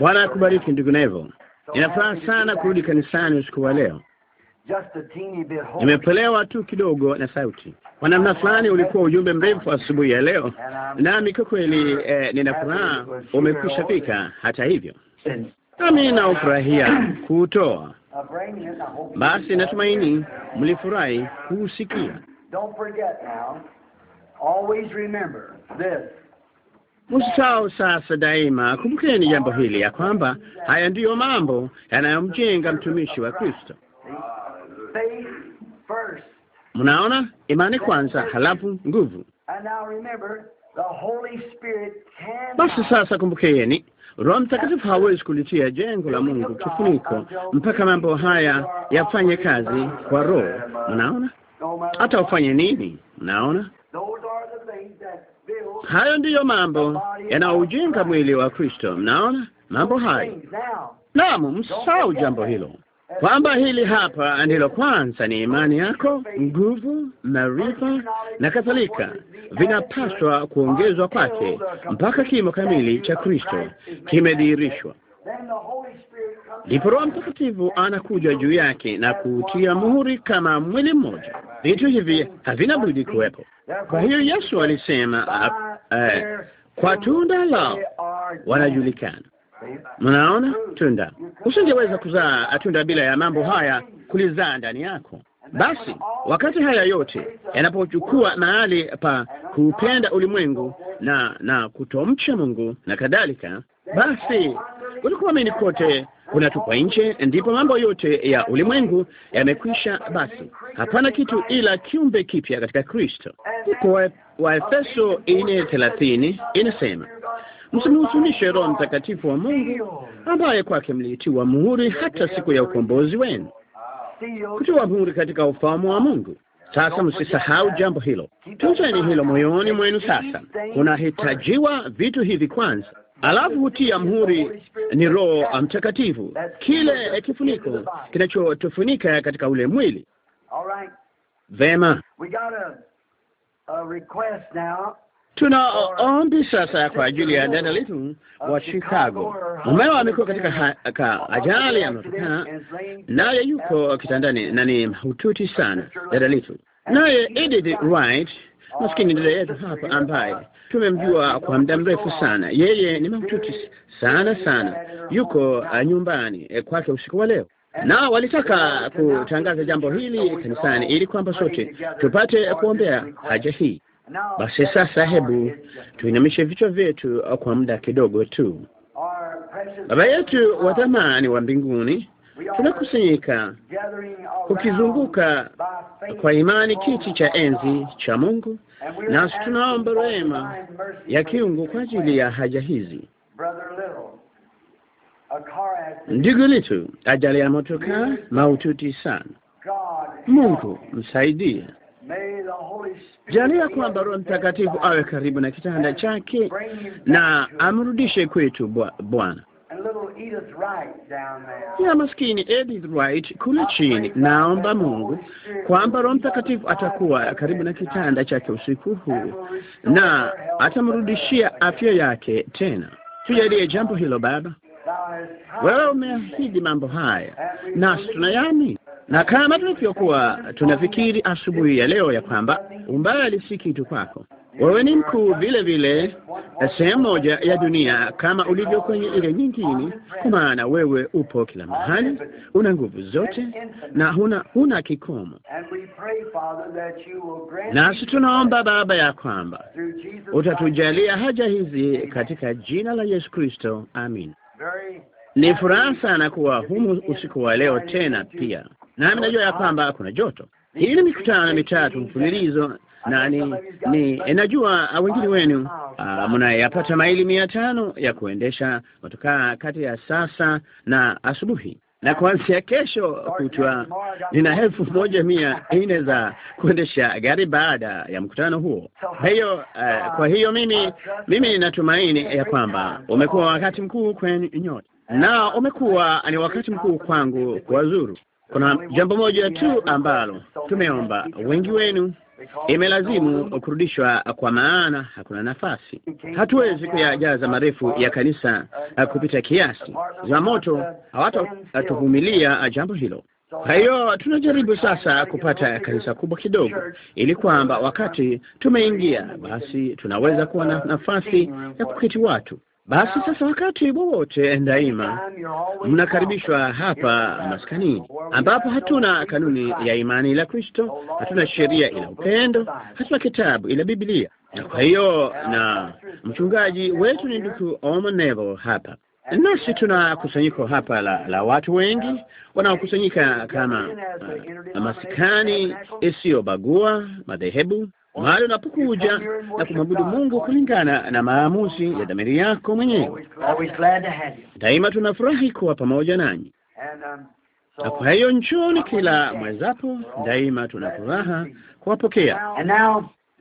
Bwana akubariki ndugu Nevo. Inafaa sana kurudi kanisani usiku wa leo. Nimepelewa tu kidogo na sauti. Kwa namna fulani ulikuwa ujumbe mrefu asubuhi ya leo, nami kwa kweli eh, nina furaha umekwisha fika. Hata hivyo, nami naofurahia kuutoa. Basi natumaini mlifurahi kuusikia. Msisahau sasa daima, kumbukeni jambo hili ya kwamba haya ndiyo mambo yanayomjenga mtumishi wa Kristo. Mnaona, imani kwanza, halafu nguvu. Basi sasa kumbukeni, Roho Mtakatifu hawezi kulitia jengo la Mungu kifuniko mpaka mambo haya yafanye kazi kwa Roho. Mnaona, hata ufanye nini, mnaona Hayo ndiyo mambo yanaojenga mwili wa Kristo. Mnaona mambo hayo? Naam, msahau jambo hilo kwamba hili hapa ndilo kwanza, ni imani yako, nguvu, maarifa na kadhalika, vinapaswa kuongezwa kwake mpaka kimo kamili cha Kristo kimedhihirishwa. Ndipo Roho Mtakatifu anakuja juu yake na kuutia muhuri kama mwili mmoja. Vitu hivi havina budi kuwepo. Kwa hiyo Yesu alisema eh, kwa tunda lao wanajulikana. Mnaona, tunda. Usingeweza kuzaa tunda bila ya mambo haya kulizaa ndani yako. Basi wakati haya yote yanapochukua mahali pa kuupenda ulimwengu na na kutomcha Mungu na kadhalika, basi ulikuamini kote unatupa nje, ndipo mambo yote ya ulimwengu yamekwisha. Basi hapana kitu ila kiumbe kipya katika Kristo. Kwa Waefeso nne thelathini inasema msimhusunishe Roho Mtakatifu wa Mungu ambaye kwake mliitiwa muhuri hata siku ya ukombozi wenu, kutiwa muhuri katika ufalme wa Mungu. Sasa msisahau jambo hilo, tunzeni hilo moyoni mwenu. Sasa kunahitajiwa vitu hivi kwanza alafu hutia mhuri, ni Roho Mtakatifu, kile kifuniko kinachotufunika katika ule mwili. Vema, tuna ombi sasa kwa ajili ya dada letu wa Chicago. Mumewa amekuwa katika ka ajali ya motokaa, naye yuko kitandani na ni mahututi sana dada letu, naye Edith Wright maskini dada yetu hapa ambaye tumemjua kwa muda mrefu sana. Yeye ni mahututi sana sana, yuko ah, nyumbani eh, kwake usiku wa leo, na walitaka kutangaza jambo hili kanisani ili kwamba sote tupate kuombea haja hii. Basi sasa, hebu tuinamishe vichwa vyetu kwa muda kidogo tu. Baba yetu wa thamani wa mbinguni tunakusanyika kukizunguka kwa imani kiti cha enzi cha Mungu, nasi tunaomba rehema ya kiungu kwa ajili ya haja hizi. Ndugu letu, ajali ya motokaa maututi sana. Mungu msaidie, jalia kwamba Roho Mtakatifu awe karibu na kitanda chake na amrudishe kwetu Bwana ya maskini Edith Wright kule chini. Naomba Mungu kwamba Roho Mtakatifu atakuwa karibu na kitanda chake usiku huu na atamrudishia afya yake tena. Tujalie jambo hilo Baba. Wewe umeahidi mambo haya nasi tunayami, na kama tulivyokuwa tunafikiri asubuhi ya leo ya kwamba umbali si kitu kwako wewe ni mkuu vile vile sehemu moja ya dunia kama ulivyo kwenye ile nyingine, kwa maana wewe upo kila mahali, una nguvu zote na huna huna kikomo. Nasi tunaomba Baba ya kwamba utatujalia haja hizi katika jina la Yesu Kristo, amin. Ni furaha sana kuwa humu usiku wa leo tena, pia nami najua ya kwamba kuna joto. Hii ni mikutano mitatu mfululizo na ni, ni najua ah, wengine wenu ah, mnayapata maili mia tano ya kuendesha kutoka kati ya sasa na asubuhi, na kuanzia kesho kutwa nina elfu moja mia nne za kuendesha gari baada ya mkutano huo. Kwa hiyo uh, kwa hiyo mimi mimi ninatumaini ya kwamba umekuwa wakati mkuu kwenu nyote, na umekuwa ni wakati mkuu kwangu kuwazuru. Kuna jambo moja tu ambalo tumeomba wengi wenu imelazimu kurudishwa, kwa maana hakuna nafasi. Hatuwezi kuyajaza marefu ya kanisa uh, kupita kiasi. Za moto hawatatuvumilia uh, jambo hilo. Kwa hiyo tunajaribu sasa kupata kanisa kubwa kidogo, ili kwamba wakati tumeingia, basi tunaweza kuwa na nafasi ya kuketi watu basi sasa, wakati wowote daima mnakaribishwa hapa maskanini, ambapo hatuna kanuni ya imani ila Kristo, hatuna sheria ila upendo, hatuna kitabu ila Biblia. Na kwa hiyo na mchungaji wetu ni ndugu Oman Neville hapa nasi tuna kusanyiko hapa la, la watu wengi wanaokusanyika kama uh, masikani isiyobagua madhehebu mahali unapokuja na kumwabudu Mungu kulingana na maamuzi ya dhamiri yako mwenyewe. Daima tunafurahi kuwa pamoja nanyi, na kwa hiyo njooni kila mwezapo. Daima tuna furaha kuwapokea.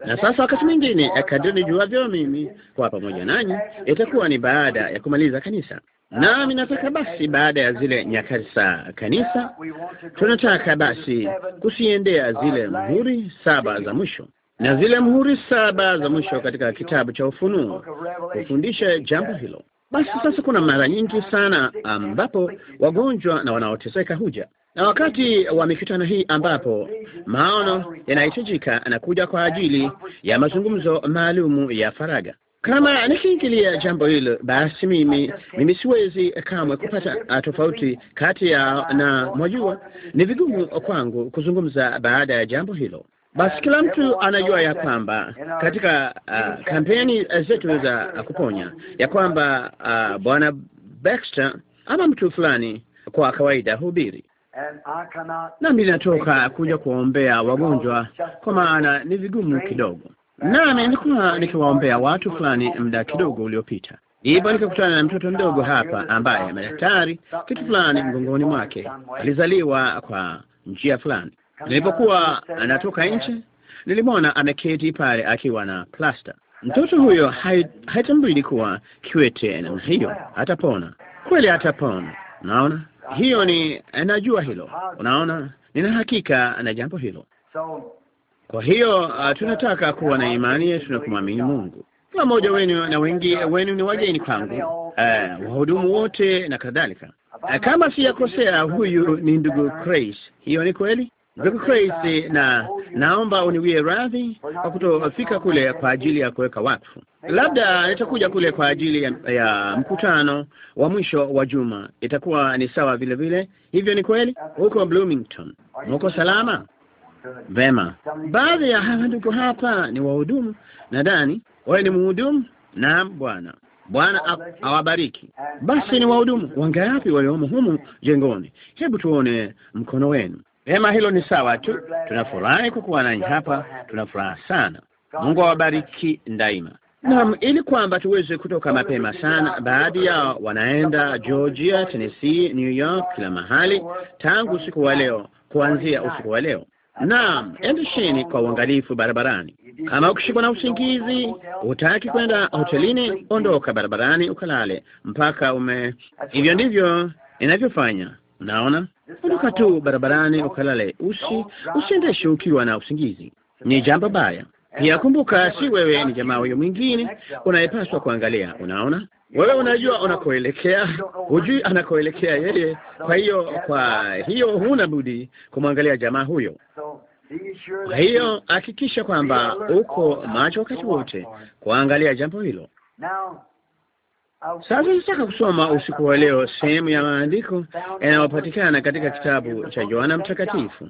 Na sasa wakati mwingine, kadiri nijuavyo mimi, kwa pamoja nanyi itakuwa ni baada ya kumaliza kanisa. Nami nataka basi, baada ya zile nyakati za kanisa, tunataka basi kusiendea zile muhuri saba za mwisho na zile muhuri saba za mwisho katika kitabu cha Ufunuo hufundisha jambo hilo. Basi sasa, kuna mara nyingi sana ambapo wagonjwa na wanaoteseka huja, na wakati wa mikutano hii ambapo maono yanahitajika na kuja kwa ajili ya mazungumzo maalumu ya faraga. Kama nikiingilia jambo hilo, basi mimi mimi siwezi kamwe kupata tofauti kati ya na, mwajua, ni vigumu kwangu kuzungumza baada ya jambo hilo. Basi kila mtu anajua ya kwamba katika uh, kampeni uh, zetu za kuponya ya kwamba uh, bwana Baxter ama mtu fulani kwa kawaida hubiri nami natoka kuja kuwaombea wagonjwa, kwa maana ni vigumu kidogo. Nami nilikuwa nikiwaombea watu fulani muda kidogo uliopita, hivyo nikakutana na mtoto mdogo hapa ambaye madaktari kitu fulani mgongoni mwake alizaliwa kwa njia fulani Nilipokuwa anatoka nje, nilimwona ameketi pale akiwa na plasta. Mtoto huyo haitambui kuwa kiwete namna hiyo, atapona kweli, atapona. Unaona hiyo ni, najua hilo, unaona, nina hakika na jambo hilo. Kwa hiyo uh, tunataka kuwa na imani yetu na kumwamini Mungu. Kila mmoja wenu na wengi wenu ni wageni kwangu, uh, wahudumu wote na kadhalika. Uh, kama siyakosea, huyu ni ndugu Grace, hiyo ni kweli? Grace, na oh, naomba uniwie radhi kwa kutofika kule kwa ajili ya kuweka wakfu. Labda nitakuja kule kwa ajili ya, ya mkutano wa mwisho wa juma. Itakuwa ni sawa vile vile. Hivyo ni kweli, huko Bloomington uko salama? Vema. Baadhi ya hawa ndugu hapa ni wahudumu, nadhani wewe ni mhudumu. Naam bwana. Bwana awabariki. Basi ni wahudumu wangapi waliomo humu jengoni? Hebu tuone mkono wenu. Vema, hilo ni sawa tu. Tunafurahi kukuwa nanyi hapa, tunafuraha sana. Mungu awabariki daima. Naam, ili kwamba tuweze kutoka mapema sana, baadhi yao wanaenda Georgia, Tennessee, New York, kila mahali tangu usiku wa leo, kuanzia usiku wa leo. Naam, endesheni kwa uangalifu barabarani. Kama ukishikwa na usingizi, hutaki kwenda hotelini, ondoka barabarani ukalale mpaka ume. Hivyo ndivyo inavyofanya Unaona, ondoka tu barabarani ukalale, usi usiendeshe ukiwa na usingizi, ni jambo baya. Pia kumbuka, si wewe, ni jamaa huyo mwingine unayepaswa kuangalia. Unaona, wewe unajua unakoelekea, hujui anakoelekea yeye. Kwa hiyo, kwa hiyo huna budi kumwangalia jamaa huyo. Kwa hiyo hakikisha kwamba uko macho wakati wote kuangalia jambo hilo. Sasa nataka kusoma usiku wa leo sehemu ya maandiko yanayopatikana katika kitabu cha Yohana Mtakatifu.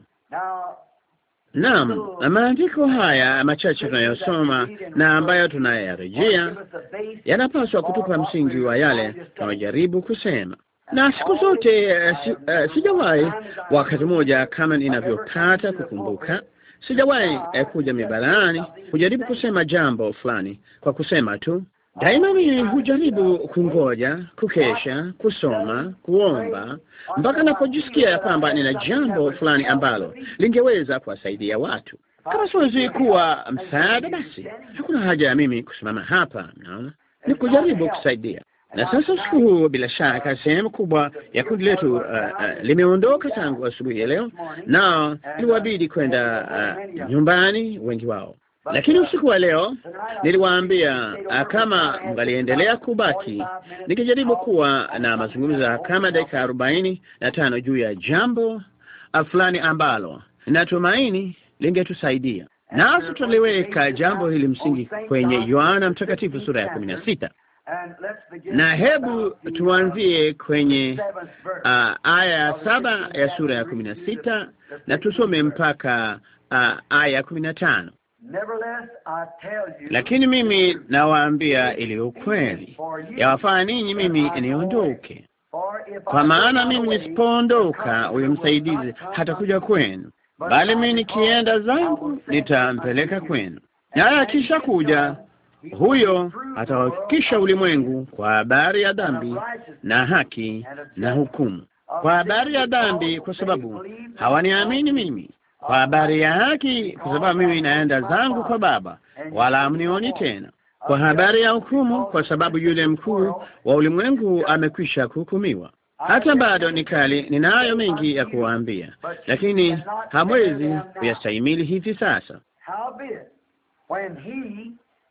Naam, maandiko haya machache tunayosoma na ambayo tunayarejea yanapaswa kutupa msingi wa yale tunayojaribu kusema, na siku zote eh, si, uh, sijawahi wakati mmoja kama ninavyopata kukumbuka, sijawahi eh, kuja mibarani kujaribu kusema jambo fulani kwa kusema tu Daima mimi hujaribu kungoja, kukesha, kusoma, kuomba mpaka napojisikia ya kwamba nina jambo fulani ambalo lingeweza kuwasaidia watu. Kama siwezi kuwa msaada, basi hakuna haja ya mimi kusimama hapa. naona ni kujaribu kusaidia. Na sasa usiku huu, bila shaka, sehemu kubwa ya kundi letu uh, uh, limeondoka tangu asubuhi ya leo, nao iliwabidi kwenda uh, nyumbani, wengi wao lakini usiku wa leo niliwaambia, ah, kama mngaliendelea kubaki, nikijaribu kuwa na mazungumzo kama dakika arobaini na tano juu ya jambo fulani ambalo natumaini lingetusaidia, nasi tuliweka jambo hili msingi kwenye Yohana Mtakatifu sura ya kumi na sita na hebu tuanzie kwenye uh, aya ya saba ya sura ya kumi na sita na tusome mpaka uh, aya ya kumi na tano. Lakini mimi nawaambia iliyo kweli, yawafaa ninyi mimi niondoke, kwa maana mimi nisipoondoka, huyo msaidizi hatakuja kwenu, bali mimi nikienda zangu nitampeleka kwenu, naye akisha kuja huyo atawahakikisha ulimwengu kwa habari ya dhambi na haki na hukumu. Kwa habari ya dhambi, kwa sababu hawaniamini mimi, kwa habari ya haki, kwa sababu mimi naenda zangu kwa Baba, wala amnioni tena; kwa habari ya hukumu, kwa sababu yule mkuu wa ulimwengu amekwisha kuhukumiwa. Hata bado ni kali, ninayo mengi ya kuwaambia, lakini hamwezi kuyastahimili hivi sasa.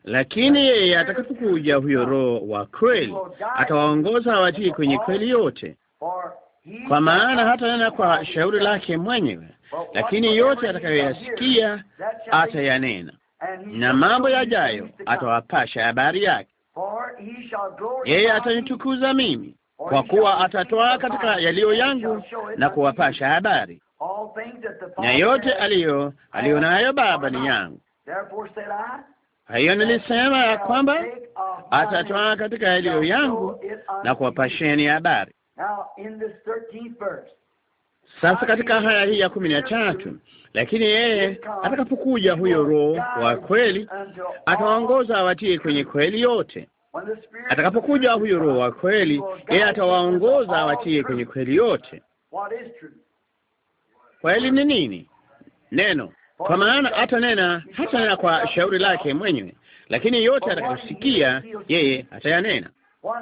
Lakini yeye atakapokuja, huyo Roho wa kweli, atawaongoza watii kwenye kweli yote, kwa maana hata nena kwa shauri lake mwenyewe lakini yote atakayoyasikia atayanena, na mambo yajayo atawapasha habari yake. Yeye atanitukuza mimi, kwa kuwa atatoa katika yaliyo yangu na kuwapasha habari. Na yote aliyo aliyonayo Baba ni yangu. Kwa hiyo nilisema ya kwamba atatoa katika yaliyo yangu na kuwapasheni habari. Sasa katika haya hii ya kumi na tatu, lakini yeye atakapokuja huyo Roho wa kweli atawaongoza awatie kwenye kweli yote. Atakapokuja huyo Roho wa kweli, yeye atawaongoza awatie kwenye kweli yote. Kweli ni nini? Neno, kwa maana hata nena hata nena kwa shauri lake mwenyewe, lakini yote atakayosikia yeye atayanena,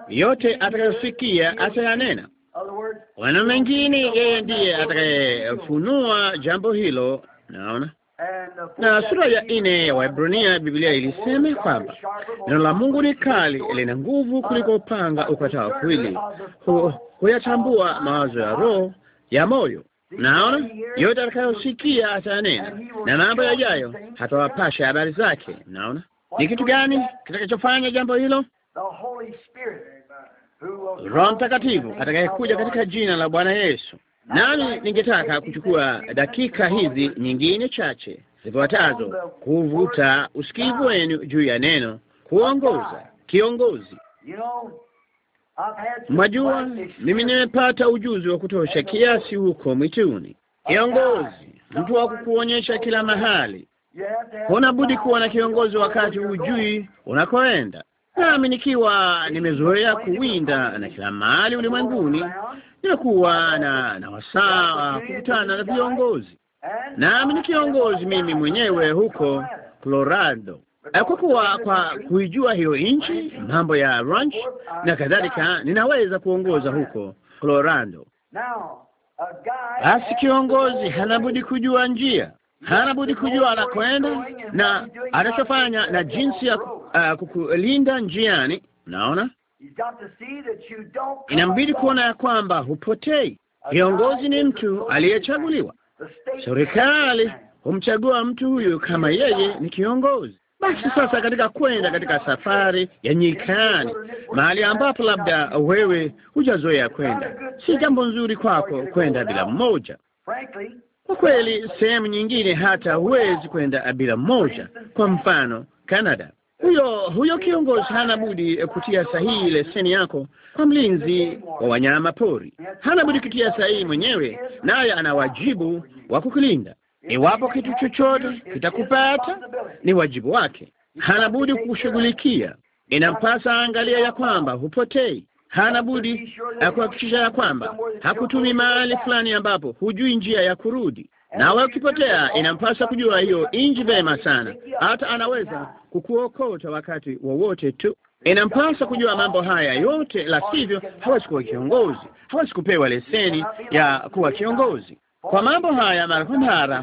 yote atakayosikia atayanena wana mengine, yeye ndiye atakayefunua jambo hilo. Naona na sura ya nne ya Waebrania, Biblia ilisema kwamba neno la Mungu ni kali, lina nguvu kuliko uh, upanga ukatao kwili kuyachambua mawazo ya roho ya moyo. Naona yote atakayosikia atanena, na mambo yajayo hatawapasha habari zake. Naona ni kitu gani kitakachofanya jambo hilo? Roho Mtakatifu atakayekuja katika jina la Bwana Yesu. Nami ningetaka kuchukua dakika hizi nyingine chache zifuatazo kuvuta usikivu wenu juu ya neno kuongoza, kiongozi. Mwajua, mimi nimepata ujuzi wa kutosha kiasi huko mwituni. Kiongozi, mtu wa kukuonyesha kila mahali. Huna budi kuwa na kiongozi wakati hujui unakoenda nami nikiwa nimezoea kuwinda na kila mahali ulimwenguni, nimekuwa na na wasaa wa kukutana na viongozi, nami ni kiongozi mimi mwenyewe huko Colorado kwa kuwa kwa kuijua hiyo nchi, mambo ya ranch na kadhalika, ninaweza kuongoza huko Colorado. Basi kiongozi hanabudi kujua njia, hanabudi kujua anakwenda na anachofanya na jinsi ya uh, kukulinda njiani. Naona inambidi kuona ya kwamba hupotei. Kiongozi ni mtu aliyechaguliwa. Serikali humchagua mtu huyu kama yeye ni kiongozi. Basi sasa, katika kwenda katika safari ya nyikani, mahali ambapo labda wewe hujazoea kwenda, si jambo nzuri kwako kwenda bila mmoja. Kwa kweli, sehemu nyingine hata huwezi kwenda bila mmoja. Kwa mfano, Canada huyo huyo kiongozi hana budi kutia sahihi leseni yako kwa mlinzi wa wanyama pori, hana budi kutia sahihi mwenyewe, naye ana wajibu wa kukulinda. Iwapo kitu chochote kitakupata, ni wajibu wake, hana budi kushughulikia. Inampasa angalia ya kwamba hupotei, hana budi eh, kuhakikisha ya kwamba hakutumi mahali fulani ambapo hujui njia ya kurudi nawe ukipotea, inampasa kujua hiyo inji vema sana, hata anaweza kukuokota wakati wowote wa tu. Inampasa kujua mambo haya yote, la sivyo hawezi kuwa kiongozi, hawezi kupewa leseni ya kuwa kiongozi. Kwa mambo haya mara kwa mara,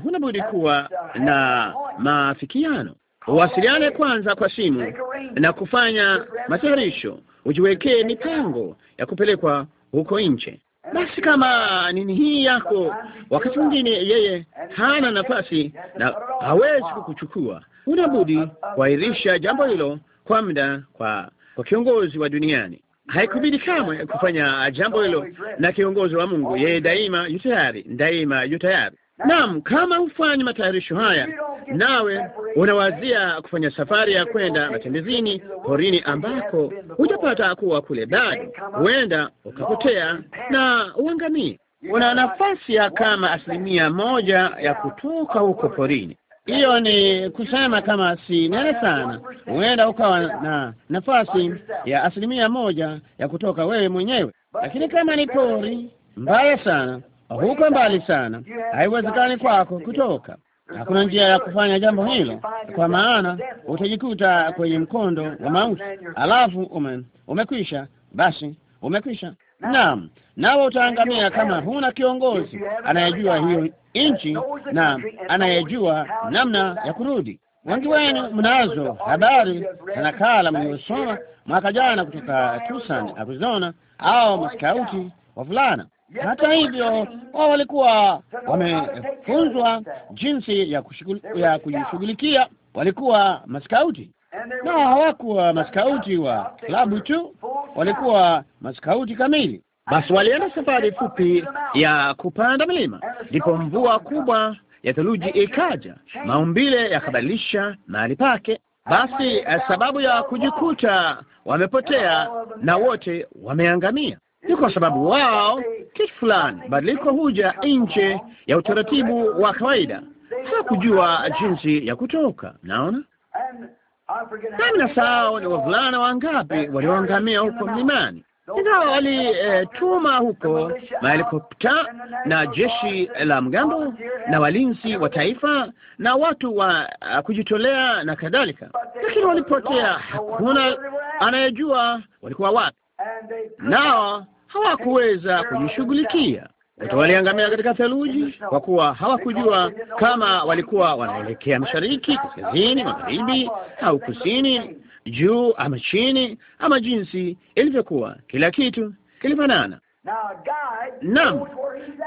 kuwa na maafikiano. Uwasiliane kwanza kwa simu na kufanya matayarisho, ujiwekee mipango ya kupelekwa huko nje. Basi kama nini hii yako, wakati mwingine yeye hana nafasi na hawezi kukuchukua, unabudi kuahirisha jambo hilo kwa muda, kwa kwa kiongozi wa duniani. Haikubidi kamwe kufanya jambo hilo na kiongozi wa Mungu. Yeye daima yu tayari, daima yu tayari. Naam, kama hufanyi matayarisho haya, nawe unawazia kufanya safari ya kwenda matembezini porini, ambako hujapata kuwa kule bado, huenda ukapotea na uangamie. Una nafasi ya kama asilimia moja ya kutoka huko porini. Hiyo ni kusema kama si nene sana, huenda ukawa na nafasi ya asilimia moja ya kutoka wewe mwenyewe, lakini kama ni pori mbaya sana huko mbali sana, haiwezekani kwako kutoka. Hakuna njia ya kufanya jambo hilo, kwa maana utajikuta kwenye mkondo wa mauti. Alafu ume, umekwisha basi, umekwisha. Naam, nawe utaangamia kama huna kiongozi anayejua hiyo nchi na anayejua namna ya kurudi. Wengi wenu mnazo habari na nakala mliyosoma mwaka jana kutoka Tucson, Arizona, au maskauti fulana hata hivyo wao walikuwa wamefunzwa jinsi ya ya kujishughulikia. Walikuwa maskauti na hawakuwa maskauti wa klabu tu, walikuwa maskauti kamili. Basi walienda safari fupi ya kupanda milima, ndipo mvua kubwa ya theluji ikaja, maumbile yakabadilisha mahali pake. Basi sababu ya kujikuta wamepotea na wote wameangamia ni kwa sababu wao kitu fulani, badiliko huja nje ya utaratibu wa kawaida, kujua jinsi ya kutoka. Naona nami nasahau ni wavulana wangapi walioangamia huko mlimani, ingawa walituma e, huko mahelikopta na jeshi la mgambo na walinzi wa taifa na watu wa uh, kujitolea na kadhalika, lakini walipotea. Hakuna anayejua walikuwa wapi nao hawakuweza kujishughulikia watu waliangamia katika theluji, kwa kuwa hawakujua kama walikuwa wanaelekea mashariki, kaskazini, magharibi au kusini, juu ama chini, ama jinsi ilivyokuwa. Kila kitu kilifanana. Naam,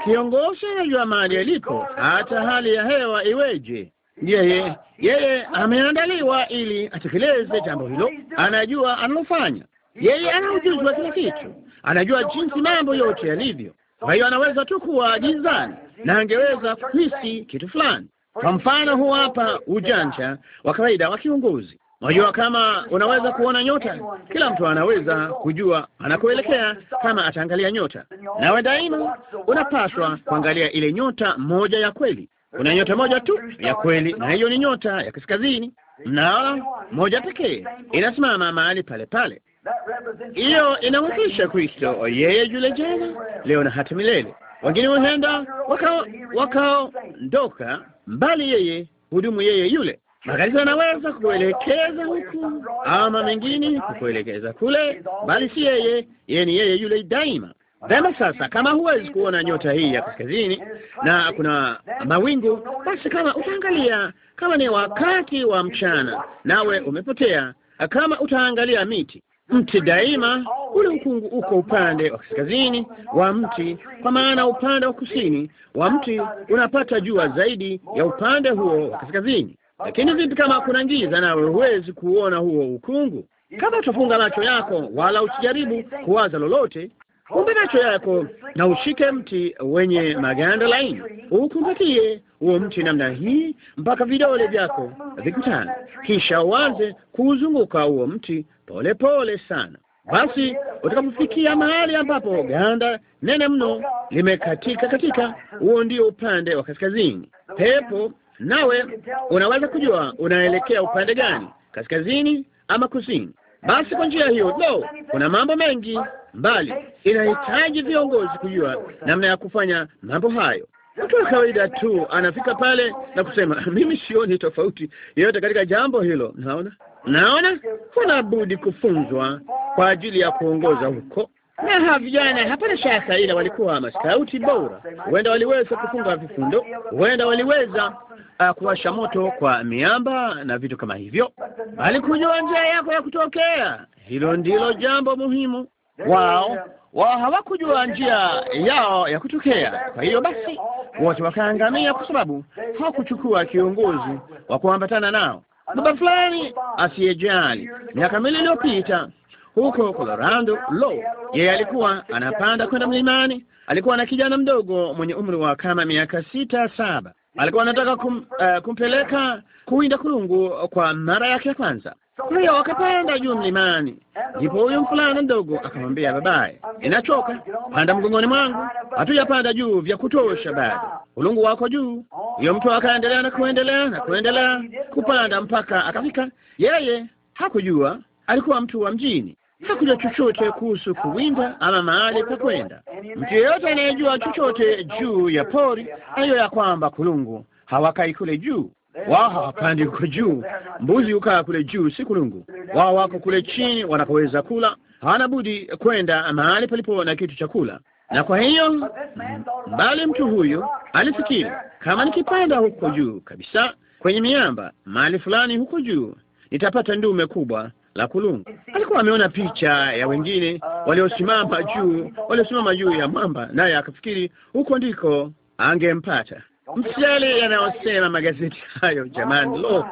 kiongozi anajua mahali alipo, hata hali ya hewa iweje. Yeye yeye ameandaliwa ili atekeleze jambo hilo, anajua analofanya. Yeye ana ujuzi wa kila kitu, anajua jinsi mambo yote yalivyo. Kwa hiyo anaweza tu kuwa gizani na angeweza kuhisi kitu fulani. Kwa mfano huu hapa ujanja wa kawaida wa kiongozi. Unajua, kama unaweza kuona nyota, kila mtu anaweza kujua anakuelekea kama ataangalia nyota. Nawe daima unapaswa kuangalia ile nyota moja ya kweli. Kuna nyota moja tu ya kweli, na hiyo ni nyota ya kaskazini. Mnaona, moja pekee inasimama mahali pale pale. Hiyo inawakilisha Kristo oh, yeye yule jana, leo na hata milele. Wengine huenda wakaondoka mbali, yeye hudumu, yeye yule. Makanisa yanaweza kukuelekeza huku ama mengine kukuelekeza kule, bali si yeye. Yeye ni yeye yule daima. Vema, sasa kama huwezi kuona nyota hii ya kaskazini na kuna mawingu, basi kama utaangalia, kama ni wakati wa mchana, nawe umepotea. Kama utaangalia miti mti daima, ule ukungu uko upande wa kaskazini wa mti, kwa maana upande wa kusini wa mti unapata jua zaidi ya upande huo wa kaskazini. Lakini vipi kama kuna giza nawe huwezi kuona huo ukungu? Kama utafunga macho yako wala usijaribu kuwaza lolote, Fumbe macho yako na ushike mti wenye maganda laini, ukumbatie huo mti namna hii mpaka vidole vyako vikutana, kisha uanze kuuzunguka huo mti pole pole sana. Basi utakapofikia mahali ambapo ganda nene mno limekatika katika, huo ndio upande wa kaskazini pepo, nawe unaweza kujua unaelekea upande gani, kaskazini ama kusini. Basi kwa njia hiyo, lo, kuna mambo mengi bali inahitaji viongozi kujua namna ya kufanya mambo hayo. Mtu wa kawaida tu anafika pale na kusema mimi sioni tofauti yoyote katika jambo hilo. Naona naona kuna budi kufunzwa kwa ajili ya kuongoza huko na ha vijana, hapana shaka, ila walikuwa maskauti bora. Huenda waliweza kufunga vifundo, huenda waliweza uh, kuwasha moto kwa miamba na vitu kama hivyo, bali kujua njia yako ya kutokea, hilo ndilo jambo muhimu wao wao hawakujua njia yao ya kutokea. Kwa hiyo basi wote wakaangamia, kwa sababu hawakuchukua kiongozi wa kuambatana nao. Baba fulani asiyejali, miaka miwili iliyopita huko Colorado, lo, yeye alikuwa anapanda kwenda mlimani. Alikuwa na kijana mdogo mwenye umri wa kama miaka sita saba, alikuwa anataka kum, uh, kumpeleka kuwinda kulungu kwa mara yake ya kwanza. Siku hiyo wakapanda juu mlimani, ndipo huyo mfulana mdogo akamwambia babaye, inachoka, panda mgongoni mwangu, hatujapanda juu vya kutosha bado, ulungu wako juu. Hiyo mtu akaendelea na kuendelea na kuendelea kupanda mpaka akafika. Yeye hakujua, alikuwa mtu wa mjini, hakujua chochote kuhusu kuwinda ama mahali pa kwenda. Mtu yeyote anayejua chochote juu ya pori hayo ya kwamba kulungu hawakai kule juu wao hawapandi huko juu. Mbuzi hukaa kule juu, si kulungu. Wao wako kule chini, wanakoweza kula, hawana budi kwenda mahali palipo na kitu cha kula. Na kwa hiyo bali mtu huyu alifikiri, kama nikipanda huko juu kabisa kwenye miamba mahali fulani huko juu nitapata ndume kubwa la kulungu. Alikuwa ameona picha ya wengine waliosimama juu, waliosimama juu ya mwamba, naye akafikiri huko ndiko angempata msiali yanayosema magazeti hayo. Jamani, lo, oh,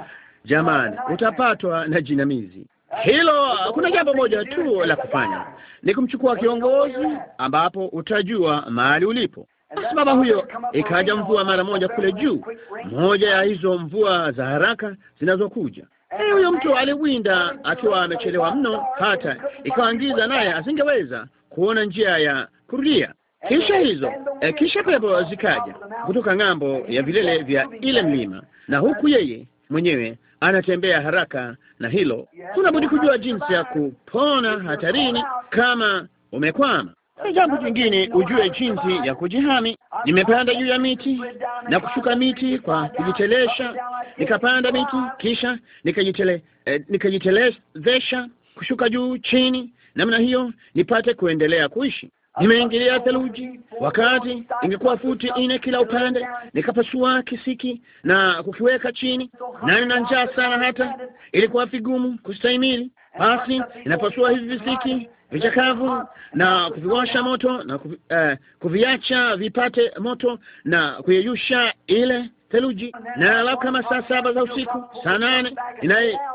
jamani, utapatwa na jinamizi hilo. Kuna jambo moja tu la kufanya, ni kumchukua kiongozi, ambapo utajua mahali ulipo. Sababu huyo, ikaja mvua mara moja kule juu, moja ya hizo mvua za haraka zinazokuja. Hey, eh, huyo mtu aliwinda akiwa amechelewa mno, hata ikawa giza, naye asingeweza kuona njia ya kurudia. Kisha hizo e, kisha pepo zikaja kutoka ng'ambo ya vilele vya ile mlima, na huku yeye mwenyewe anatembea haraka na hilo. Tunabudi kujua jinsi ya kupona hatarini kama umekwama. Na jambo jingine, ujue jinsi ya kujihami. Nimepanda juu ya miti na kushuka miti kwa kujitelesha, nikapanda miti kisha nikajitele eh, nikajitelezesha kushuka juu chini namna hiyo nipate kuendelea kuishi nimeingilia theluji, wakati ingekuwa futi nne kila upande, nikapasua kisiki na kukiweka chini, na nina njaa sana, hata ilikuwa vigumu kustahimili. Basi inapasua hivi visiki vichakavu na kuviwasha moto na kuvi, eh, kuviacha vipate moto na kuyeyusha ile theluji na alafu kama saa saba za usiku, saa nane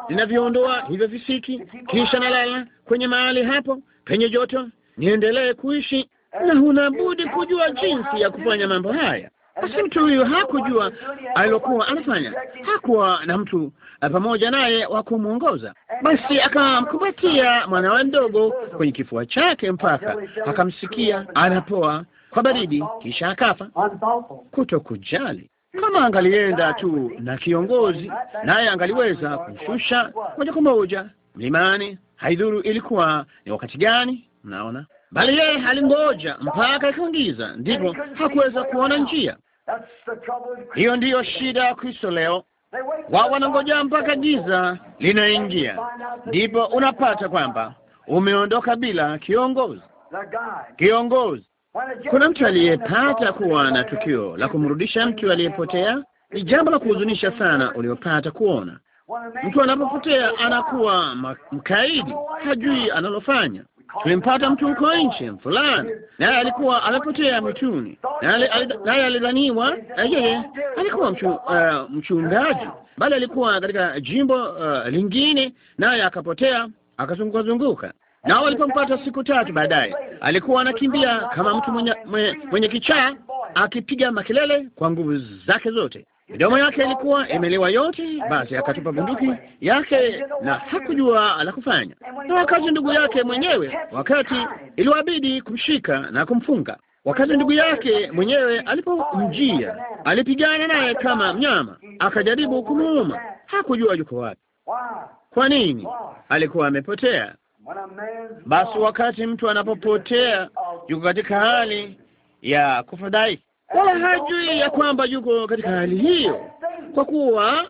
inavyoondoa hivyo visiki, kisha nalala kwenye mahali hapo penye joto niendelee kuishi, na unabudi kujua jinsi ya kufanya mambo haya. Basi mtu huyu hakujua alilokuwa anafanya, hakuwa na mtu eh, pamoja naye wa kumwongoza. Basi akamkumbatia mwanawe mdogo kwenye kifua chake mpaka akamsikia anapoa kwa baridi, kisha akafa. kuto kujali kama angalienda tu na kiongozi, naye angaliweza kumshusha moja kwa moja mlimani, haidhuru ilikuwa ni wakati gani. Mnaona, bali yeye alingoja mpaka ikaingiza, ndipo hakuweza kuona njia. Hiyo ndiyo shida ya Kristo leo. Wao wanangoja mpaka giza linaingia, ndipo unapata kwamba umeondoka bila kiongozi. Kiongozi, kuna mtu aliyepata kuwa na tukio la kumrudisha mtu aliyepotea. Ni jambo la kuhuzunisha sana uliopata kuona mtu anapopotea, anakuwa mkaidi, hajui analofanya tulimpata mtu huko nchi fulani, naye alikuwa amepotea mituni, naye alidhaniwa yeye alikuwa mchu, uh, mchungaji, bali alikuwa katika jimbo uh, lingine, naye akapotea akazunguka zunguka na walipompata siku tatu baadaye, alikuwa anakimbia kama mtu mwenye, mwenye, mwenye kichaa akipiga makelele kwa nguvu zake zote midomo yake ilikuwa imeliwa yote. Basi akatupa bunduki yake na hakujua la kufanya, na wakati ndugu yake mwenyewe, wakati iliwabidi kumshika na kumfunga, wakati ndugu yake mwenyewe alipomjia, alipigana naye kama mnyama, akajaribu kumuuma. Hakujua yuko wapi. Kwa nini? Alikuwa amepotea. Basi wakati mtu anapopotea, yuko katika hali ya kufadhaika wala hajui ya kwamba yuko katika hali hiyo, kwa kuwa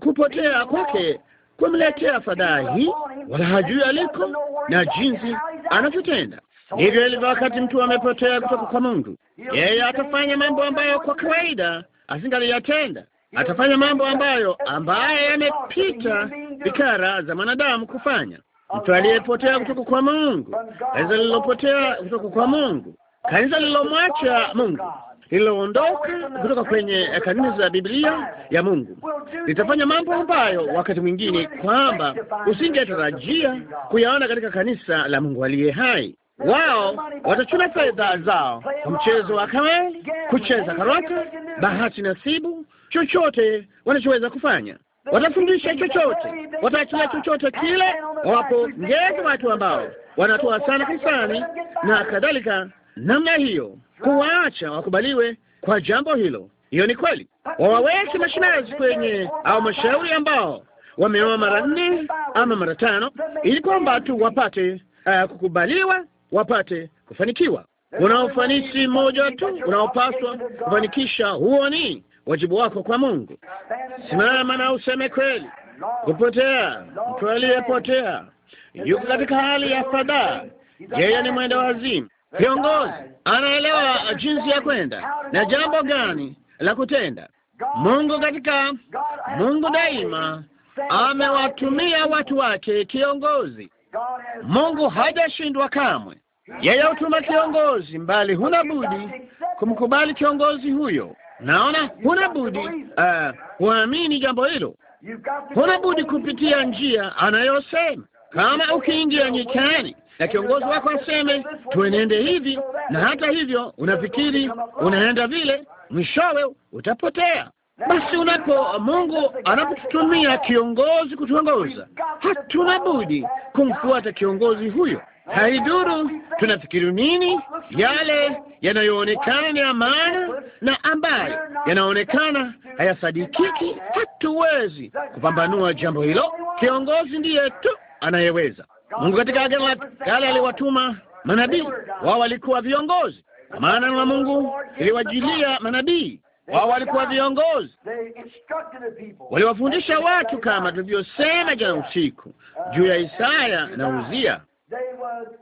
kupotea kwake kumletea fadhahi wala hajui aliko na jinsi anavyotenda. hivyo ilivyo wakati mtu amepotea kutoka kwa Mungu, yeye atafanya mambo ambayo kwa kawaida asingaliyatenda atafanya mambo ambayo ambaye yamepita bikara za mwanadamu kufanya. Mtu aliyepotea kutoka kwa Mungu, aweza lilopotea kutoka kwa Mungu kanisa lililomwacha Mungu lililoondoka kutoka kwenye kanuni za Biblia ya Mungu litafanya mambo ambayo wakati mwingine kwamba usingetarajia kuyaona katika kanisa la Mungu aliye hai. Wao watachuna fedha zao kwa mchezo wa kamari, kucheza karata, bahati nasibu, chochote wanachoweza kufanya. Watafundisha chochote, wataachilia chochote kile. Wapo ngezi watu ambao wanatoa sana kanisani na kadhalika namna hiyo, kuwaacha wakubaliwe kwa jambo hilo. Hiyo ni kweli, wawaweke mashinazi kwenye au mashauri ambao wameoa mara nne ama mara tano, ili kwamba tu wapate uh, kukubaliwa, wapate kufanikiwa. kuna ufanisi mmoja tu unaopaswa kufanikisha, huo ni wajibu wako kwa Mungu. Simama na useme kweli. Kupotea, mtu aliyepotea yuko katika hali ya fadhaa, yeye ni mwenda wazimu. Viongozi anaelewa jinsi ya kwenda na jambo gani la kutenda. Mungu katika Mungu daima amewatumia watu wake kiongozi. Mungu hajashindwa kamwe. Yeye hutuma kiongozi, mbali huna budi kumkubali kiongozi huyo. Naona huna budi uh, kuamini uh, jambo hilo. Huna budi kupitia njia anayosema. Kama ukiingia nyikani na kiongozi wako aseme tuenende hivi, na hata hivyo unafikiri unaenda vile, mwishowe utapotea. Basi unapo Mungu anapotutumia kiongozi kutuongoza, hatuna budi kumfuata kiongozi huyo. Haiduru tunafikiri nini, yale yanayoonekana ni amana na ambayo yanaonekana hayasadikiki, hatuwezi kupambanua jambo hilo. Kiongozi ndiye tu anayeweza. Mungu katika Agano la Kale aliwatuma manabii, wao walikuwa viongozi. Maana la Mungu iliwajilia manabii, wao walikuwa viongozi, waliwafundisha watu kama tulivyosema jana usiku juu ya Isaya na Uzia.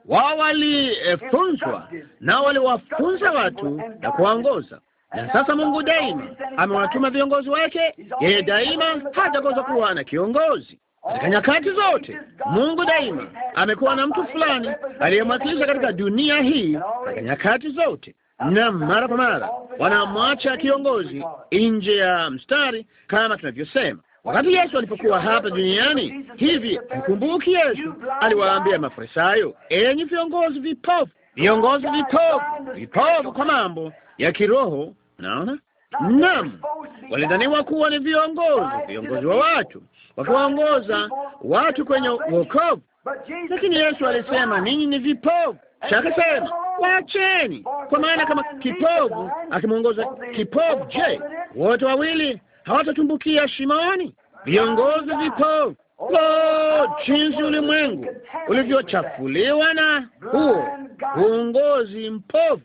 Wao walifunzwa e, nao waliwafunza watu na kuwaongoza. Na sasa Mungu daima amewatuma viongozi wake, yeye daima hatakosa kuwa na kiongozi. Katika nyakati zote Mungu daima amekuwa na mtu fulani aliyemwakilisha katika dunia hii katika nyakati zote, na mara kwa mara wanamwacha kiongozi nje ya mstari, kama tunavyosema. Wakati Yesu alipokuwa hapa duniani, hivi mkumbuki, Yesu aliwaambia Mafarisayo, enyi viongozi vipofu, viongozi vipofu, vipofu kwa mambo ya kiroho. Naona naam, walidhaniwa kuwa ni viongozi, viongozi wa watu wakiwaongoza watu kwenye wokovu. Lakini Yesu alisema ninyi ni vipovu chakasema wacheni kwa maana kama kipovu akimwongoza kipovu je, wote wawili hawatatumbukia shimoni? Viongozi vipovu Lo, jinsi ulimwengu ulivyochafuliwa na huo uongozi mpovu.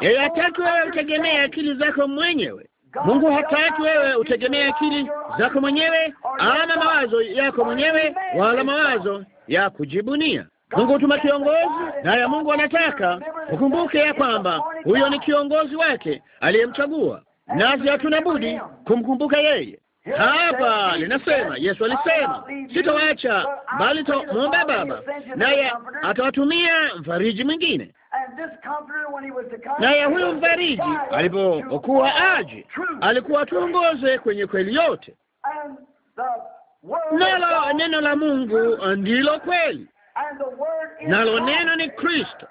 Yeye hataki wewe utegemee akili zako mwenyewe, Mungu hataki wewe utegemee akili zako mwenyewe ama mawazo yako mwenyewe wala mawazo ya kujibunia. Mungu hutuma kiongozi, naye Mungu anataka ukumbuke ya kwamba huyo ni kiongozi wake aliyemchagua, nasi hatuna budi kumkumbuka yeye. Hapa linasema Yesu alisema, sitowaacha bali nitamwomba Baba, naye atawatumia mfariji mwingine. Naye huyu mfariji alipokuwa aje, alikuwa tuongoze kwenye kweli yote, nalo neno la Mungu ndilo kweli, nalo neno ni Kristo.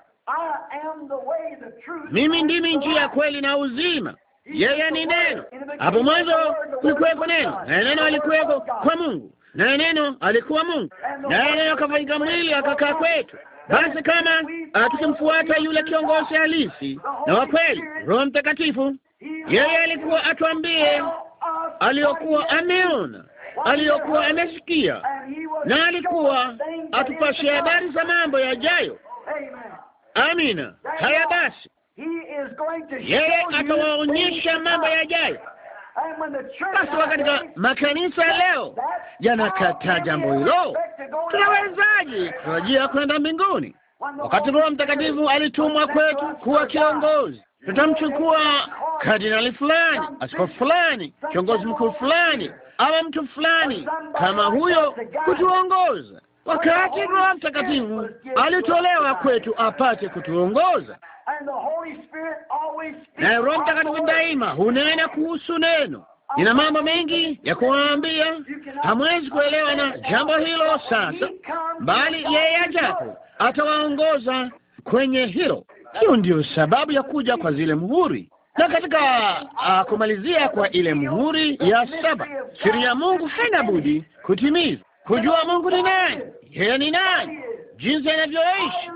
Mimi ndimi njia, kweli na uzima yeye ni neno. Hapo mwanzo kulikuweko neno, naye neno alikuweko kwa Mungu, naye neno alikuwa Mungu, naye neno akafanyika mwili akakaa kwetu. Basi kama tukimfuata yule kiongozi halisi na wa kweli, Roho Mtakatifu, yeye alikuwa atuambie aliyokuwa ameona, aliyokuwa amesikia, na alikuwa atupashe habari za mambo yajayo. Amina. Haya basi, yeye atawaonyesha mambo yajayo. Basi wakati makanisa leo yanakataa jambo hilo, tunawezaje kutarajia kwenda mbinguni? Wakati Roho Mtakatifu alitumwa kwetu kuwa kiongozi, tutamchukua kardinali fulani, askofu fulani, kiongozi mkuu fulani, ama mtu fulani kama huyo kutuongoza wakati Roho Mtakatifu alitolewa kwetu apate kutuongoza. Na Roho Mtakatifu daima hunena kuhusu neno. Nina mambo mengi ya kuwaambia, hamwezi kuelewa na jambo hilo sasa, bali yeye ajapo atawaongoza kwenye hilo. Hiyo ndiyo sababu ya kuja kwa zile muhuri na katika uh, kumalizia kwa ile muhuri ya saba, siri ya Mungu haina budi kutimiza kujua Mungu ni nani, yeye ni nani, jinsi anavyoishi,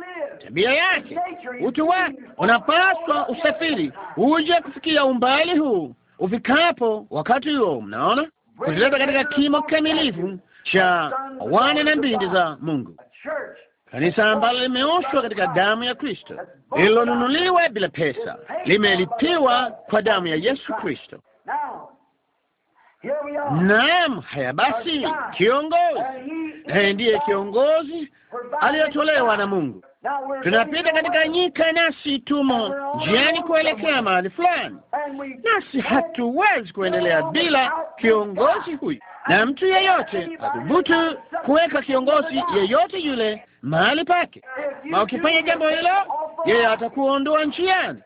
tabia yake, utu wake. Unapaswa usafiri uje kufikia umbali huu. Ufikapo wakati huo, mnaona kuzileta katika kimo kamilifu cha wana na binti za Mungu, kanisa ambalo limeoshwa katika damu ya Kristo, lililonunuliwa bila pesa, limelipiwa kwa damu ya Yesu Kristo. Naam, haya basi, kiongozi naye ndiye kiongozi aliyetolewa na Mungu. Tunapita katika nyika, nasi tumo njiani kuelekea mahali fulani, nasi hatuwezi kuendelea bila kiongozi huyu, na mtu yeyote athubutu kuweka kiongozi yeyote yule mahali pake, na ukifanya jambo hilo, yeye atakuondoa njiani.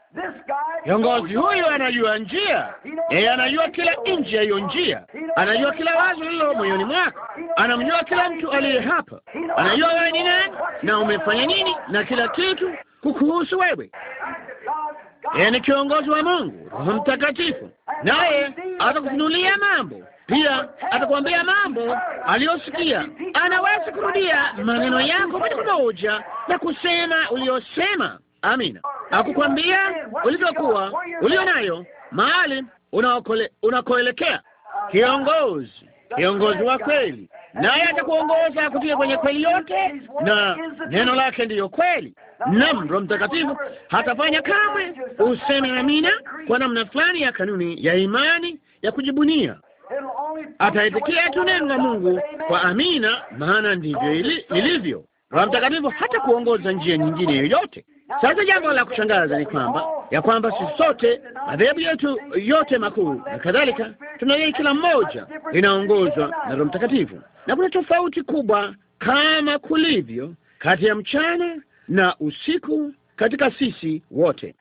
Kiongozi huyu anajua njia, yeye anajua kila nchi ya hiyo njia, anajua kila wazo lilo moyoni mwako, anamjua kila mtu aliye hapa, anajua wewe ni nani na umefanya nini na kila kitu kukuhusu wewe. Yeye ni kiongozi wa Mungu, Roho Mtakatifu, naye atakufunulia mambo pia atakwambia mambo aliyosikia. Anaweza kurudia maneno yako moja kwa moja na kusema uliyosema. Amina, akukwambia ulivyokuwa, ulio nayo, mahali unakoelekea. Kiongozi, kiongozi wa kweli, naye atakuongoza kutia kwenye kweli yote, na neno lake ndiyo kweli. Naam, Roho Mtakatifu hatafanya kamwe useme amina kwa namna fulani ya kanuni ya imani ya kujibunia ataitikia tu neno la Mungu kwa amina, maana ndivyo ilivyo Roho Mtakatifu hata kuongoza njia nyingine yoyote. Sasa jambo la kushangaza ni kwamba ya kwamba sisi sote madhehebu yetu yote makuu na kadhalika, tunayei kila mmoja inaongozwa na Roho Mtakatifu, na kuna tofauti kubwa kama kulivyo kati ya mchana na usiku katika sisi wote.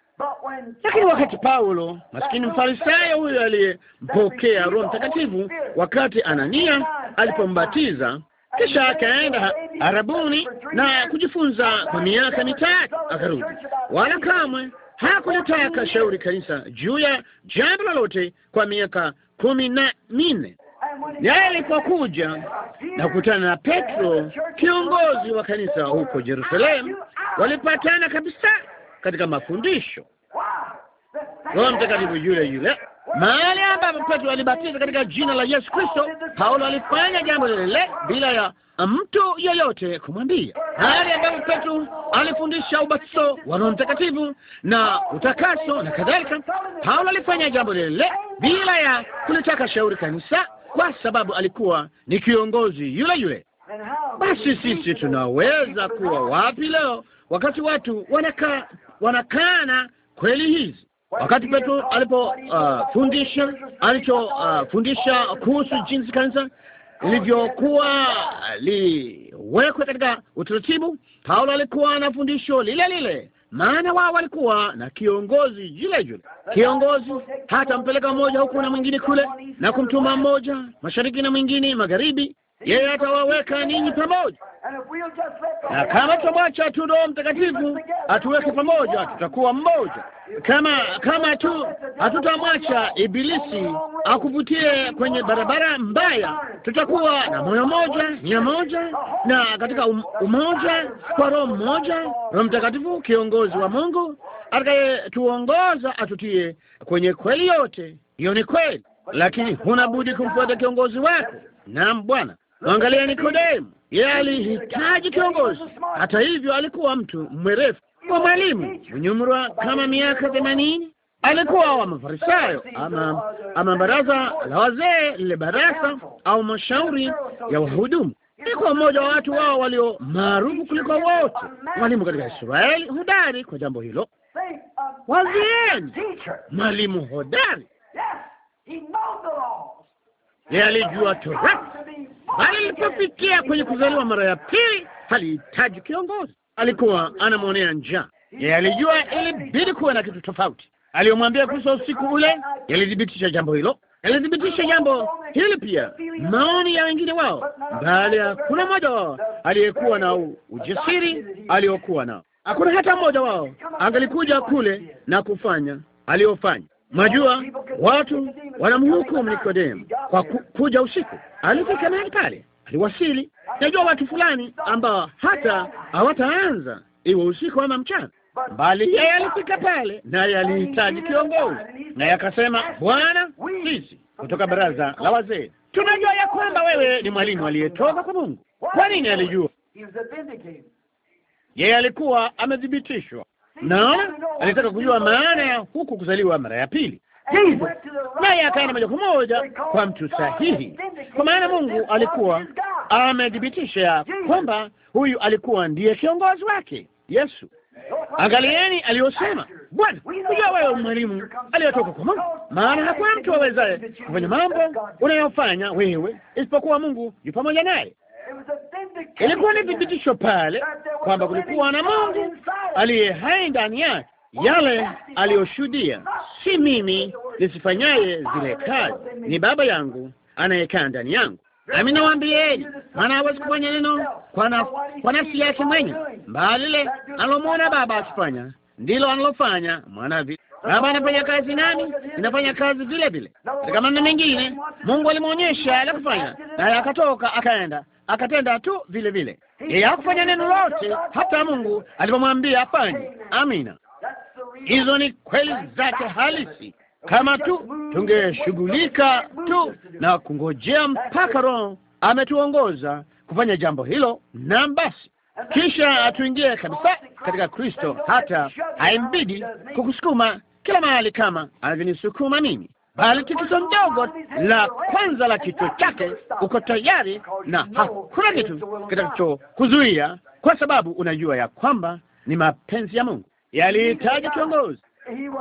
Lakini wakati Paulo maskini mfarisayo huyo aliyempokea Roho Mtakatifu, wakati Anania alipombatiza, kisha akaenda Arabuni na kujifunza kwa miaka mitatu, akarudi, wala kamwe hakulitaka shauri kanisa juu ya jambo lolote kwa miaka kumi na minne. Naye alipokuja na kukutana na Petro, kiongozi wa kanisa huko jerusalemu walipatana kabisa katika mafundisho. Roho Mtakatifu yule yule mahali ambapo Petro alibatiza katika jina la Yesu Kristo, Paulo alifanya jambo lile bila ya mtu yeyote kumwambia. Mahali ambapo Petro alifundisha ubatizo wa Roho Mtakatifu na utakaso na kadhalika, Paulo alifanya jambo lile bila ya kulitaka shauri kanisa, kwa sababu alikuwa ni kiongozi yule yule. Basi sisi tunaweza kuwa wapi leo wakati watu wanakaa wanakana kweli hizi. Wakati Petro alipofundisha uh, alichofundisha uh, kuhusu jinsi kanisa ilivyokuwa liwekwe katika utaratibu, Paulo alikuwa na fundisho lile lile, maana wao walikuwa na kiongozi jule jule. Kiongozi hata mpeleka mmoja huku na mwingine kule na kumtuma mmoja mashariki na mwingine magharibi, yeye atawaweka ninyi pamoja, na kama tutamwacha tu Roho Mtakatifu atuweke pamoja, tutakuwa mmoja. Kama kama tu hatutamwacha Ibilisi akuvutie kwenye barabara mbaya, tutakuwa na moyo moja, nia moja, na katika um-, umoja kwa Roho mmoja, Roho Mtakatifu, kiongozi wa Mungu atakayetuongoza, atutie kwenye kweli yote. Hiyo ni kweli, lakini huna budi kumfuata kiongozi wako. Naam Bwana, Angalia Nikodemu, yeye alihitaji kiongozi. Hata hivyo, alikuwa mtu mwerefu kwa mwalimu mwenye umri kama miaka themanini. Alikuwa wa Mafarisayo ama, ama baraza la wazee, lile baraza au mashauri ya wahudumu. Alikuwa mmoja wa watu wao walio maarufu kuliko wote mwalimu katika Israeli, hodari kwa jambo hilo. Wazieni mwalimu hodari yeye alijua Torati, bali alipofikia kwenye kuzaliwa mara ya pili alihitaji kiongozi. Alikuwa anamwonea njaa. Yeye alijua ilibidi kuwe na kitu tofauti. Aliyomwambia kuhusu usiku ule yalithibitisha jambo hilo, yalithibitisha jambo hili pia, maoni ya wengine wao, bali hakuna mmoja wao aliyekuwa na ujasiri aliokuwa nao. Hakuna hata mmoja wao angalikuja kule na kufanya aliyofanya. Mwajua, watu wanamhukumu Nikodemu kwa ku, kuja usiku. Alifika mahali pale, aliwasili. Najua watu fulani ambao hata hawataanza iwe usiku ama mchana, bali yeye alifika pale, naye alihitaji kiongozi, naye akasema, Bwana, sisi kutoka baraza la wazee tunajua ya kwamba wewe ni mwalimu aliyetoka kwa Mungu. Kwa nini? Alijua yeye alikuwa amethibitishwa Naona alitaka kujua maana ya huku kuzaliwa mara ya pili. Hivyo naye akaenda moja kwa moja kwa mtu sahihi, kwa maana Mungu alikuwa amedhibitisha kwamba huyu alikuwa ndiye kiongozi wake Yesu. Angalieni aliyosema Bwana, unajua wewe mwalimu aliyotoka kwa Mungu, maana hakuna mtu awezaye kufanya mambo unayofanya wewe isipokuwa Mungu yu pamoja naye. Ilikuwa ni thibitisho pale kwamba kulikuwa na Mungu aliye hai ndani yake, yale aliyoshuhudia. Si mimi nisifanyaye zile kazi, ni Baba yangu anayekaa ndani yangu. Nami nawaambieni, maana hawezi kufanya neno kwa, na, kwa nafsi yake mwenye, bali lile analomwona Baba akifanya ndilo analofanya mwana. Baba anafanya kazi, nani inafanya kazi vile vile. Katika maneno mengine, Mungu alimwonyesha la kufanya, naye akatoka akaenda akatenda tu vile vile. Yeye hakufanya neno lote hata Mungu alipomwambia afanye. Amina, hizo ni kweli zake halisi. Kama tu tungeshughulika tu na kungojea mpaka Roho ametuongoza kufanya jambo hilo, na basi kisha atuingie kabisa katika Kristo, hata haimbidi kukusukuma kila mahali kama anavyonisukuma mimi bali tatizo mdogo la kwanza la kichwa chake. Uko tayari na hakuna kitu kitakachokuzuia, kwa sababu unajua ya kwamba ni mapenzi ya Mungu. Yalihitaji kiongozi,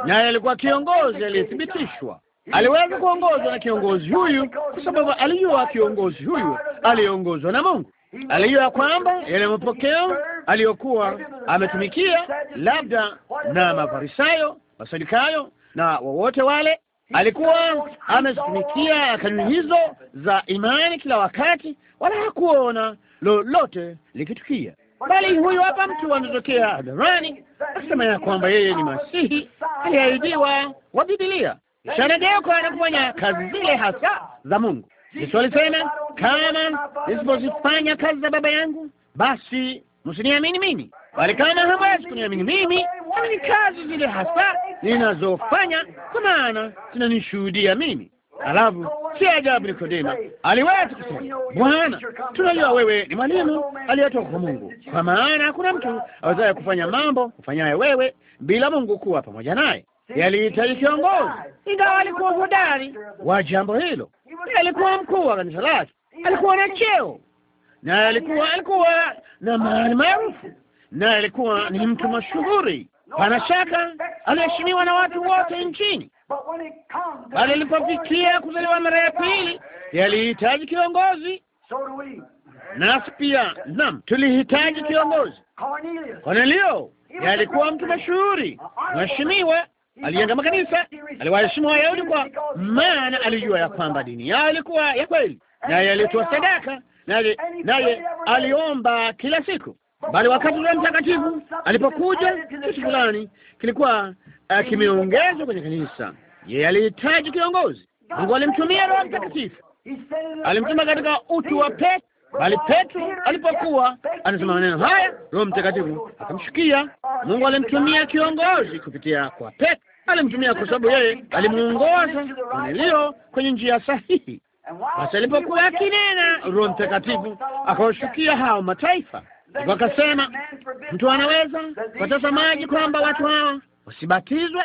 naye alikuwa kiongozi aliyethibitishwa. Aliweza kuongozwa na kiongozi huyu, kwa sababu alijua kiongozi huyu aliongozwa na Mungu. Alijua kwamba yale mapokeo aliyokuwa ametumikia, labda na Mafarisayo, Masadukayo na wowote wale alikuwa amezitumikia kanuni hizo za imani kila wakati, wala hakuona lolote likitukia. Bali huyu hapa mtu anatokea hadharani akisema ya kwamba yeye ni Masihi aliahidiwa wa Biblia. Shanageuka anafanya kazi zile hasa za Mungu. Yesu alisema, kama nisipozifanya kazi za Baba yangu, basi msiniamini mimi, bali kama hamwezi kuniamini mimi ni kazi zile hasa ninazofanya, kwa maana zinanishuhudia mimi. Alafu si ajabu Nikodema aliweza kusema, Bwana, tunajua wewe ni mwalimu aliyetoka kwa Mungu, kwa maana hakuna mtu awezaye kufanya mambo kufanyaye wewe bila Mungu kuwa pamoja naye. Yalihitaji kiongozi, ingawa alikuwa hodari wa jambo hilo. Alikuwa mkuu wa kanisa lake, alikuwa na cheo na alikuwa alikuwa na mahali maarufu, na alikuwa ni mtu mashuhuri. Pana shaka aliheshimiwa na watu wote nchini, bali alipofikia kuzaliwa mara ya pili yalihitaji kiongozi. Nasi pia naam, tulihitaji kiongozi. Cornelio alikuwa mtu mashuhuri, mheshimiwa, alienda makanisa, aliwaheshimu Wayahudi kwa maana alijua ya kwamba dini yao ilikuwa ya kweli, naye alitoa sadaka, naye aliomba kila siku bali wakati ule Mtakatifu alipokuja, kitu fulani kilikuwa uh, kimeongezwa kwenye kanisa. Yeye alihitaji kiongozi. Mungu alimtumia Roho Mtakatifu, alimtuma katika utu wa Petro, bali Petro alipokuwa anasema maneno haya, Roho Mtakatifu akamshukia. Mungu alimtumia kiongozi kupitia kwa Petro, alimtumia kwa sababu yeye alimuongoza nilio kwenye njia sahihi. Basi alipokuwa akinena, Roho Mtakatifu akawashukia hao mataifa wakasema, mtu anaweza maji kwamba watu hawa wasibatizwe?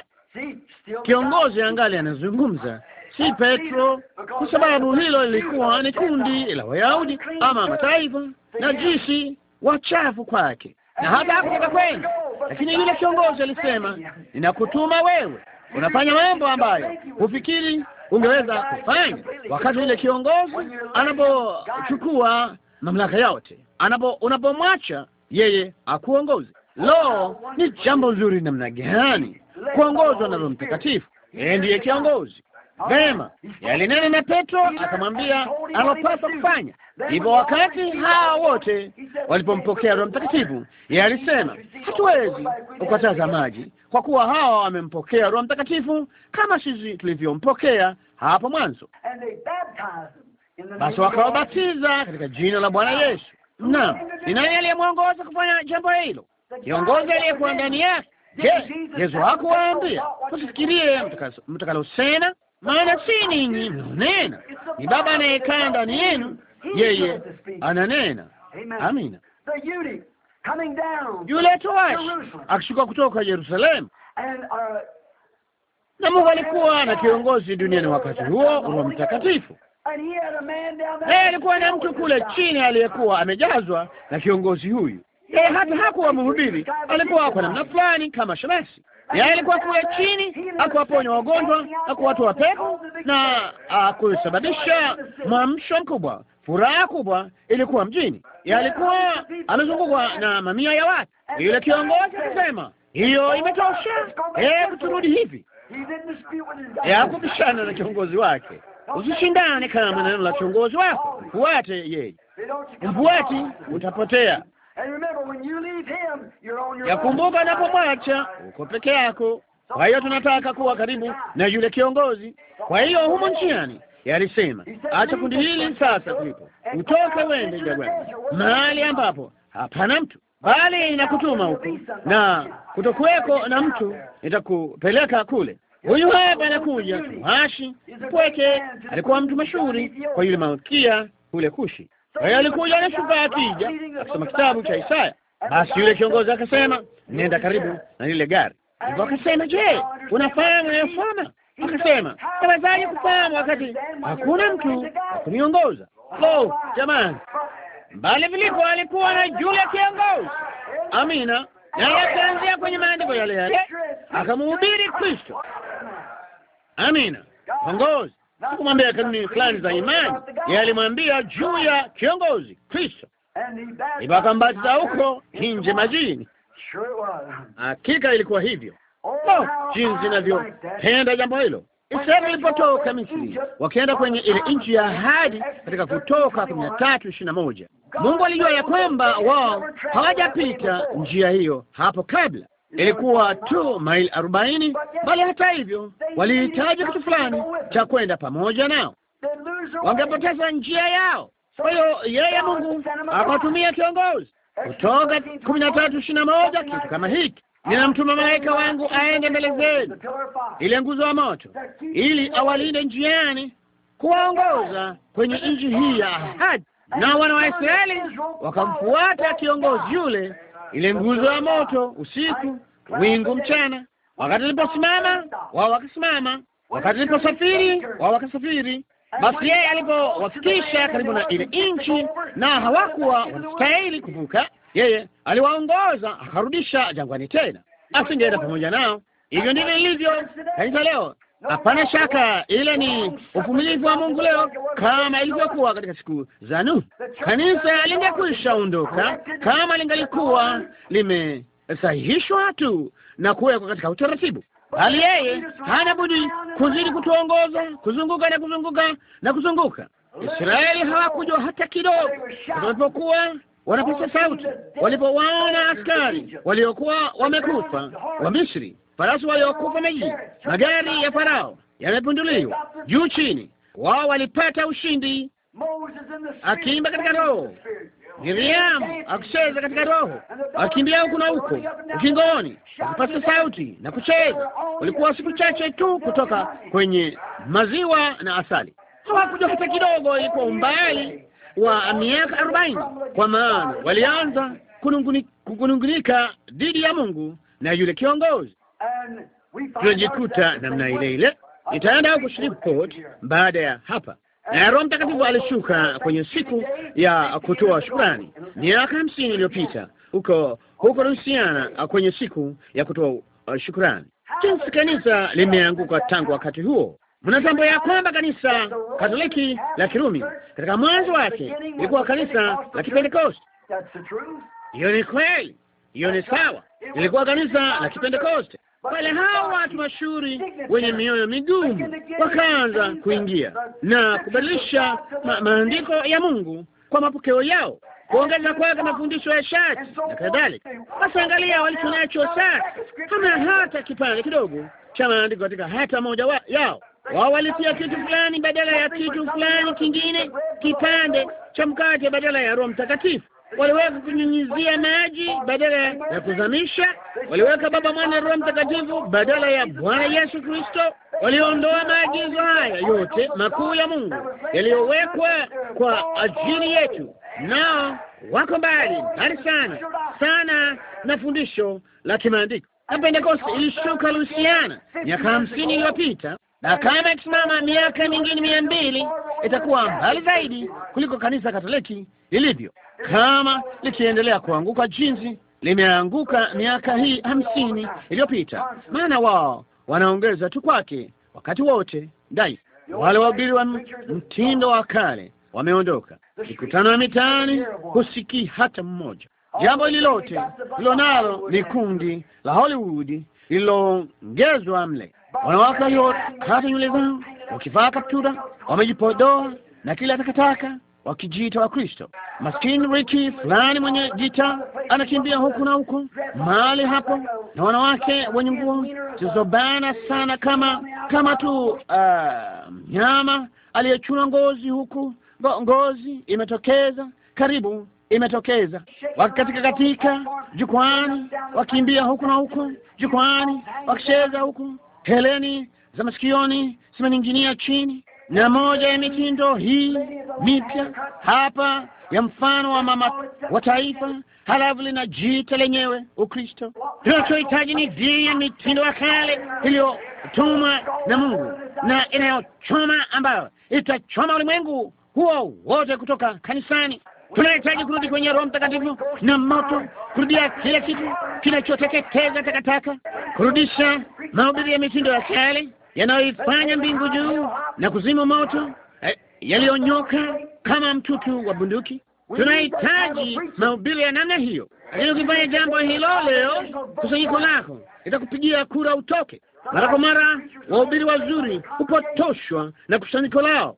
Kiongozi angali anazungumza, si Petro, kwa sababu hilo lilikuwa ni kundi la Wayahudi ama mataifa na jisi wachafu kwake, na hata hakutaka kwenda. Lakini yule kiongozi alisema, ninakutuma wewe, unafanya mambo ambayo hufikiri ungeweza kufanya, wakati yule kiongozi anapochukua mamlaka yote anapo unapomwacha yeye akuongoze. Lo, ni jambo zuri namna gani kuongozwa na Roho Mtakatifu! Yeye ndiye kiongozi. Vema, yalinena na Petro akamwambia alopaswa kufanya. Hivyo wakati hawa wote walipompokea Roho Mtakatifu, yeye alisema hatuwezi ukataza maji, kwa kuwa hawa wamempokea Roho Mtakatifu kama sisi tulivyompokea hapo mwanzo. Basi wakawabatiza katika jina la Bwana Yesu. Naam, ni nani aliyemwongoza kufanya jambo hilo? Kiongozi aliyekuwa ndani yake. Je, Yesu hakuwaambia msifikirie mtakalosena, maana si ninyi mnaonena, ni Baba anayekaa ndani yenu, yeye ananena. Amina. Yule towashi akishuka kutoka Yerusalemu uh, na Mungu alikuwa na kiongozi duniani wakati huo, Roho Mtakatifu alikuwa na mtu kule chini aliyekuwa amejazwa na kiongozi huyu. Yeye hata hakuwa mhubiri, alikuwa kwa namna fulani kama shemasi. Yeye alikuwa kule chini, akuwaponya wagonjwa, akuwatoa pepo na akusababisha ah, mwamsho mkubwa. Furaha kubwa ilikuwa mjini. Yeye alikuwa amezungukwa na mamia ya watu. Yule kiongozi kusema hiyo imetosha, eh, turudi hivi. Hakupishana na kiongozi wake. Usishindane kama neno la kiongozi wako, fuate yeye. Mfuati utapotea. Yakumbuka, unapomwacha uko peke yako. Kwa hiyo tunataka kuwa karibu na yule kiongozi. Kwa hiyo humo njiani yalisema, acha kundi hili sasa kulipo, utoke uende jagwani, mahali ambapo hapana mtu, bali inakutuma huku, na kutokuweko na mtu, nitakupeleka kule Huyu hapa anakuja mwashi mpweke, alikuwa mtu mashuhuri kwa yule malkia kule Kushi. Kwa hiyo alikuja anashuka akija akisoma kitabu cha Isaya. Basi yule kiongozi akasema, nenda karibu na lile gari. Ndipo akasema, je, unafahamu unayosoma? Akasema, nawezaje kufahamu wakati hakuna mtu kuniongoza? Oh, jamani, mbali vilipo alikuwa na yule kiongozi. Amina. Naye akaanzia kwenye maandiko yale yale akamhubiri Kristo. Amina. Kiongozi kumwambia kanuni fulani za imani, yeye alimwambia juu ya kiongozi Kristo, za huko nje majini. Hakika ilikuwa hivyo. No, oh, jinsi inavyopenda jambo hilo. Israeli ilipotoka Misri wakienda kwenye ile nchi ya ahadi, katika Kutoka kumi na tatu ishirini na moja Mungu alijua ya kwamba wao hawajapita njia hiyo hapo kabla ilikuwa tu maili arobaini, bali hata hivyo walihitaji kitu fulani cha kwenda pamoja nao, wangepoteza njia yao. Kwa hiyo yeye Mungu akatumia kiongozi kutoka kumi na tatu ishirini na moja kitu kama hiki Ninamtuma malaika wangu aende mbele zenu, ile nguzo ya moto, ili awalinde njiani, kuwaongoza kwenye nchi hii ya ahadi. Na wana wa Israeli wakamfuata kiongozi yule, ile nguzo ya moto usiku, wingu mchana, wakati liposimama wao wakasimama, wakati liposafiri wao wakasafiri. Basi yeye alipowafikisha karibu na ile nchi, na hawakuwa wanastahili kuvuka, yeye aliwaongoza akarudisha jangwani tena, asingeenda pamoja nao. Hivyo ndivyo ilivyo kanisa leo. Hapana shaka, ile ni uvumilivu wa Mungu leo, kama ilivyokuwa katika siku za Nuhu. Kanisa lingekwisha ondoka kama lingalikuwa lime sahihishwa tu na kuwekwa katika utaratibu, bali yeye hana budi kuzidi kutuongoza kuzunguka na kuzunguka na kuzunguka. Israeli hawakujua hata kidogo, walipokuwa wanapaza sauti, walipowaona askari waliokuwa wamekufa wa Misri, farasi waliokufa miji, magari ya Farao yamepunduliwa juu chini, wao walipata ushindi, akiimba katika roho Miriamu akicheza katika roho, akimbia huku na huko ukingoni, akipasa sauti na kucheza. Walikuwa siku chache tu kutoka kwenye maziwa na asali, hawakuja hata kidogo. Ilikuwa umbali wa miaka arobaini, kwa maana walianza kunungunika dhidi ya Mungu na yule kiongozi. Tunajikuta namna ile ile. Nitaenda huko Shreveport baada ya hapa na eh, Roho Mtakatifu alishuka kwenye siku ya kutoa shukrani miaka hamsini iliyopita huko huko Louisiana, kwenye siku ya kutoa eh, shukrani. Jinsi kanisa limeanguka tangu wakati huo. Mnatambua ya kwamba kanisa Katoliki la Kirumi katika mwanzo wake ilikuwa kanisa la Kipentekoste. Hiyo ni kweli, hiyo ni sawa, ilikuwa kanisa la Kipentekoste wale hao watu mashuhuri wenye mioyo migumu wakaanza kuingia na kubadilisha ma maandiko ya Mungu kwa mapokeo yao, kuongeza kwake mafundisho ya shati na kadhalika. Sasa angalia walichonacho sasa, kama hata kipande kidogo cha maandiko katika hata moja wa yao wao walitia kitu fulani badala ya kitu fulani kingine, kipande cha mkate badala ya Roho Mtakatifu waliweka kunyunyizia maji badala ya kuzamisha, waliweka Baba, Mwana, Roho Mtakatifu badala ya Bwana Yesu Kristo. Waliondoa maagizo haya yote makuu ya Mungu yaliyowekwa kwa ajili yetu, nao wako mbali mbali sana sana na fundisho la kimaandiko na Pentekoste ilishuka Lusiana miaka hamsini iliyopita na kama ikisimama miaka mingine mia mbili itakuwa mbali zaidi kuliko kanisa Katoliki lilivyo, kama likiendelea kuanguka jinsi limeanguka miaka hii hamsini iliyopita, maana wao wanaongeza tu kwake wakati wote. Dai wale wahubiri wa mtindo wa kale wameondoka, mikutano ya mitaani husikii hata mmoja. Jambo hili lote lilo nalo ni kundi la Hollywood lililoongezwa mle wanawake waliokata nywele zao, wakivaa kaptura, wamejipodoa na kila takataka, wakijiita wa kristo Maskini wiki fulani mwenye jita anakimbia huku na huko mahali hapo, na wanawake wenye nguo zilizobana sana, kama kama tu uh, nyama aliyechuna ngozi, huku ngozi imetokeza karibu imetokeza wakikatika katika jukwani, wakimbia huku na huko jukwani, wakicheza huku heleni za masikioni zimening'inia chini, na moja ya mitindo hii mipya hapa ya mfano wa mama wa taifa, halafu linajiita lenyewe Ukristo. Tunachohitaji ni dini ya mitindo ya kale iliyotumwa na Mungu na inayochoma, ambayo itachoma ulimwengu huo wote kutoka kanisani tunahitaji kurudi kwenye Roho Mtakatifu na moto, kurudia kila kitu kinachoteketeza takataka, kurudisha mahubiri ya mitindo ya kale yanayoifanya mbingu juu na kuzima moto eh, yaliyonyoka kama mtutu wa bunduki. Tunahitaji mahubiri ya namna hiyo, lakini ukifanya jambo hilo leo, kusanyiko lako itakupigia kura utoke. Mara kwa mara wahubiri wazuri hupotoshwa na kusanyiko lao,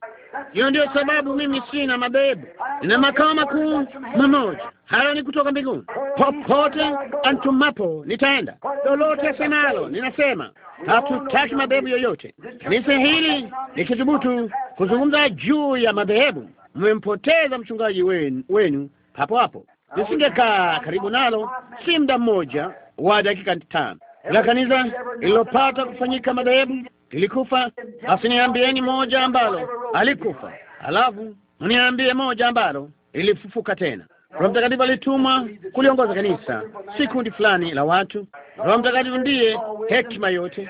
hiyo ndio sababu mimi sina mabebu, nina makao makuu mamoja. Hayo ni kutoka mbinguni. Popote antumapo nitaenda, lolote asemalo ninasema. Hatutaki mabebu yoyote. Kanisa hili nikithubutu kuzungumza juu ya mabebu, mmempoteza mchungaji wenu, wenu hapo hapo. Nisingekaa karibu nalo si muda mmoja wa dakika tano la kanisa lililopata kufanyika madhehebu ilikufa, basi niambieni moja ambalo alikufa, alafu mniambie moja ambalo ilifufuka tena. Roho Mtakatifu alitumwa kuliongoza kanisa, si kundi fulani la watu. Roho Mtakatifu ndiye hekima yote,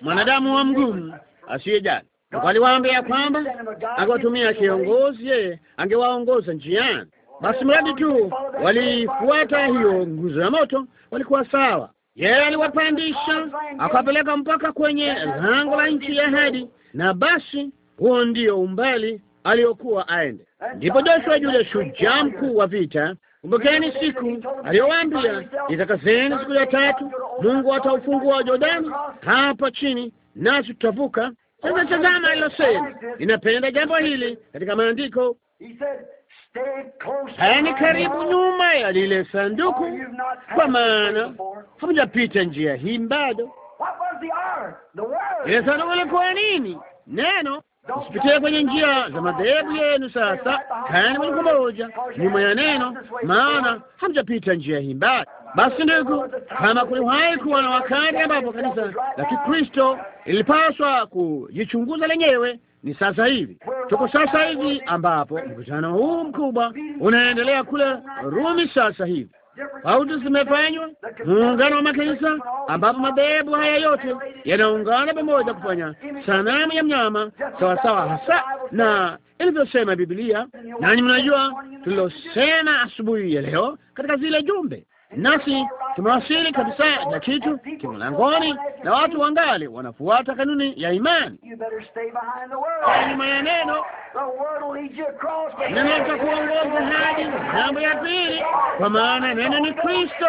mwanadamu wa mgumu asiyejali na aliwaambia kwamba angewatumia kiongozi, yeye angewaongoza njiani. Basi mradi tu walifuata hiyo nguzo ya moto, walikuwa sawa. Yeye aliwapandisha akawapeleka mpaka kwenye lango la nchi ya ahadi, na basi huo ndio umbali aliyokuwa aende. Ndipo Joshua yule shujaa mkuu wa vita, kumbukeni siku aliyowaambia, itakazeni siku ya tatu Mungu ataufungua Jordani hapa chini, nasi tutavuka. Sasa tazama alilosema, inapenda jambo hili katika maandiko hayani karibu nyuma ya lile sanduku, kwa maana hamjapita njia hii bado. Ile sanduku ilikuwa nini? Neno. Usipitie kwenye njia za madhehebu yenu. Sasa kaeni moja nyuma ya neno, maana hamjapita njia hii mbali. Basi ndugu, kama kuliwahi kuwa na wakati ambapo kanisa la Kikristo lilipaswa kujichunguza lenyewe, ni sasa hivi. Tuko sasa hivi ambapo mkutano huu mkubwa unaendelea kule Rumi sasa hivi, pauti zimefanywa, muungano wa makanisa ambapo madhehebu haya yote yanaungana pamoja kufanya sanamu ya mnyama sawasawa hasa na ilivyosema Biblia. Nanyi mnajua tulilosema asubuhi ya leo katika zile jumbe nasi tumewasili kabisa na kitu kimlangoni, na watu wangali wanafuata kanuni ya imani. Nyuma ya neno neno litakuongoza hadi jambo ya pili, kwa maana neno ni Kristo,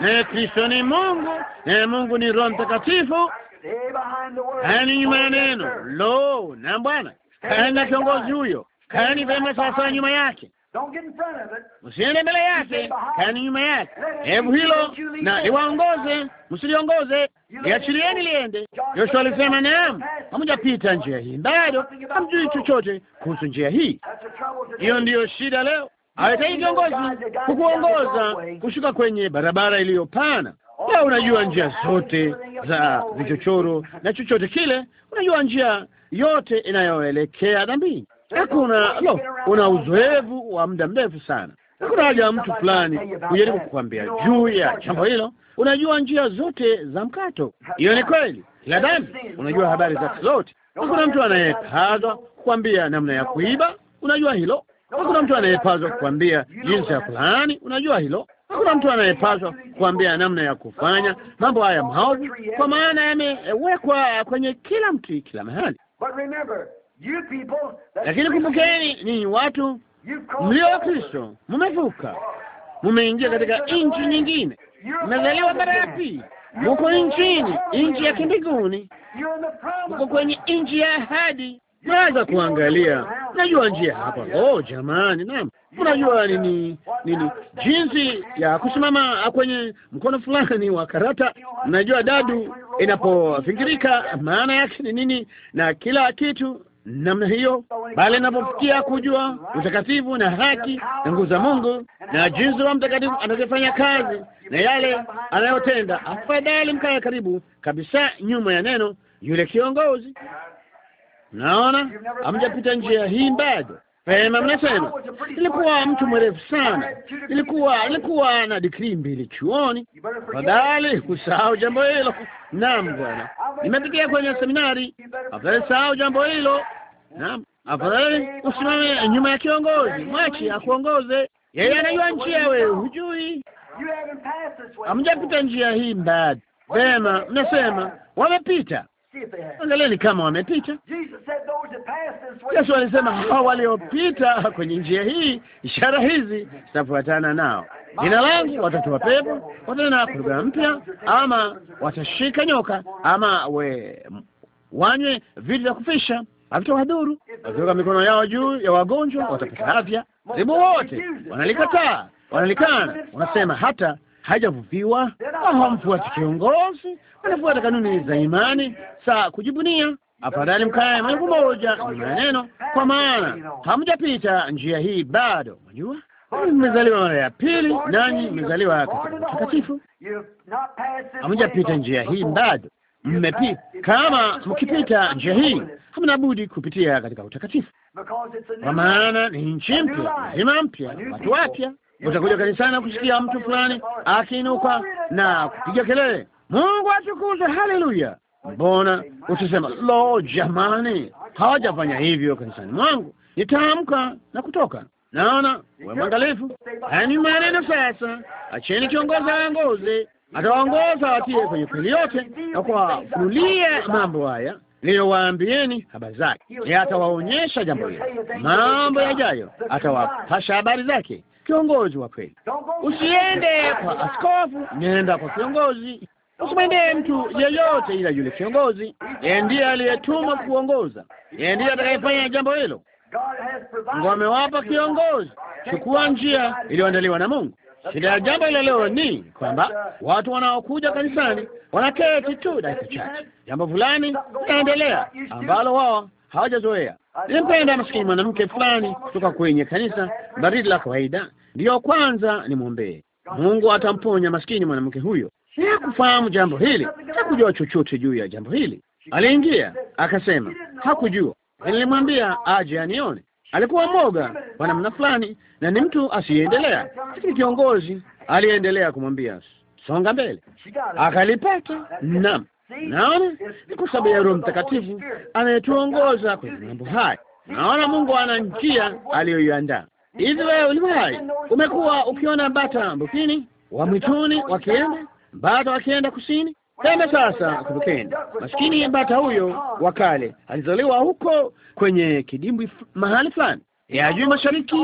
naye Kristo ni Mungu, naye Mungu ni Roho Mtakatifu. Kaeni nyuma ya neno lo na Bwana, kaeni na kiongozi huyo, kaeni vyema sasa nyuma yake Msiende mbele yake, kani nyuma yake. Hebu hilo na liwaongoze, msiliongoze, liachilieni liende. Yoshua alisema, naam, hamjapita njia hii, bado hamjui chochote kuhusu njia hii. Hiyo ndiyo shida leo. Hawetaki kiongozi kukuongoza kushuka kwenye barabara iliyopana. a unajua njia zote za vichochoro na chochote kile, unajua njia yote inayoelekea dhambini. Hakuna lo, una uzoefu wa muda mrefu sana. Hakuna haja ya mtu fulani kujaribu kukwambia juu ya jambo hilo. Unajua njia zote za mkato. Hiyo ni kweli, kila dhambi unajua habari zake zote. Hakuna mtu anayepazwa kukwambia namna ya kuiba, unajua hilo. Hakuna mtu anayepazwa kukwambia jinsi ya fulani, unajua hilo. Hakuna mtu anayepaswa kukwambia namna ya kufanya mambo haya maovu, kwa maana yamewekwa kwenye kila mtu, kila mahali. Lakini kumbukeni, ninyi watu mlio wa Kristo, mmevuka, mmeingia katika nchi nyingine, mmezaliwa mara ya pili, muko nchini, nchi ya kimbinguni, muko kwenye nchi ya ahadi. Naweza kuangalia, najua njia oh, hapa. Oh jamani, naam, unajua nini nini, jinsi ya kusimama kwenye mkono fulani wa karata. Najua dadu inapofikirika maana yake ni nini na kila kitu namna hiyo, bali inapofikia kujua utakatifu na haki na nguvu za Mungu na jinsi wa mtakatifu anavyofanya kazi na yale anayotenda, afadhali mkae karibu kabisa nyuma ya neno yule kiongozi. Naona hamjapita njia hii bado. Vema, mnasema ilikuwa mtu mrefu sana, ilikuwa ilikuwa na digrii mbili chuoni. Fadhali kusahau jambo hilo. Naam bwana, nimepitia kwenye seminari. Afadhali sahau jambo hilo. Naam, afadhali usimame nyuma ya kiongozi, mwachi akuongoze. Yeye anajua njia, wewe hujui, hamjapita njia hii mbali. Vema, mnasema wamepita Angalieni kama wamepita. Yesu alisema ah. hao waliopita kwenye njia hii, ishara hizi zitafuatana nao, jina langu, watatoa pepo, watanena kwa lugha mpya, ama watashika nyoka, ama we wanywe vitu vya kufisha havitawadhuru, wakiweka mikono yao juu ya wagonjwa watapata afya. Zibu wote wanalikataa, wanalikana, wanasema hata hajavuviwa hawamfuati kiongozi, wanafuata kanuni za imani. sa kujibunia, afadhali mkae mwengu moja ni maneno, kwa maana hamjapita njia hii bado. Unajua, mmezaliwa mara ya pili, nanyi mmezaliwa katika utakatifu, hamjapita njia hii bado. Mmepi, kama mkipita njia hii, hamna budi kupitia katika utakatifu, kwa maana ni nchi mpya, zima mpya, watu wapya utakuja kanisani na kusikia mtu fulani akiinuka na kupiga kelele, Mungu atukuzwe, haleluya. Mbona utasema lo, jamani, hawajafanya hivyo kanisani mwangu. Nitaamka na kutoka. Naona we mwangalifu, haya ni maneno sasa. Acheni kiongozi aongoze, atawaongoza watie kwenye kweli yote na kuwafunulia mambo haya niliyowaambieni habari zake. Yeye atawaonyesha jambo hilo, mambo yajayo atawapasha habari zake kiongozi wa kweli. Usiende kwa askofu, nenda kwa kiongozi. Usimwendee mtu yeyote, ila yule kiongozi. Yeye ndiye aliyetuma kuongoza, yeye ndiye atakayefanya jambo hilo. Mungu amewapa kiongozi. Chukua njia iliyoandaliwa na Mungu. Shida ya jambo ile leo ni kwamba watu wanaokuja kanisani wanaketi tu dakika chache, jambo fulani linaendelea ambalo wao hawajazoea. Nilimpenda maskini mwanamke fulani kutoka kwenye kanisa baridi la kawaida, ndiyo kwanza nimwombee Mungu atamponya maskini mwanamke huyo. Hakufahamu jambo hili, hakujua chochote juu ya jambo hili. Aliingia akasema hakujua. Nilimwambia aje anione, alikuwa mwoga kwa namna fulani na ni mtu asiyeendelea, lakini kiongozi aliendelea kumwambia songa mbele, akalipata. Naam, naona ni kwa sababu ya Roho Mtakatifu anayetuongoza kwenye mambo haya. Naona Mungu ana njia aliyoiandaa. Hivi wewe ulio umekuwa ukiona bata mbukini wa mwituni wakienda, bata wakienda kusini, tena sasa, kumbukeni, maskini bata huyo wa kale alizaliwa huko kwenye kidimbwi mahali fulani ya juu mashariki,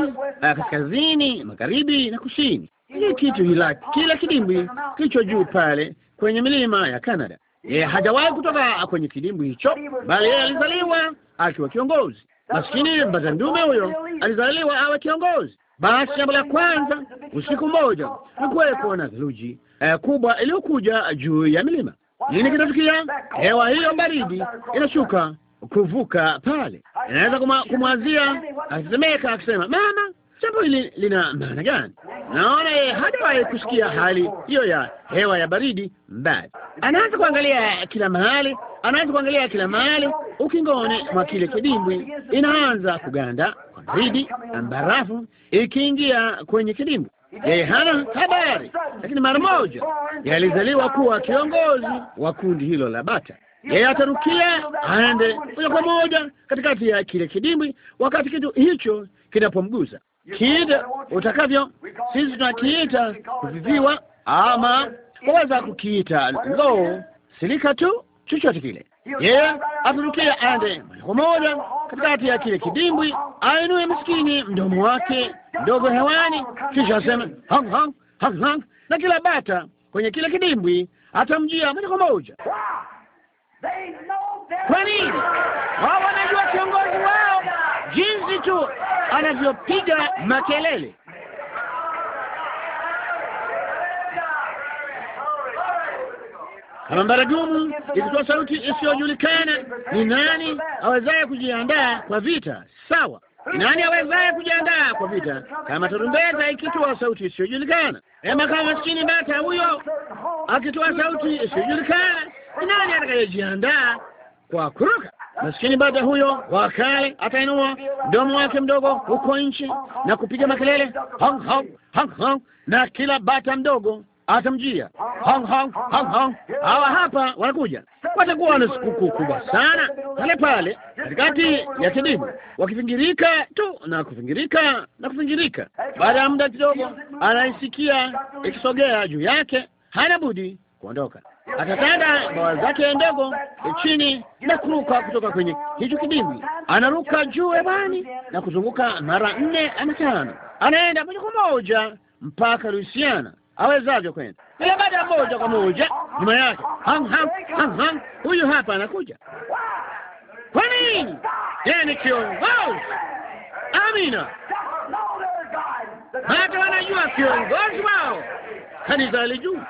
eh, kaskazini, magharibi na kusini, Ni kitu hila kila kidimbwi kilicho juu pale kwenye milima ya Canada. Ye hajawahi kutoka kwenye kidimbwi hicho, bali yeye alizaliwa akiwa kiongozi. Maskini bata ndume huyo alizaliwa awe kiongozi. Basi jambo la kwanza, usiku mmoja nikuweko na theluji eh, kubwa iliyokuja juu ya milima. Nini kinatukia? Hewa hiyo baridi inashuka kuvuka pale, inaweza kumwazia akitetemeka, akisema mama, jambo hili lina maana gani? Naona yeye hajawahi kusikia hali hiyo ya hewa ya baridi mbali. Anaanza kuangalia kila mahali, anaanza kuangalia kila mahali, ukingoni mwa kile kidimbwi inaanza kuganda baridi, barafu ikiingia kwenye kidimbwi Yeye hana habari, lakini mara moja yalizaliwa kuwa kiongozi wa kundi hilo la bata. Yeye atarukia aende moja kwa moja katikati ya kile kidimbwi, wakati kitu hicho kinapomgusa. Kiita utakavyo, sisi tunakiita kuviviwa, ama waweza kukiita lo silika tu, chochote kile. Yeye atarukia aende moja kwa moja katikati ya kile kidimbwi, ainue msikini mdomo wake mdogo hewani, kisha aseme hang hang hang hang, na kila bata kwenye kile kidimbwi atamjia moja kwa moja. Kwa nini? Wao wanajua kiongozi wao jinsi tu anavyopiga makelele kama baragumu ikitoa sauti isiyojulikana. Ni nani awezaye kujiandaa kwa vita? Sawa, nani awezaye kujiandaa kwa vita kama tarumbeta ikitoa sauti isiyojulikana? Ema, kama maskini bata huyo akitoa sauti isiyojulikana, ni nani atakayejiandaa kwa kuruka? Maskini bata huyo wa kale atainua mdomo wake mdogo huko nchi na kupiga makelele hong hong hong hong, na kila bata mdogo atamjia. Hong hong hong hong, hawa hapa wanakuja. Watakuwa na sikukuu kubwa sana pale pale katikati ya kilimo, wakifingirika tu na kufingirika na kufingirika. Baada ya muda kidogo, anaisikia ikisogea juu yake, hana budi kuondoka. Atatanda bawa zake ndogo e, chini na kuruka kutoka kwenye hicho kidimbwi. Anaruka juu hewani na kuzunguka mara nne ama tano, anaenda moja kwa moja mpaka Louisiana awezavyo kwenda ile baada moja kwa moja nyuma yake. Huyu hapa anakuja. Kwa nini? Yeye ni kiongozi. Amina, hata wanajua kiongozi wao kanisa juu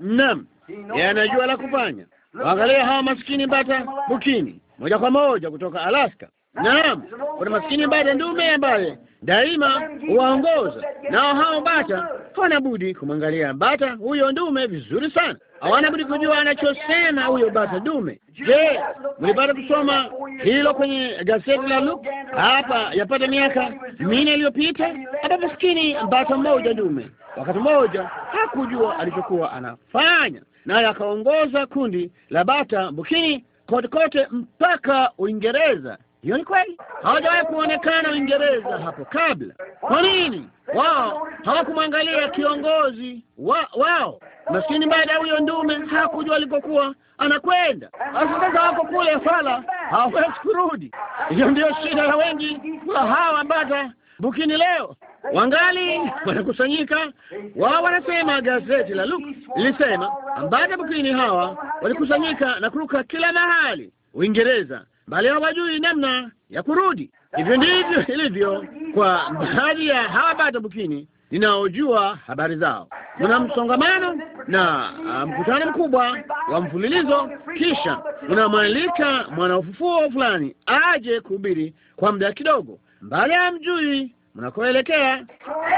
Naam, yeye anajua la kufanya. Waangalia hawa maskini bata bukini moja kwa moja kutoka Alaska Naam, kuna maskini bata ndume ambaye daima huwaongoza, nao hao bata hawana budi kumwangalia bata huyo ndume vizuri sana. Hawana budi kujua anachosema huyo bata dume. Je, mlipata kusoma hilo kwenye gazeti la Luke hapa yapata miaka minne iliyopita, ambapo maskini bata mmoja dume wakati mmoja hakujua alichokuwa anafanya, naye akaongoza kundi la bata bukini kote kote mpaka Uingereza. Hiyo ni kweli, hawajawahi kuonekana Uingereza hapo kabla. Kwa nini wao hawakumwangalia kiongozi wa, wao maskini? Baada ya huyo ndume hakujua alikokuwa anakwenda, alafu sasa wako kule fala, hawawezi kurudi. Hiyo ndiyo shida ya wengi wa hawa bata bukini leo wangali wanakusanyika. Wao wanasema gazeti la Luke lilisema ambata bukini hawa walikusanyika na kuruka kila mahali Uingereza bali hawajui namna ya kurudi. Hivyo ndivyo ilivyo kwa baadhi ya hapa bukini ninaojua habari zao. Kuna msongamano na uh, mkutano mkubwa wa mfululizo, kisha unamwalika mwanaufufuo fulani aje kuhubiri kwa muda kidogo, mbali hamjui mnakoelekea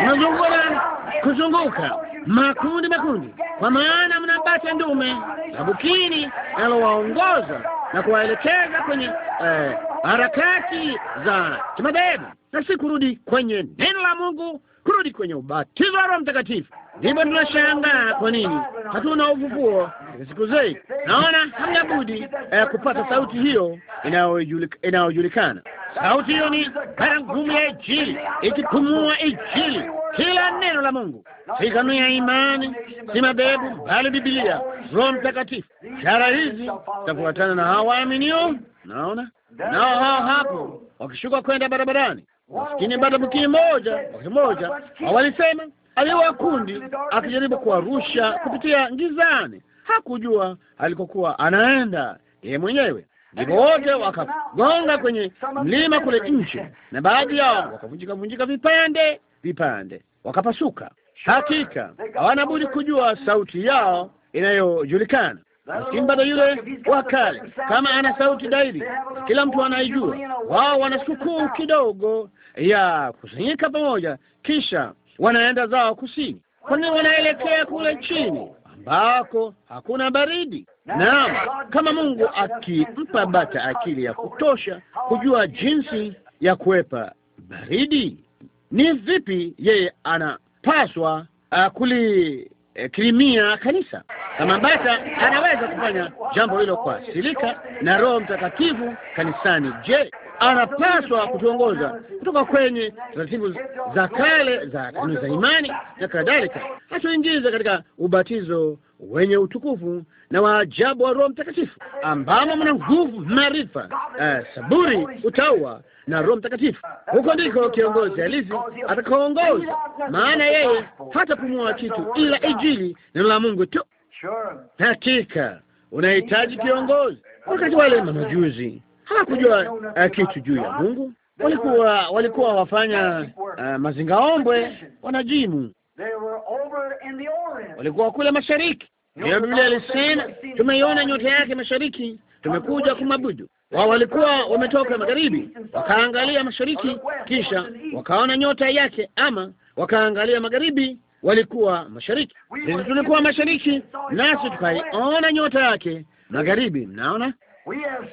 mnazunguka na kuzunguka makundi makundi, kwa maana mnapata ndume na bukini nalowaongoza na kuwaelekeza kwenye eh, harakati eh, za kimadhehebu na si kurudi kwenye neno la Mungu, kurudi kwenye ubatizo wa Roho Mtakatifu. Ndipo tunashangaa kwa nini hatuna ufufuo katika siku zetu. Naona hamna budi eh, kupata sauti hiyo inayojulikana. Sauti hiyo ni bara ngumu ya Injili, ikipumua Injili, kila neno la Mungu, si kanuni ya imani, si mabebu, bali Biblia, Roho Mtakatifu. Ishara hizi zitafuatana na hawa waaminio. Naona nao hao hapo wakishuka kwenda barabarani maskini bata moja wakati mmoja walisema aliwa kundi akijaribu kuwarusha kupitia ngizani, hakujua alikokuwa anaenda yeye mwenyewe. Ndipo wote wakagonga kwenye mlima kule nje, na baadhi yao wakavunjika vunjika vipande vipande, wakapasuka. Hakika hawana budi kujua sauti yao inayojulikana msimbada yule wa kale, kama ana sauti dairi, kila mtu anaijua. Wao wanasukuu kidogo ya kusanyika pamoja, kisha wanaenda zao kusini, nini wanaelekea kule chini ambako hakuna baridi. Naam, kama Mungu akimpa bata akili ya kutosha kujua jinsi ya kuwepa baridi, ni vipi yeye anapaswa uh, kulikirimia kanisa Amambata anaweza kufanya jambo hilo kwa silika na Roho Mtakatifu kanisani. Je, anapaswa kutuongoza kutoka kwenye taratibu za kale za kanuni za imani na kadhalika, atuingize katika ubatizo wenye utukufu na waajabu wa Roho Mtakatifu, ambamo mna nguvu, maarifa, uh, saburi, utaua na Roho Mtakatifu. Huko ndiko kiongozi halisi atakaoongoza, maana yeye hatapumua kitu ila Injili, neno la Mungu tu hakika unahitaji kiongozi. Wakati wale mamajuzi hawakujua uh, kitu juu ya Mungu, walikuwa walikuwa wafanya uh, eh, mazingaombwe, wanajimu, walikuwa kule mashariki. Ndio Biblia ilisema, tumeiona nyota yake mashariki, tumekuja kumabudu. Wao walikuwa wametoka magharibi, wakaangalia mashariki, kisha wakaona nyota yake, ama wakaangalia magharibi walikuwa mashariki, sisi tulikuwa mashariki, nasi tukaiona nyota yake magharibi. Mnaona,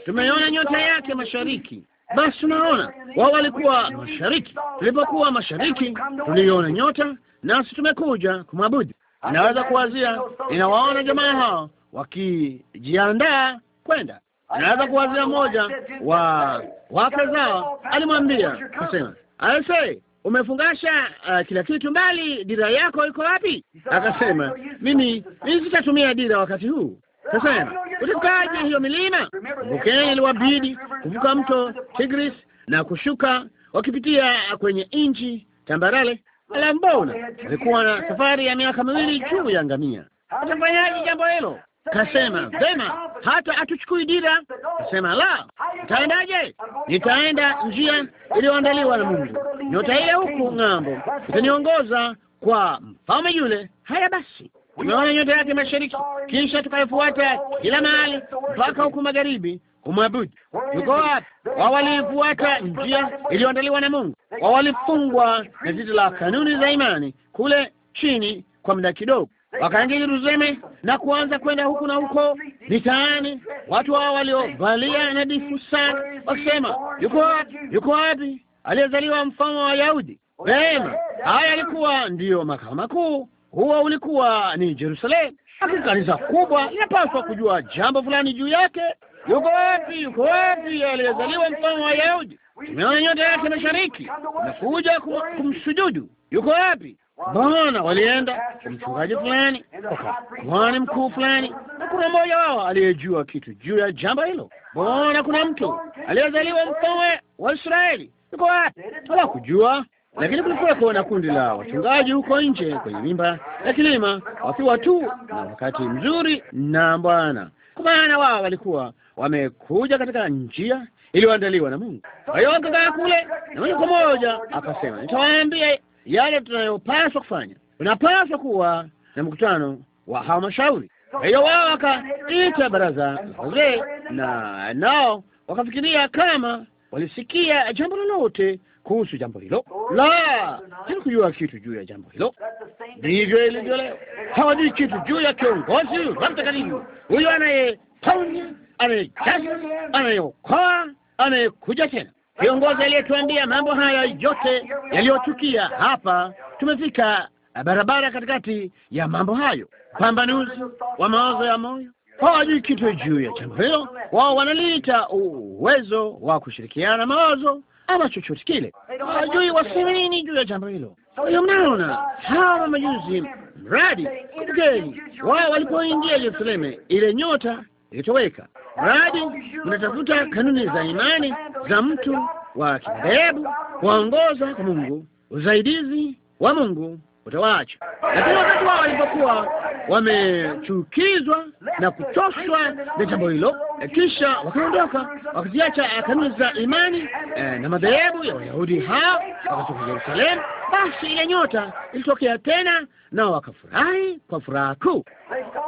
tumeiona nyota yake mashariki. Basi tunaona wao walikuwa mashariki, tulipokuwa mashariki tuliona nyota, nasi tumekuja kumwabudu. inaweza kuwazia, inawaona jamaa hao wakijiandaa kwenda. Inaweza kuwazia mmoja wa wake zao alimwambia kusema, aisee umefungasha uh, kila kitu mbali, dira yako iko wapi? Akasema, mimi mimi sitatumia dira wakati huu. Kasema, utakaje hiyo milima? Kumbukeni, iliwabidi kuvuka mto Tigris na kushuka wakipitia kwenye nchi tambarale. Ala, mbona alikuwa na safari ya miaka miwili juu ya ngamia. Utafanyaje jambo hilo? Kasema vema, hata atuchukui dira. Kasema la, nitaendaje? Nitaenda njia iliyoandaliwa na Mungu. Nyota ile huku ng'ambo itaniongoza kwa mfalme yule. Haya basi, tumeona nyota yake mashariki, kisha tukaifuata kila mahali mpaka huku magharibi kumwabudu. Yuko wapi? Wawalifuata njia iliyoandaliwa na Mungu. wawalifungwa na zizi la kanuni za imani kule chini kwa muda kidogo wakaingia Yerusalemu na kuanza kwenda huku na huko mitaani, watu hao waliovalia nadhifu sana wakisema, yuko wapi? Yuko wapi aliyezaliwa mfalme wa Yahudi? Vema, haya alikuwa ndiyo makao makuu, huo ulikuwa ni Jerusalemu. Hakika kanisa kubwa linapaswa kujua jambo fulani juu yake. Yuko wapi? Yuko wapi aliyezaliwa mfalme wa Yahudi? Tumeona nyota yake mashariki, nakuja kum, kumsujudu. Yuko wapi? Bwana walienda kwa mchungaji fulani, kuhani mkuu fulani, na kuna mmoja wao aliyejua kitu juu ya jambo hilo. Bwana, kuna mtu aliyezaliwa mfalme wa Israeli, yuko wapi? kujua, lakini kulikuwa na kundi la wachungaji huko nje kwenye mimba ya kilima, wakiwa tu na wakati mzuri na Bwana, kwa maana wao walikuwa wamekuja katika njia iliyoandaliwa na Mungu. Kwa hiyo akakaa kule na moja kwa moja akasema, nitawaambia yale tunayopaswa kufanya. Unapaswa kuwa na mkutano wa halmashauri. Kwa hiyo wao wakaita baraza la wazee, na nao wakafikiria kama walisikia jambo lolote kuhusu jambo hilo. La, sikujua kitu juu ya jambo hilo. Ndivyo ilivyo leo, hawajui kitu juu ya kiongozi wa mtakatifu huyo, anayeponya, anayejaza, anayeokoa, anayekuja tena kiongozi aliyetuambia mambo haya yote yaliyotukia hapa. Tumefika barabara katikati ya mambo hayo, pambanuzi wa mawazo ya moyo hawajui kitu juu ya jambo hilo. Wao wanaliita uwezo wa kushirikiana mawazo ama chochote kile, hawajui waseme nini juu ya jambo hilo. Hiyo mnaona, hawa majuzi mradi, kumbukeni, wao walipoingia Yerusalemu, ile nyota ilitoweka mradi mnatafuta kanuni za imani za mtu wa kimadhehebu kuwaongoza kwa Mungu, usaidizi wa Mungu utawaacha. Lakini wakati wao walipokuwa wamechukizwa na kuchoshwa na jambo hilo, kisha wakaondoka wakaziacha kanuni za imani eh, na madhehebu ya Wayahudi hao wakatoka Yerusalemu basi ile nyota ilitokea tena, nao wakafurahi kwa furaha kuu.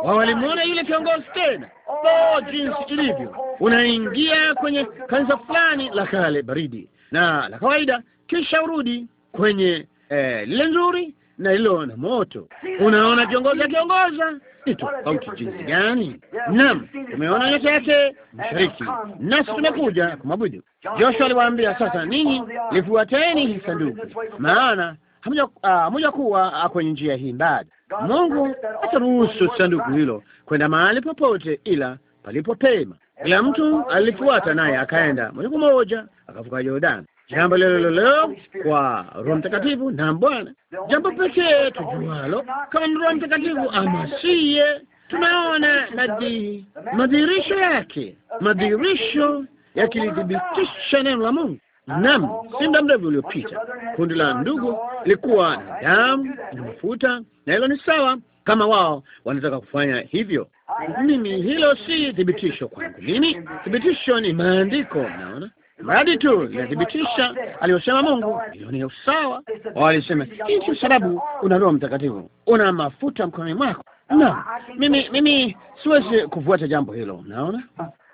Walimwona yule kiongozi tena. Oh, jinsi ilivyo! Unaingia kwenye kanisa fulani la kale baridi na la kawaida, kisha urudi kwenye eh, lile nzuri na lilo na moto. Unaona kiongozi akiongoza ni tofauti jinsi gani? Naam, tumeona yote yake mshiriki, nasi tumekuja kumwabudu. Joshua aliwaambia, sasa ninyi lifuateni hii sanduku, maana hamuja ah, kuwa kwenye njia hii mbali. Mungu ataruhusu sanduku hilo kwenda mahali popote ila palipopema. Kila mtu alifuata, naye akaenda moja kwa moja akavuka Yordani jambo lilololeo kwa Roho Mtakatifu na Bwana, jambo pekee tujualo kama ni Roho Mtakatifu amasiye, tunaona nadi madhihirisho yake, madhihirisho yakilithibitisha neno la Mungu. Naam, si muda mrefu uliopita kundi la ndugu likuwa na damu na mafuta, na hilo ni sawa kama wao wanataka kufanya hivyo. Mimi hilo si thibitisho kwangu. Mimi thibitisho ni maandiko, naona mradi tu linathibitisha aliyosema Mungu. Hiyo ni usawa. Walisema jinsi sababu una Roho Mtakatifu, una mafuta mkononi mwako. Na mimi mimi siwezi kufuata jambo hilo, naona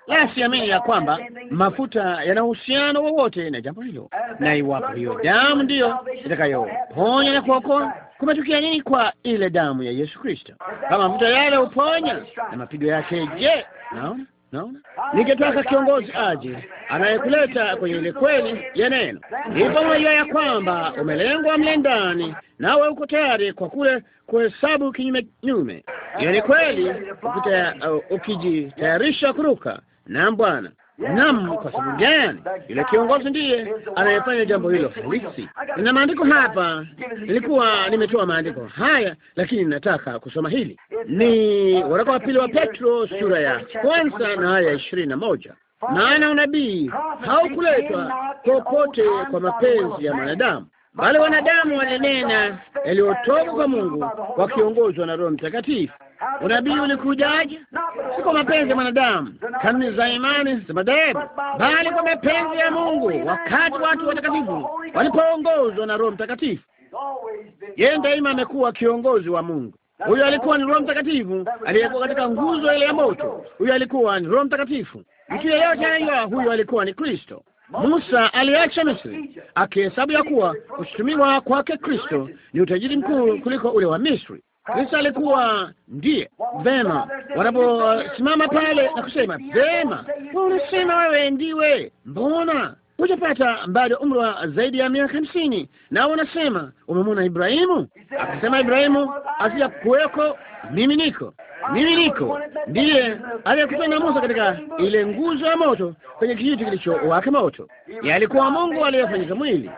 la, siamini ya kwamba mafuta yana uhusiano wowote na jambo hilo. Na iwapo hiyo damu ndiyo itakayoponya na kuokoa, kumetukia nini kwa ile damu ya Yesu Kristo? Kama mafuta yale uponya na mapigo yake, je, naona Naona ningetaka kiongozi aje anayekuleta kwenye ile kweli ya neno, ndipo unajua ya kwamba umelengwa mle ndani, nawe uko tayari kwa kule kuhesabu kinyume nyume. Hiyo ni kweli, uh, ukijitayarisha kuruka na Bwana Naam, kwa sababu gani? Yule kiongozi ndiye anayefanya jambo hilo halisi. Nina maandiko hapa, nilikuwa nimetoa maandiko haya, lakini ninataka kusoma hili. Ni waraka wa pili wa Petro sura ya kwanza na haya ishirini na moja maana unabii haukuletwa popote kwa mapenzi ya mwanadamu, bali wanadamu walinena yaliyotoka kwa Mungu wakiongozwa na Roho Mtakatifu. Unabii ulikujaje? Si kwa mapenzi ya mwanadamu, kanuni za imani za madhehebu, bali kwa mapenzi ya Mungu, wakati watu watakatifu walipoongozwa na Roho Mtakatifu. Yeye daima amekuwa kiongozi wa Mungu. Huyo alikuwa ni Roho Mtakatifu aliyekuwa katika nguzo ile ya moto. Huyo alikuwa ni Roho Mtakatifu. Mtu yeyote anajua huyo alikuwa ni Kristo. Musa aliacha Misri akihesabu ya kuwa kushutumiwa kwake Kristo ni utajiri mkuu kuliko ule wa Misri. Kristo alikuwa ndiye. Vema, wanaposimama pale na kusema, vema, unasema wewe ndiwe, mbona hujapata bado umri wa zaidi ya miaka hamsini, nao wanasema umemwona Ibrahimu? Akasema Ibrahimu asija kuweko, mimi niko mimi niko ndiye aliyekutana na Musa katika ile nguzo ya moto kwenye kijiti kilichowaka moto. Yeye alikuwa Mungu aliyefanyika mwili,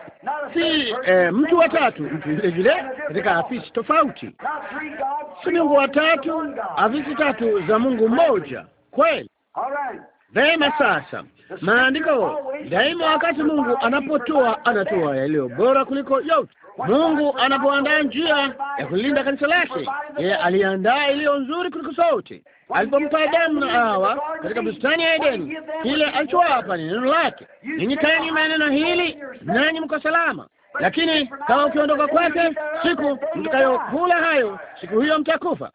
si eh, mtu wa tatu, mtu yule yule katika afisi tofauti, si Mungu wa tatu, afisi tatu za Mungu mmoja kweli. Vema, sasa maandiko daima, wakati Mungu anapotoa, anatoa yaliyo bora kuliko yote. Mungu anapoandaa njia ya kulinda kanisa lake, yeye aliandaa iliyo nzuri kuliko sauti. Alipompa Adamu na Hawa katika bustani ya Edeni, kile alichowapa ni neno lake, ninyi ninyikeni maneno hili nanyi mko salama, lakini kama ukiondoka kwake, siku mtakayokula hayo, siku hiyo mtakufa.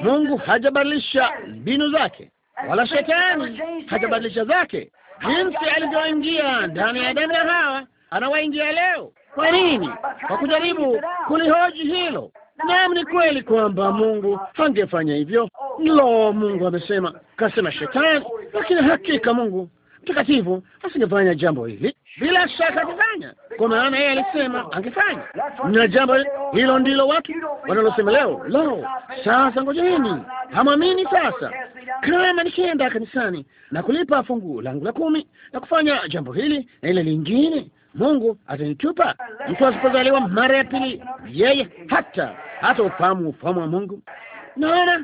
Mungu hajabadilisha mbinu zake wala shetani hajabadilisha zake jinsi alivyoingia ndani ya Adamu na Hawa, anawaingia leo. Kwa nini? Kwa kujaribu kulihoji hilo. Naam, ni kweli kwamba Mungu hangefanya hivyo. Oh. Lo, Mungu amesema, kasema shetani, lakini hakika Mungu mtakatifu asingefanya jambo hili bila shaka kufanya, kwa maana yeye alisema angefanya. Na jambo hilo ndilo watu wanalosema leo. Lo, sasa ngojeni, hamwamini. Sasa kama nikienda kanisani na kulipa fungu langu la kumi na kufanya jambo hili na ile lingine, Mungu atanitupa? Mtu asipozaliwa mara ya pili, yeye hata hata ufahamu ufamu wa Mungu naona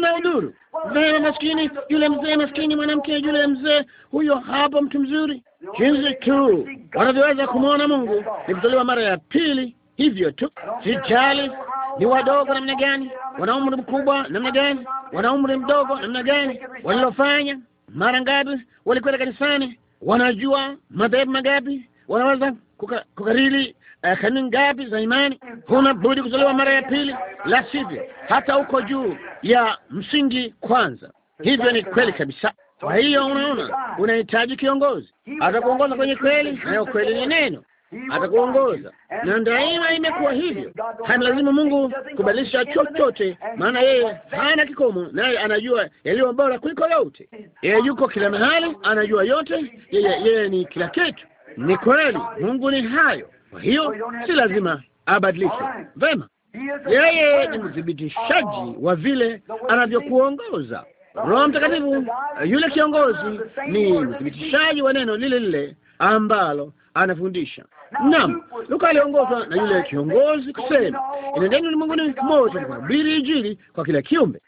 na udhuru. Mzee maskini yule, mzee maskini mwanamke yule, mzee huyo hapo, mtu mzuri, jinsi tu wanavyoweza kumwona Mungu ni kuzaliwa mara ya pili, hivyo tu. Sijali ni wadogo namna gani, wana umri mkubwa namna gani, wana umri mdogo namna gani, walilofanya mara ngapi, walikwenda kanisani, wanajua madhehebu magapi, wanaweza kukariri uh, kanuni ngapi za imani. Huna budi kuzaliwa mara ya pili, la sivyo hata uko juu ya msingi kwanza. Hivyo ni kweli kabisa. Kwa hiyo unaona, unahitaji kiongozi atakuongoza kwenye kweli, nayo kweli ni neno atakuongoza na daima imekuwa hivyo. Haimlazimu Mungu kubadilisha chochote, maana yeye hana kikomo, naye anajua yaliyo bora kuliko yote. Yeye yuko kila mahali, anajua yote, yeye yeye ni kila kitu. Ni kweli Mungu ni hayo kwa hiyo si lazima abadilishe. Vema, yeye ni oh, mthibitishaji wa vile anavyokuongoza. Roho Mtakatifu, yule kiongozi, ni mthibitishaji wa neno lile lile ambalo anafundisha. Naam, Luka aliongozwa na yule kiongozi kusema, inendeni uh, ulimwenguni mote kuhubiri Injili kwa kila kiumbe.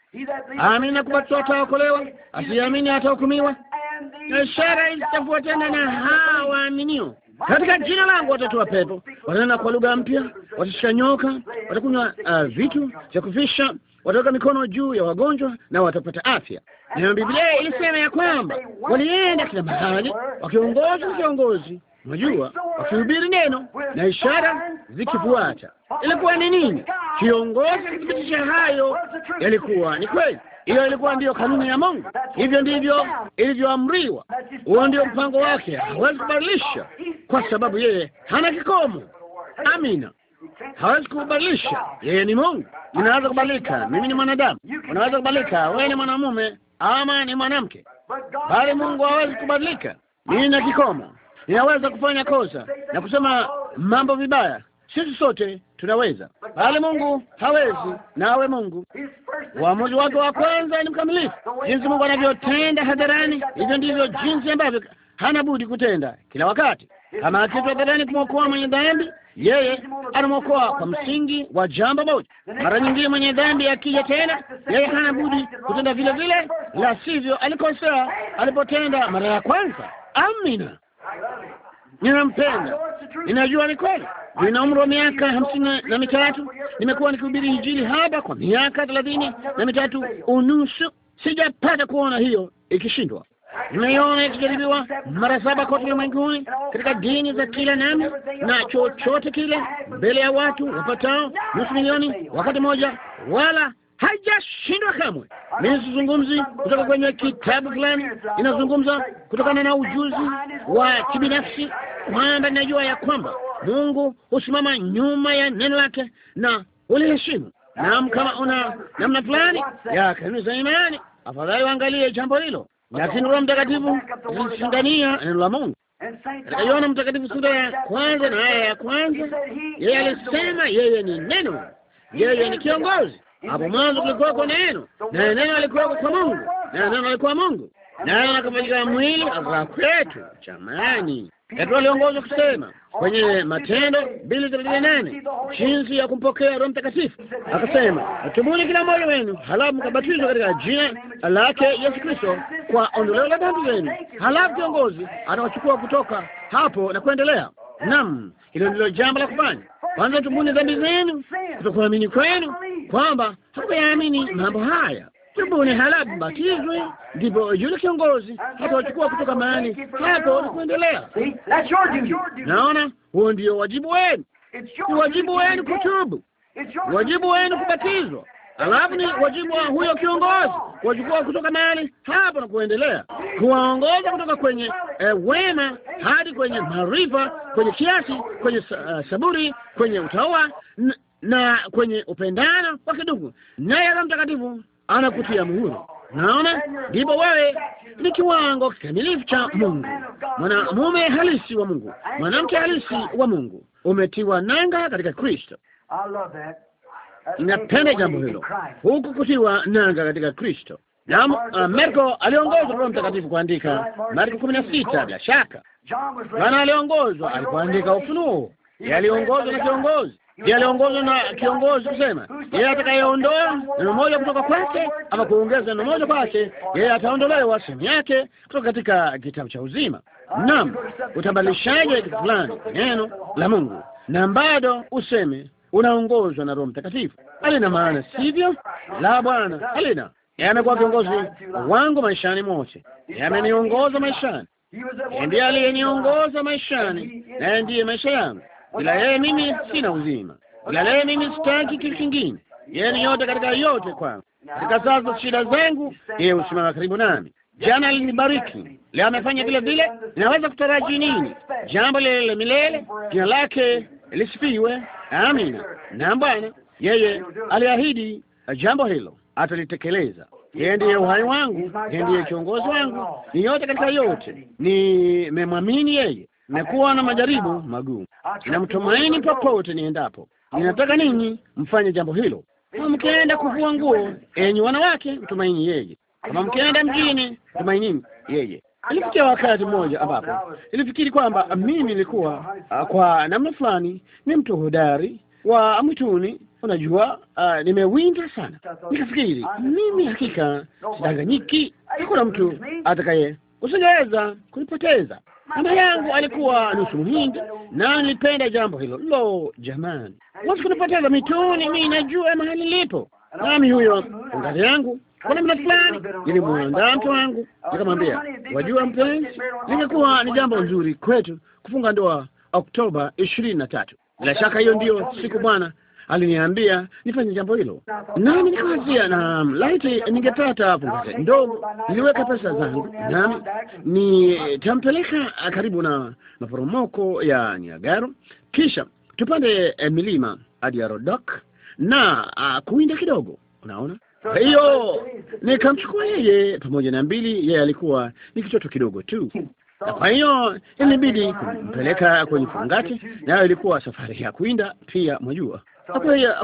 Amini akubatwa ataokolewa, asiyeamini atahukumiwa. Ishara zitafuatana na hawa waaminio katika jina langu watatoa pepo, watanena kwa lugha mpya, watashika nyoka, watakunywa uh, vitu vya kufisha, wataweka mikono juu ya wagonjwa na watapata afya. Na Biblia ilisema ya kwamba walienda kila mahali wakiongozwa na kiongozi, unajua, wakihubiri neno na ishara zikifuata. Ilikuwa ni nini? Kiongozi kithibitisha hayo yalikuwa ni kweli. Hiyo ilikuwa ndiyo kanuni ya Mungu, hivyo ndivyo ilivyoamriwa. Huo ndio mpango wake, hawezi kubadilisha kwa sababu yeye hana kikomo. Amina, hawezi kubadilisha, yeye ni Mungu. Ninaweza kubadilika mimi, ni mwanadamu. Unaweza kubadilika wewe, ni mwanamume ama ni mwanamke, bali Mungu hawezi kubadilika. Mimi na kikomo, ninaweza kufanya kosa na kusema mambo vibaya sisi sote tunaweza, bali Mungu hawezi, nawe Mungu. Uamuzi wake wa kwanza ni mkamilifu. Jinsi Mungu anavyotenda hadharani, hivyo ndivyo jinsi ambavyo hana budi kutenda kila wakati. Kama akitu hadharani kumwokoa mwenye dhambi, yeye anamwokoa kwa msingi wa jambo moja. Mara nyingine mwenye dhambi akija tena, yeye hana budi kutenda vile vile, la sivyo alikosea alipotenda mara ya kwanza. Amina ninampenda, ninajua ni kweli. Nina umri wa miaka hamsini na mitatu, nimekuwa nikihubiri Injili hapa kwa miaka thelathini na mitatu unusu. Sijapata kuona hiyo ikishindwa. Nimeiona ikijaribiwa mara saba kote ulimwenguni, katika dini za kila nami na chochote kile, mbele ya watu wapatao nusu milioni wakati mmoja, wala haijashindwa kamwe. Mimi sizungumzi kutoka kwenye kitabu fulani, inazungumza kutokana na ujuzi wa kibinafsi kwamba ninajua ya kwamba Mungu husimama nyuma ya neno lake na uliheshimu. Naam, kama una namna fulani ya kanuni za imani, afadhali waangalie jambo hilo, lakini Roho Mtakatifu ilishindania neno la Mungu. Katika Yohana Mtakatifu sura ya kwanza na aya ya kwanza, yeye alisema yeye ni neno, yeye ni kiongozi hapo mwanzo kwa neno, naye neno alikuwa kwa Mungu, naye neno alikuwa Mungu, naye akafanyika mwili akavaa kwetu. Jamani, Petro aliongozwa kusema kwenye Matendo mbili thelathini na nane jinsi ya kumpokea Roho Mtakatifu, akasema tubuni kila mmoja wenu, halafu mkabatizwa katika jina lake Yesu Kristo kwa ondoleo la dhambi zenu. Halafu kiongozi anawachukua kutoka hapo na kuendelea. Naam, hilo ndilo jambo la kufanya. Kwanza tubuni dhambi zenu, kutokuamini kwenu kwamba hakuyaamini mambo haya. Tubuni halafu mbatizwe, ndipo yule kiongozi wachukua kutoka mahali hapo na kuendelea. Naona huo ndio wajibu wenu, ni wajibu wenu kutubu, wajibu wenu kubatizwa, alafu ni wajibu wa huyo kiongozi kuwachukua kutoka mahali hapo na kuendelea, kuwaongoza kutoka kwenye eh, wema hadi kwenye maarifa, kwenye kiasi, kwenye uh, saburi, kwenye utawa na kwenye upendano wa kidugu, naye Roho Mtakatifu anakutia muhuri. Naona ndipo wewe ni kiwango kikamilifu cha Mungu, mwanamume halisi wa Mungu, mwanamke halisi wa Mungu, umetiwa nanga katika Kristo. Napenda jambo hilo, huku kutiwa nanga katika Kristo. Uh, na uh, Marko aliongozwa Roho Mtakatifu kuandika Marko kumi na sita. Bila shaka Bwana aliongozwa alipoandika Ufunuo, aliongozwa na kiongozi ndiye aliongozwa na kiongozi kusema, yeye atakayeondoa neno moja kutoka kwake ama kuongeza neno moja kwake, yeye ataondolewa sehemu yake kutoka katika kitabu cha uzima. Naam, utabadilishaje kitu fulani neno la Mungu na bado useme unaongozwa na Roho Mtakatifu? Halina maana, sivyo? La, Bwana, halina. Yeye amekuwa kiongozi wangu maishani mote, yeye ameniongoza maishani, ndiye aliyeniongoza maishani, naye ndiye maisha yangu bila yeye mimi sina uzima, bila yeye mimi sitaki kitu kingine. Yeye ni yote katika yote kwangu. Katika sasa shida zangu, yeye husimama karibu nami. Jana alinibariki, leo amefanya vile vile. Ninaweza kutaraji nini? Jambo lile milele. Jina lake lisifiwe, amina. Na Bwana yeye aliahidi jambo hilo, atalitekeleza. Yeye ndiye uhai wangu, yeye ndiye kiongozi wangu, ni yote katika yote. Nimemwamini yeye, nimekuwa na majaribu magumu. Ninamtumaini popote niendapo. Ninataka ninyi mfanye jambo hilo. Kama mkienda kuvua nguo, enyi wanawake, mtumaini yeye. Kama mkienda mjini, mtumainini yeye. Ilifikia wakati mmoja ambapo ilifikiri kwamba mimi nilikuwa ah, kwa namna fulani ni mtu hodari wa mwituni. Unajua, uh, nimewinda sana, nikafikiri mimi hakika sidanganyiki, hakuna mtu atakaye usingeweza kunipoteza. Mama yangu alikuwa nusu Mhindi na nilipenda jambo hilo. Lo, jamani, watu kunapoteza mituni. Mimi najua mahali lipo, nami huyo ngari yangu kwa namna fulani nilimwandaa mke wangu, nikamwambia, wajua mpenzi, lingekuwa ni jambo nzuri kwetu kufunga ndoa Oktoba ishirini na tatu. Bila shaka hiyo ndiyo siku Bwana aliniambia nifanye jambo hilo, nami nikawazia, na laiti ningepata punguzo ndogo, niliweka pesa zangu, nami nitampeleka eh, karibu na maporomoko ya Niagara, kisha tupande eh, milima hadi ya Rodok na uh, ah, kuinda kidogo, unaona hiyo nikamchukua yeye pamoja na mbili. Yeye alikuwa ni kitoto kidogo tu, na kwa hiyo ilibidi kumpeleka kwenye fungati, nayo ilikuwa safari ya kuinda pia, mwajua.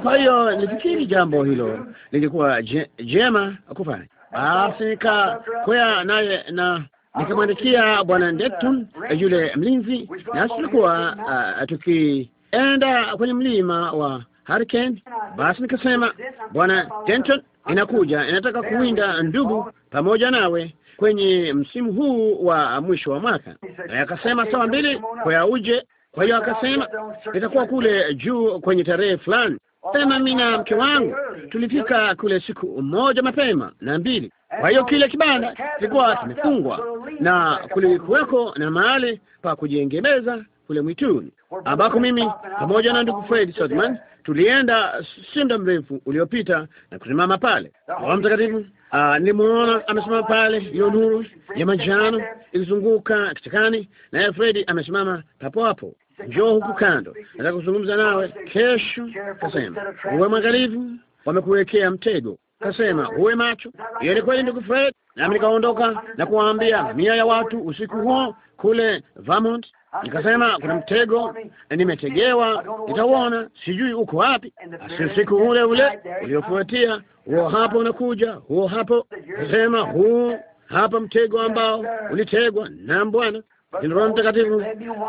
Kwa hiyo nilifikiri jambo hilo lingekuwa jema kufanya. Basi nikakwea naye na nikamwandikia bwana Ndetun yule mlinzi, nasi tulikuwa uh, tukienda kwenye mlima wa Hurricane. Basi nikasema, bwana Denton, inakuja inataka kuwinda ndugu pamoja nawe kwenye msimu huu wa mwisho wa mwaka. Akasema sawa mbili, kwa uje kwa hiyo akasema nitakuwa kule juu kwenye tarehe fulani. Sema mimi na mke wangu tulifika kule siku moja mapema na mbili. Kwa hiyo kile kibanda kilikuwa kimefungwa na kulikuweko na mahali pa kujiegemeza kule mwituni, ambako mimi pamoja na ndugu Fred Sodman tulienda si muda mrefu uliopita na kusimama pale. Roho Mtakatifu Ah, Nilimwona amesimama pale, hiyo nuru ya manjano ilizunguka kichakani, naye Fredi amesimama papo hapo. Njoo huku kando, nataka kuzungumza nawe kesho. Kasema uwe mwangalifu, wamekuwekea mtego kasema uwe macho. Hiyo ni kweli, ndugu Fred, nami nikaondoka na kuwaambia mia ya watu usiku huo kule Vermont. Nikasema kuna mtego nimetegewa, nitauona, sijui uko wapi. Basi usiku ule ule uliofuatia huo, hapo unakuja huo hapo, kasema huu hapa mtego ambao ulitegwa na Bwana. Roho Mtakatifu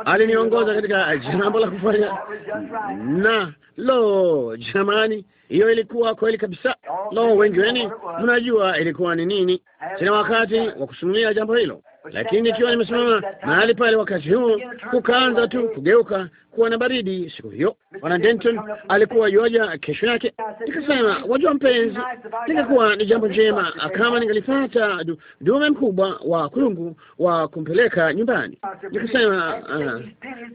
aliniongoza katika jambo la kufanya na lo, jamani hiyo ilikuwa kweli kabisa. Lo, wengi wenu mnajua ilikuwa ni nini. Sina wakati wa kusimulia jambo hilo, lakini ikiwa nimesimama mahali pale wakati huo kukaanza tu kugeuka kuwa na baridi. Siku hiyo Bwana Denton alikuwa yoja kesho yake. Nikasema, wajua mpenzi, ningekuwa ni jambo njema kama ningelipata dume mkubwa wa kulungu wa kumpeleka nyumbani. Nikasema uh,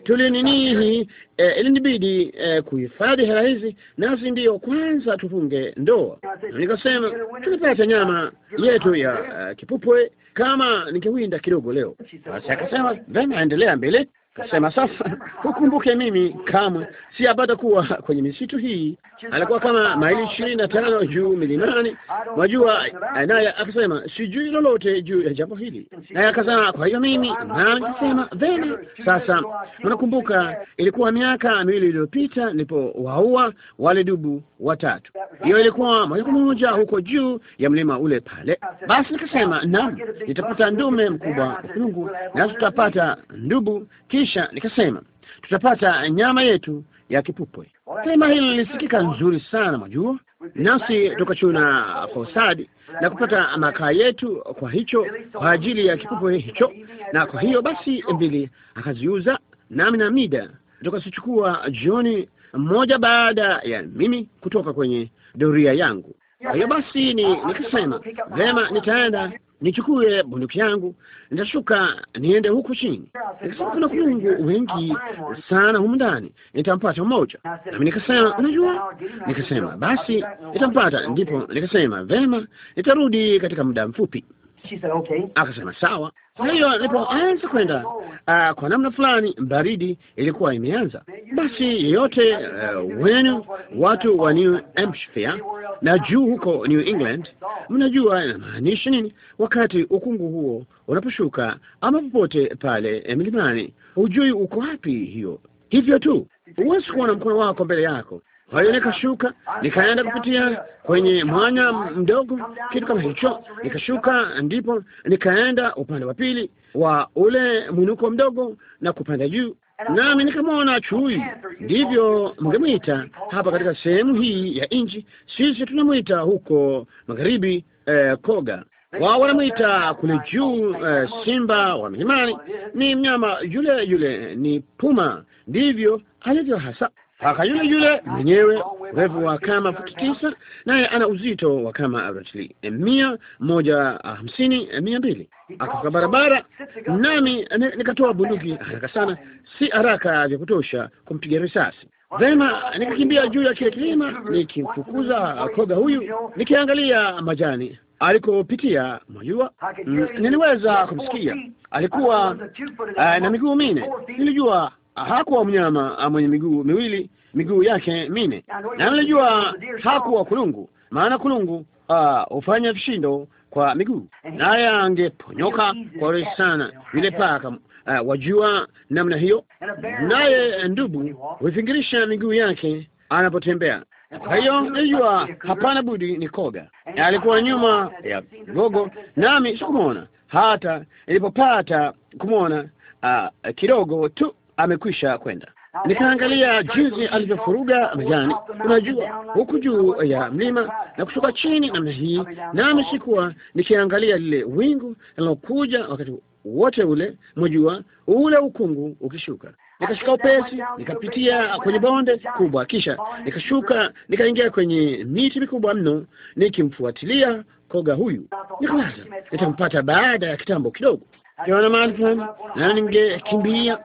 tulininihi eh, ilinibidi eh, kuhifadhi hela hizi, nasi ndiyo kwanza tufunge ndoa. Nikasema tulipata nyama yetu ya uh, kipupwe kama ningewinda kidogo leo. Basi akasema vema, endelea mbele. Kasema sasa, hukumbuke mimi kamwe siyapata kuwa kwenye misitu hii. Alikuwa kama maili ishirini na tano juu milimani, wajua. Naye akasema sijui lolote juu ya jambo hili, naye akasema kwa hiyo mimi na nikasema vema. Sasa unakumbuka, ilikuwa miaka miwili iliyopita nilipowaua wale dubu watatu, hiyo ilikuwa moja kwa moja huko juu ya mlima ule pale. Basi nikasema naam, nitapata ndume mkubwa ukungu, nasi tutapata ndubu kisha kisha nikasema tutapata nyama yetu ya kipupwe. Kalima hili lilisikika nzuri sana mwajua, nasi tukachuna kwa usadi na kupata makaa yetu kwa hicho kwa ajili ya kipupwe hicho. Na kwa hiyo basi mbili akaziuza, nami na Mida tukasichukua jioni, mmoja baada ya mimi kutoka kwenye doria yangu. Kwa hiyo basi ni nikasema vema, nitaenda nichukue bunduki yangu, nitashuka niende huku chini. Nikasema kuna kulungu wengi sana humu ndani, nitampata mmoja. Nami nikasema unajua, nikasema basi nitampata. Ndipo nikasema vema, nitarudi katika muda mfupi. Akasema sawa. Kwa hiyo nilipoanza oh, kwenda uh, kwa namna fulani, baridi ilikuwa imeanza. Basi yeyote uh, ah, wenu watu wa New Hampshire na juu huko New England, mnajua inamaanisha nini wakati ukungu huo unaposhuka, ama popote pale eh, milimani, hujui uko wapi. Hiyo hivyo tu, huwezi kuona mkono wako mbele yako kwa hiyo nikashuka nikaenda kupitia kwenye mwanya mdogo, kitu kama hicho, nikashuka, ndipo nikaenda upande wa pili wa ule mwinuko mdogo na kupanda juu, nami nikamwona chui, ndivyo mngemwita hapa katika sehemu hii ya nchi, sisi tunamwita huko magharibi eh, koga wao wanamwita kule juu uh, simba wa milimani. Ni mnyama yule yule, ni puma, ndivyo alivyo hasa paka yule yule mwenyewe urefu wa kama futi tisa, naye ana uzito wa kama ratili mia moja hamsini mia mbili. Akavuka barabara nami nikatoa bunduki haraka sana, si haraka vya kutosha kumpiga risasi vema. Nikakimbia juu ya kile kilima nikimfukuza koga huyu, nikiangalia majani alikopitia mwajua, mm, niliweza kumsikia alikuwa uh, na miguu minne. Nilijua hakuwa mnyama ah, mwenye miguu miwili, miguu yake mine, na nilijua hakuwa kulungu, maana kulungu ah, hufanya uh, vishindo kwa miguu, naye angeponyoka kwa urahisi sana vile paka uh, ah, wajua namna hiyo, naye ndubu huifingirisha miguu yake anapotembea. Kwa hiyo nilijua hapana budi ni koga, na alikuwa nyuma ya gogo, nami sikumwona hata ilipopata kumwona uh, kidogo tu amekwisha kwenda. Nikaangalia jinsi alivyofuruga mjani, unajua, huku juu ya mlima na kushuka chini namna hii, nami sikuwa nikiangalia lile wingu linalokuja wakati wote ule, mwajua, ule ukungu ukishuka. nikashika upesi, nikapitia kwenye bonde kubwa, kisha nikashuka, nikaingia kwenye miti mikubwa mno, nikimfuatilia koga huyu. Nikalaza nitampata baada ya kitambo kidogo. Siona mahali fulani, na ningekimbia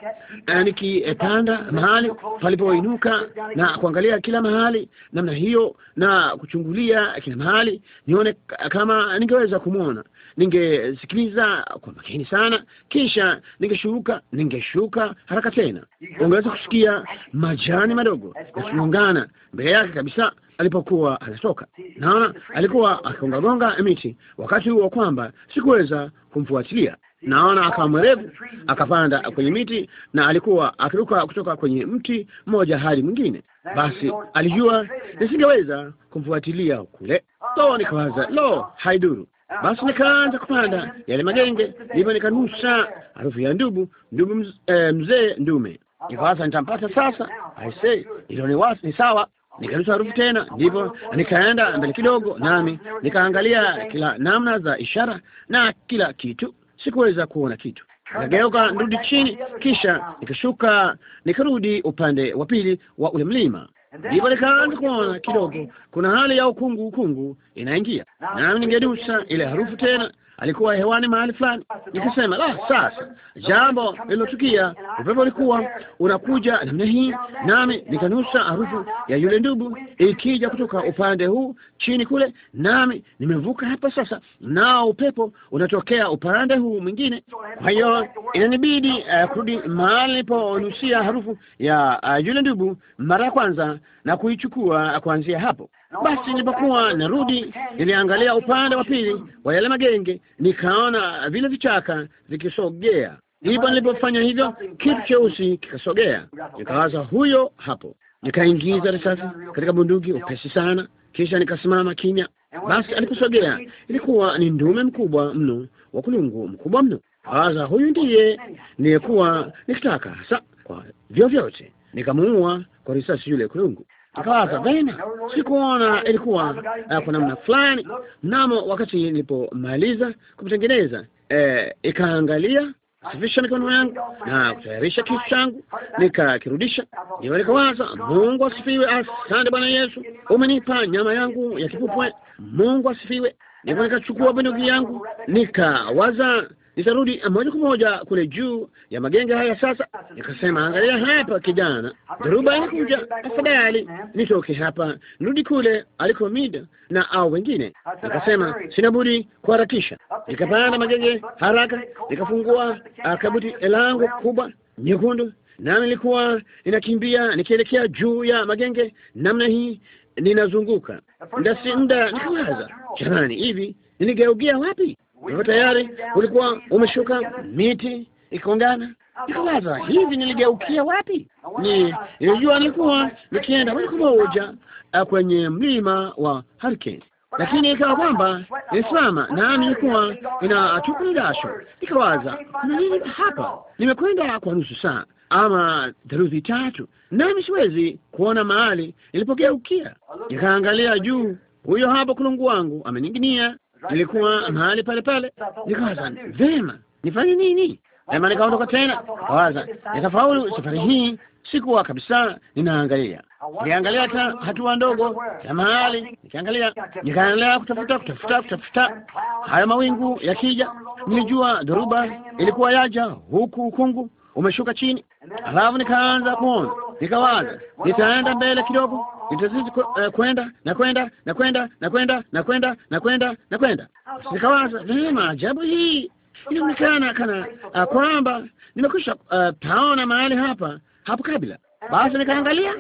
nikipanda mahali palipoinuka na kuangalia kila mahali namna hiyo, na kuchungulia kila mahali nione kama ningeweza kumwona. Ningesikiliza kwa makini sana, kisha ningeshuka, ningeshuka haraka tena. Ungeweza kusikia majani madogo yakiungana mbele yake kabisa alipokuwa anatoka. Naona alikuwa akigongagonga miti wakati huo, kwamba sikuweza kumfuatilia naona akawa mrefu, akapanda kwenye miti na alikuwa akiruka kutoka kwenye mti mmoja hadi mwingine. Basi alijua nisingeweza kumfuatilia kule, ah, so nikawaza, ah, lo, ah. haiduru. Basi nikaanza kupanda yale magenge, ndivyo nikanusa harufu ya ndubu, ndubu mz, eh, mzee ndume. Nikawaza nitampata sasa, Aise, hilo ni wasi, ni sawa nikanusa harufu tena, ndivyo nikaenda mbele kidogo, nami nikaangalia kila namna za ishara na kila kitu sikuweza kuona kitu. Nageuka nirudi chini, kisha nikashuka nikarudi upande wa pili wa ule mlima. Ndipo nikaanza kuona kidogo, kuna hali ya ukungu ukungu inaingia, nami ningedusa ile harufu tena alikuwa hewani mahali fulani, nikisema la, ah, sasa jambo lililotukia, upepo ulikuwa unakuja namna hii, nami nikanusa harufu ya yule ndubu ikija kutoka upande huu chini kule, nami nimevuka hapa sasa, nao upepo unatokea upande huu mwingine. Kwa hiyo inanibidi uh, kurudi mahali niliponusia harufu ya uh, yule ndubu mara ya kwanza na kuichukua kuanzia hapo. Basi nilipokuwa narudi, niliangalia upande wa pili wa yale magenge, nikaona vile vichaka vikisogea. Ndipo nilipofanya hivyo, kitu cheusi kikasogea, nikawaza huyo hapo. Nikaingiza risasi katika bunduki upesi sana, kisha nikasimama kimya. Basi aliposogea, ilikuwa ni ndume mkubwa mno wa kulungu, mkubwa mno. Kawaza huyu ndiye niyekuwa nikitaka hasa, kwa vyovyote nikamuua kwa risasi yule kulungu. Akawaza vema, sikuona ilikuwa uh, eh, kwa namna fulani. Mnamo wakati nilipomaliza kumtengeneza, eh, ikaangalia safisha mikono yangu na kutayarisha kisu changu, nikakirudisha. Ndiyo nikawaza, Mungu asifiwe, asante Bwana Yesu, umenipa nyama yangu ya kipupwe. Mungu asifiwe. Ndipo nikachukua bunduki yangu, nikawaza nitarudi moja kwa moja kule juu ya magenge haya sasa. Nikasema, angalia hapa kijana, dharuba inakuja, afadhali nitoke hapa nirudi kule aliko mida na au wengine. Nikasema sina budi kuharakisha, nikapanda magenge haraka, nikafungua ah, kabuti langu kubwa nyekundu, na nilikuwa ninakimbia nikielekea juu ya magenge namna hii, ninazunguka ndasi mda, nikawaza jamani, hivi niligeugea wapi? Wewe tayari ulikuwa umeshuka miti ikongana, nikawaza hivi, niligeukia wapi? Ni nilijua nilikuwa nikienda moja kwa moja eh, kwenye mlima wa Hurricane, lakini ikawa kwamba nilisimama nani nilikuwa inatupa jasho. Nikawaza nini hapa, nimekwenda kwa nusu saa ama theluthi tatu, nami siwezi kuona mahali nilipogeukia. Nikaangalia juu, huyo hapo kulungu wangu ameninginia nilikuwa mahali pale pale, nikawaza vema, nifanye nini? Ema, nikaondoka tena, kawaza nitafaulu safari hii. Sikuwa kabisa ninaangalia, nikaangalia hata hatua ndogo ya mahali, nikaangalia, nikaendelea kutafuta, kutafuta, kutafuta. Hayo mawingu yakija, nilijua dhoruba ilikuwa yaja, huku ukungu umeshuka chini. Alafu nikaanza kuona, nikawaza nitaenda mbele kidogo nitazidi uh, kwenda na kwenda na kwenda na kwenda na kwenda na kwenda na kwenda. Nikawaza vyema, ajabu hii inaonekana kana uh, kwamba nimekwisha uh, taona mahali hapa hapo kabla. Basi nikaangalia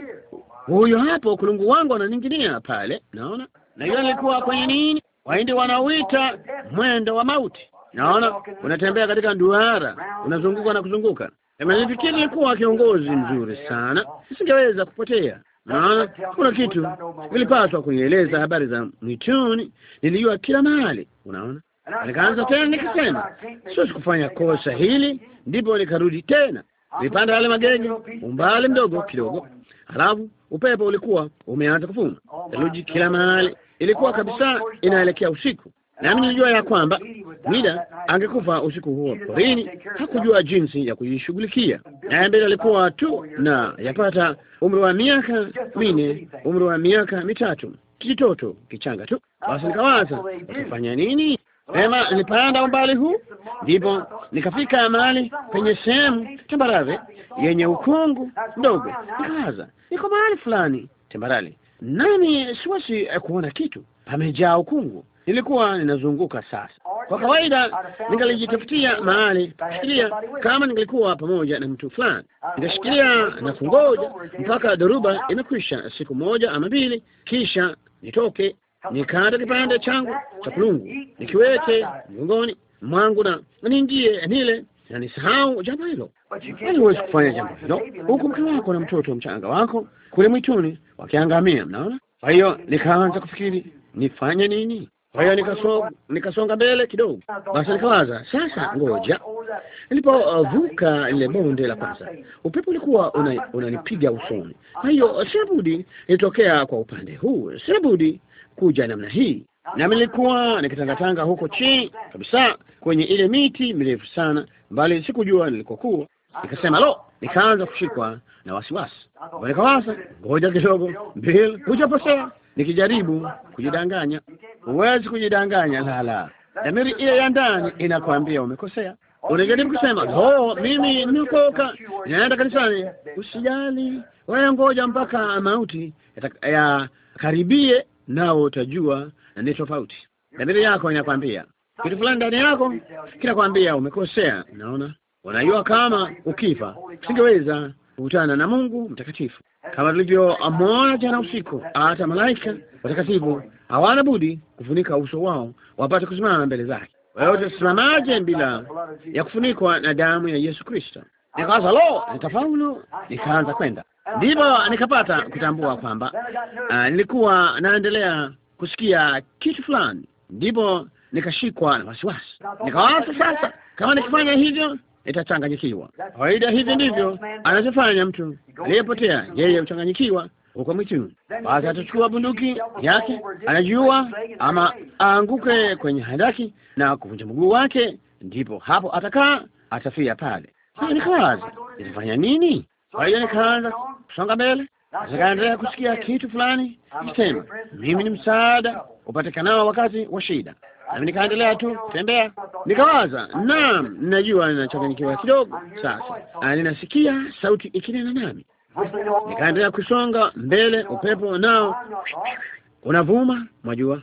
huyo hapo, kulungu wangu ananinginia pale, naona na hiyo nilikuwa kwenye nini, Wahindi wanauita mwendo wa mauti. Naona unatembea katika duara, unazunguka na kuzunguka. Nifikiri kuwa kiongozi mzuri sana, nisingeweza kupotea kuna kitu nilipaswa kunieleza habari za mwituni, nilijua kila mahali, unaona. Nikaanza tena nikasema, siwezi kufanya kosa hili, ndipo nikarudi tena, nilipanda yale magenge umbali mdogo kidogo, halafu upepo ulikuwa umeanza kufuma theluji kila mahali, ilikuwa kabisa inaelekea usiku nami nilijua ya kwamba Mida angekufa usiku huo porini. Hakujua jinsi ya kujishughulikia naye mbele alikuwa tu na yapata umri wa miaka minne, umri wa miaka mitatu, kitoto kichanga tu. Basi nikawaza kufanya nini? Ema, nilipanda umbali huu, ndipo nikafika mahali penye sehemu tambarare yenye ukungu ndogo Nikawaza niko mahali fulani tambarare, nami siwezi kuona kitu, pamejaa ukungu nilikuwa ninazunguka sasa. Kwa kawaida ningalijitafutia mahali kushikilia, kama ningalikuwa pamoja na mtu fulani, ningashikilia na kungoja mpaka dhoruba imekwisha, siku moja ama mbili, kisha nitoke nikata kipande changu cha kulungu nikiweke mgongoni mwangu na niingie nile na nisahau jambo hilo. Huwezi kufanya jambo hilo huku mke wako na mtoto mchanga wako kule mwituni wakiangamia, mnaona. Kwa hiyo nikaanza kufikiri nifanye nini? Kwa hiyo nikasonga nikasonga mbele kidogo, basi nikawaza sasa, ngoja. Nilipovuka uh, lile bonde la kwanza, upepo ulikuwa unanipiga una usoni, kwa hiyo sina budi nilitokea kwa upande huu, sina budi kuja namna hii, nami nilikuwa nikitangatanga huko chini kabisa kwenye ile miti mirefu sana, mbali sikujua nilikokuwa. Nikasema lo, nikaanza kushikwa na wasiwasi, nikawaza ngoja kidogo, Bill, hujaposea nikijaribu kujidanganya. Huwezi kujidanganya, lala. Damiri ile ya ndani inakwambia umekosea. Unajaribu kusema oh, mimi niko ka naenda kanisani. Usijali wewe, ngoja mpaka mauti yakaribie, nao utajua ni tofauti. Damiri yako inakwambia kitu fulani, ndani yako kinakwambia umekosea. Naona unajua kama ukifa singeweza kukutana na Mungu mtakatifu kama amwona jana usiku. Hata malaika watakatifu hawana budi kufunika uso wao wapate kusimama mbele zake. Wewe utasimamaje bila ya kufunikwa na damu ya Yesu Kristo? Nikawaza, lo, nitafaulu. Nikaanza kwenda, ndipo nikapata kutambua kwamba uh, nilikuwa naendelea kusikia kitu fulani, ndipo nikashikwa na wasiwasi. Nikawaza, sasa kama nikifanya hivyo itachanganyikiwa. Kawaida hivi ndivyo anachofanya mtu aliyepotea, yeye huchanganyikiwa huko mwituni. Basi atachukua bunduki yake, anajua ama aanguke kwenye handaki na kuvunja mguu wake, ndipo hapo atakaa, atafia pale. ni kazi, nitafanya nini? Kwa hiyo nikaanza kusonga mbele, nikaendelea kusikia kitu fulani kisema, mimi ni msaada upatikanao wakati wa shida nami nikaendelea tu tembea. Nikawaza, naam, najua ninachanganyikiwa kidogo sasa, ah, ninasikia sauti ikinena nami. Nikaendelea kusonga mbele, upepo nao unavuma, mwajua.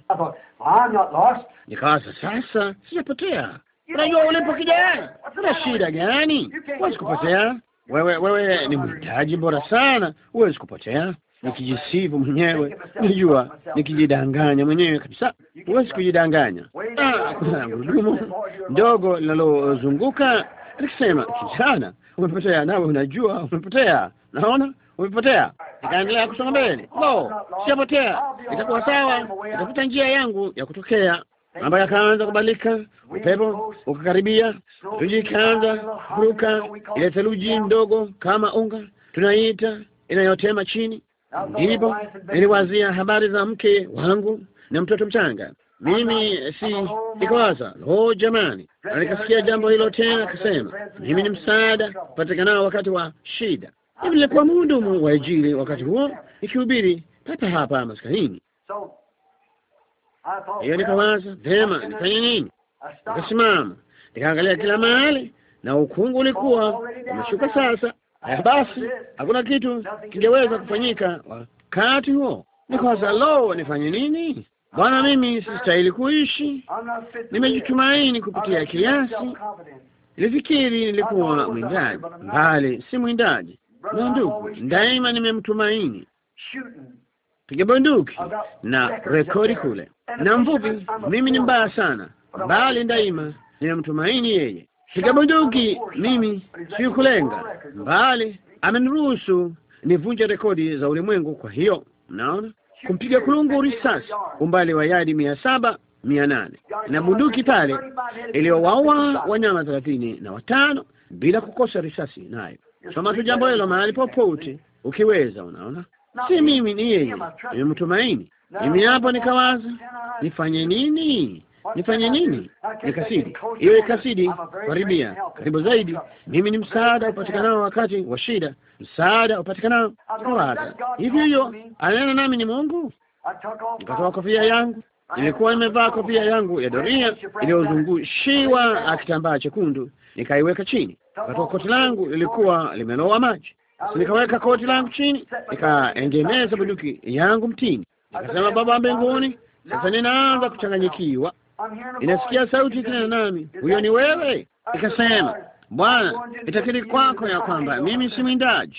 Nikawaza, sasa sijapotea. Unajua ulipo kijana, una shida gani? Huwezi kupotea wewe, wewe ni mhitaji bora sana, huwezi kupotea nikijisifu mwenyewe, nilijua nikijidanganya mwenyewe kabisa. Huwezi kujidanganya. Ah, kuna gurudumu ndogo linalozunguka nikisema, kijana, umepotea, nawe unajua umepotea. Naona umepotea. Nikaendelea kusonga mbele. Lo, sijapotea, itakuwa sawa, nitafuta njia yangu ya kutokea. Mambo yakaanza kubadilika, upepo ukakaribia, theluji ikaanza kuruka, ile theluji ndogo kama unga tunaita inayotema chini Ndipo niliwazia habari za mke wangu na mtoto mchanga. Mimi si nikawaza, lo, jamani! Na nikasikia jambo hilo tena, akasema mimi ni msaada patikanao wakati wa shida. Hivi nilikuwa mhudumu wa Injili wakati huo nikihubiri papa hapa maskanini. Hiyo nikawaza, vema, nifanye nini? Nikasimama nikaangalia kila mahali, na ukungu ulikuwa umeshuka sasa, Haya basi, hakuna kitu kingeweza kufanyika wakati huo. Nikawaza, lo, nifanye nini? Bwana, mimi sistahili kuishi, nimejitumaini kupitia kiasi. Nilifikiri nilikuwa mwindaji, mbali si mwindaji. Na ndugu, daima nimemtumaini piga bunduki na rekodi kule na mvuvi. Mimi ni mbaya sana, bali daima nimemtumaini yeye piga bunduki, mimi sikulenga, bali ameniruhusu nivunje rekodi za ulimwengu. Kwa hiyo mnaona, kumpiga kulungu risasi umbali wa yadi mia saba mia nane na bunduki pale iliyowaua wanyama thelathini na watano bila kukosa risasi nayo. Soma tu jambo hilo mahali popote ukiweza. Unaona, si mimi, ni yeye. Nimemtumaini mimi. Hapo nikawaza nifanye nini? nifanye nini? nikasidi kasidi, hiyo kasidi, karibia karibu zaidi. Mimi ni msaada upatikanao wakati wa shida, msaada upatikanao awada. Hivyo hiyo anena nami ni Mungu. Nikatoa kofia yangu, nilikuwa nimevaa kofia yangu ya doria iliyozungushiwa akitambaa chekundu, nikaiweka chini. Nikatoa koti langu, lilikuwa limelowa maji, nikaweka koti langu chini, nikaengemeza bunduki yangu mtini, nikasema, Baba mbinguni, sasa ninaanza kuchanganyikiwa inasikia sauti tena nami, huyo ni wewe. Ikasema, Bwana, itakiri kwako ya kwamba mimi si mwindaji,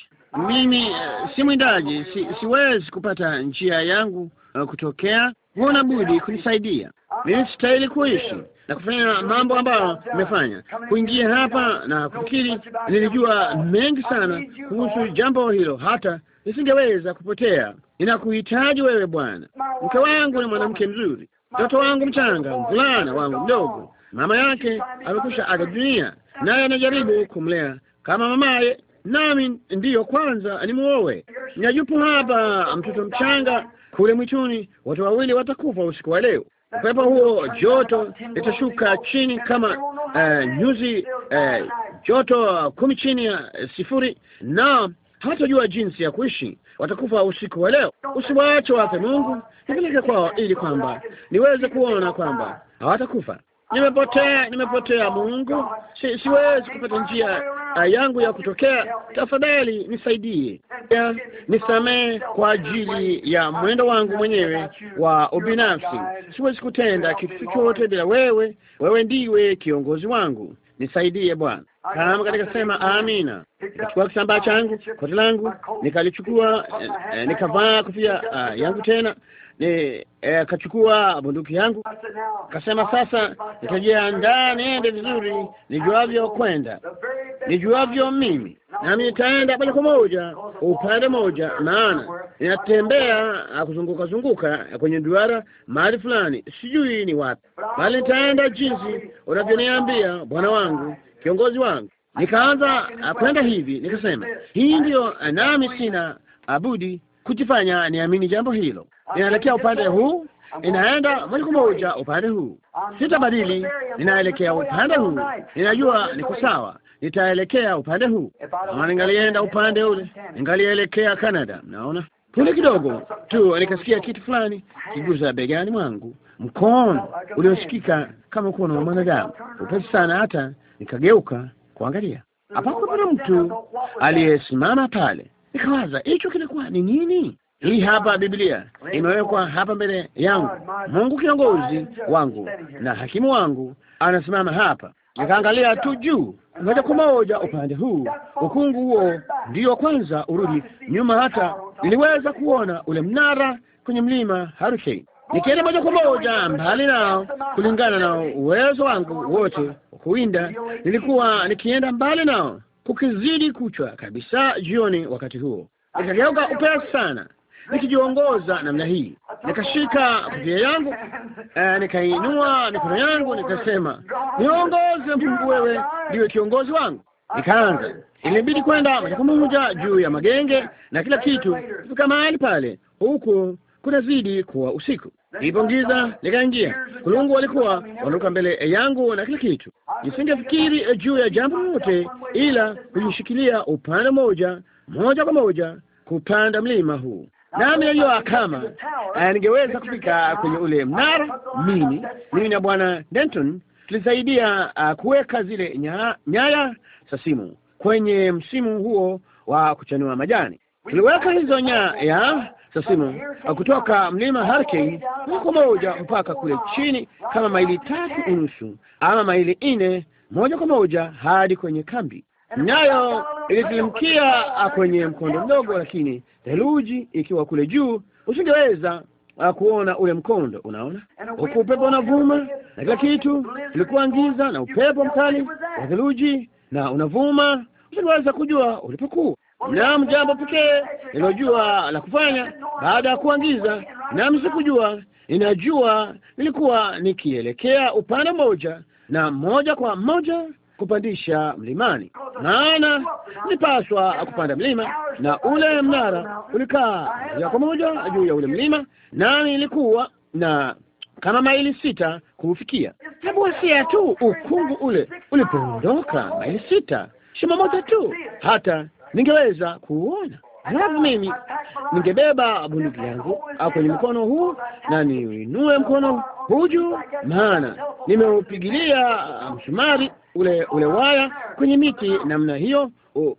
mimi eh, si mwindaji, si, siwezi kupata njia yangu eh, kutokea. Huna budi kunisaidia mimi, sitahili kuishi na kufanya mambo ambayo nimefanya. Kuingia hapa na kufikiri, nilijua mengi sana kuhusu jambo hilo, hata nisingeweza kupotea. Ninakuhitaji wewe Bwana. Mke wangu ni mwanamke mzuri, mtoto wangu mchanga, mvulana wangu mdogo, mama yake amekusha aga dunia, naye anajaribu kumlea kama mamaye, nami ndiyo kwanza nimuowe. Nayupo hapa mtoto mchanga kule mwituni, watu wawili watakufa usiku wa leo. Upepo huo joto litashuka chini kama uh, nyuzi uh, joto kumi chini ya uh, sifuri, na hawatajua jinsi ya kuishi, watakufa usiku wa leo. Usiwaache wafe Mungu, nipeleke kwao ili kwamba niweze kuona kwamba hawatakufa. Nimepotea, nimepotea Mungu, si, siwezi kupata njia ah, yangu ya kutokea. Tafadhali nisaidie, nisamehe kwa ajili ya mwendo wangu mwenyewe wa ubinafsi. Siwezi kutenda kitu chochote bila wewe. Wewe ndiwe kiongozi wangu, nisaidie Bwana. Kama katika sema amina. Nikachukua kisambaa changu, koti langu, nikalichukua eh, eh, nikavaa kofia uh, yangu tena, ni akachukua eh, bunduki yangu, akasema, sasa nitajiandaa niende vizuri nijuavyo kwenda, nijuavyo mimi, nami nitaenda moja kwa moja upande moja, maana ninatembea ah, kuzunguka zunguka kwenye duara mahali fulani, sijui ni wapi, bali nitaenda jinsi unavyoniambia, bwana wangu, kiongozi wangu. Nikaanza ah, kwenda hivi, nikasema, hii ndiyo ah, nami sina abudi kujifanya niamini jambo hilo inaelekea upande huu, inaenda moja kwa moja upande huu, sitabadili. Ninaelekea upande huu, ninajua niko sawa, nitaelekea upande huu. Kama eh, ningalienda upande ule, ningalielekea Canada. Naona pule kidogo tu, nikasikia kitu fulani kiguza begani mwangu, mkono ulioshikika kama mkono wa mwanadamu upesi sana, hata nikageuka kuangalia. Mm, Hapakuwa kuna mtu aliyesimama pale. Nikawaza, hicho kinakuwa ni nini? Hii hapa Biblia imewekwa hapa mbele yangu. Mungu kiongozi wangu na hakimu wangu anasimama hapa, nikaangalia tu juu moja kwa moja upande huu. Ukungu huo ndio kwanza urudi nyuma, hata niliweza kuona ule mnara kwenye mlima Hurricane nikienda moja kwa moja mbali nao, kulingana na uwezo wangu wote wa kuwinda, nilikuwa nikienda mbali nao, kukizidi kuchwa kabisa jioni. Wakati huo nikageuka upesi sana nikijiongoza namna hii, nikashika kofia yangu eh, nikainua mikono yangu nikasema, niongoze Mungu, wewe ndiwe kiongozi wangu. Nikaanza, ilibidi kwenda moja kwa moja juu ya magenge na kila kitu. Kufika mahali pale, huku kunazidi kuwa usiku, Ndipo ngiza nikaingia. Kulungu walikuwa wanaruka mbele yangu na kila kitu. Nisingefikiri eh, juu ya jambo lolote ila kujishikilia upande mmoja moja kwa moja kupanda mlima huu nami najua kama eh, ningeweza kufika kwenye ule mnara, mimi mimi na bwana Denton tulisaidia uh, kuweka zile nya, nyaya za simu kwenye msimu huo wa kuchanua majani. Tuliweka hizo nyaya za simu eh, kutoka mlima Hurricane huko moja mpaka kule chini, kama maili tatu unusu ama maili nne moja kwa moja hadi kwenye kambi. Nayo ilitilimkia kwenye mkondo mdogo, lakini theluji ikiwa kule juu, usingeweza kuona ule mkondo. Unaona, huku upepo unavuma na kila kitu, ilikuwa ngiza na upepo mkali wa theluji na unavuma, usingeweza kujua ulipokuwa. Naam, jambo pekee nilojua la kufanya baada ya kuangiza, naam, sikujua ninajua, nilikuwa nikielekea upande mmoja na moja kwa moja kupandisha mlimani, maana nilipaswa kupanda mlima, na ule mnara ulikaa moja kwa moja juu ya ule mlima, nami ilikuwa na kama maili sita kuufikia. Hebu wasia tu ukungu ule ulipoondoka, maili sita, shimo moja tu, hata ningeweza kuuona. Alafu mimi ningebeba bunduki yangu kwenye mkono huu na niuinue mkono huu juu, maana nimeupigilia msumari ule ule waya kwenye miti namna hiyo.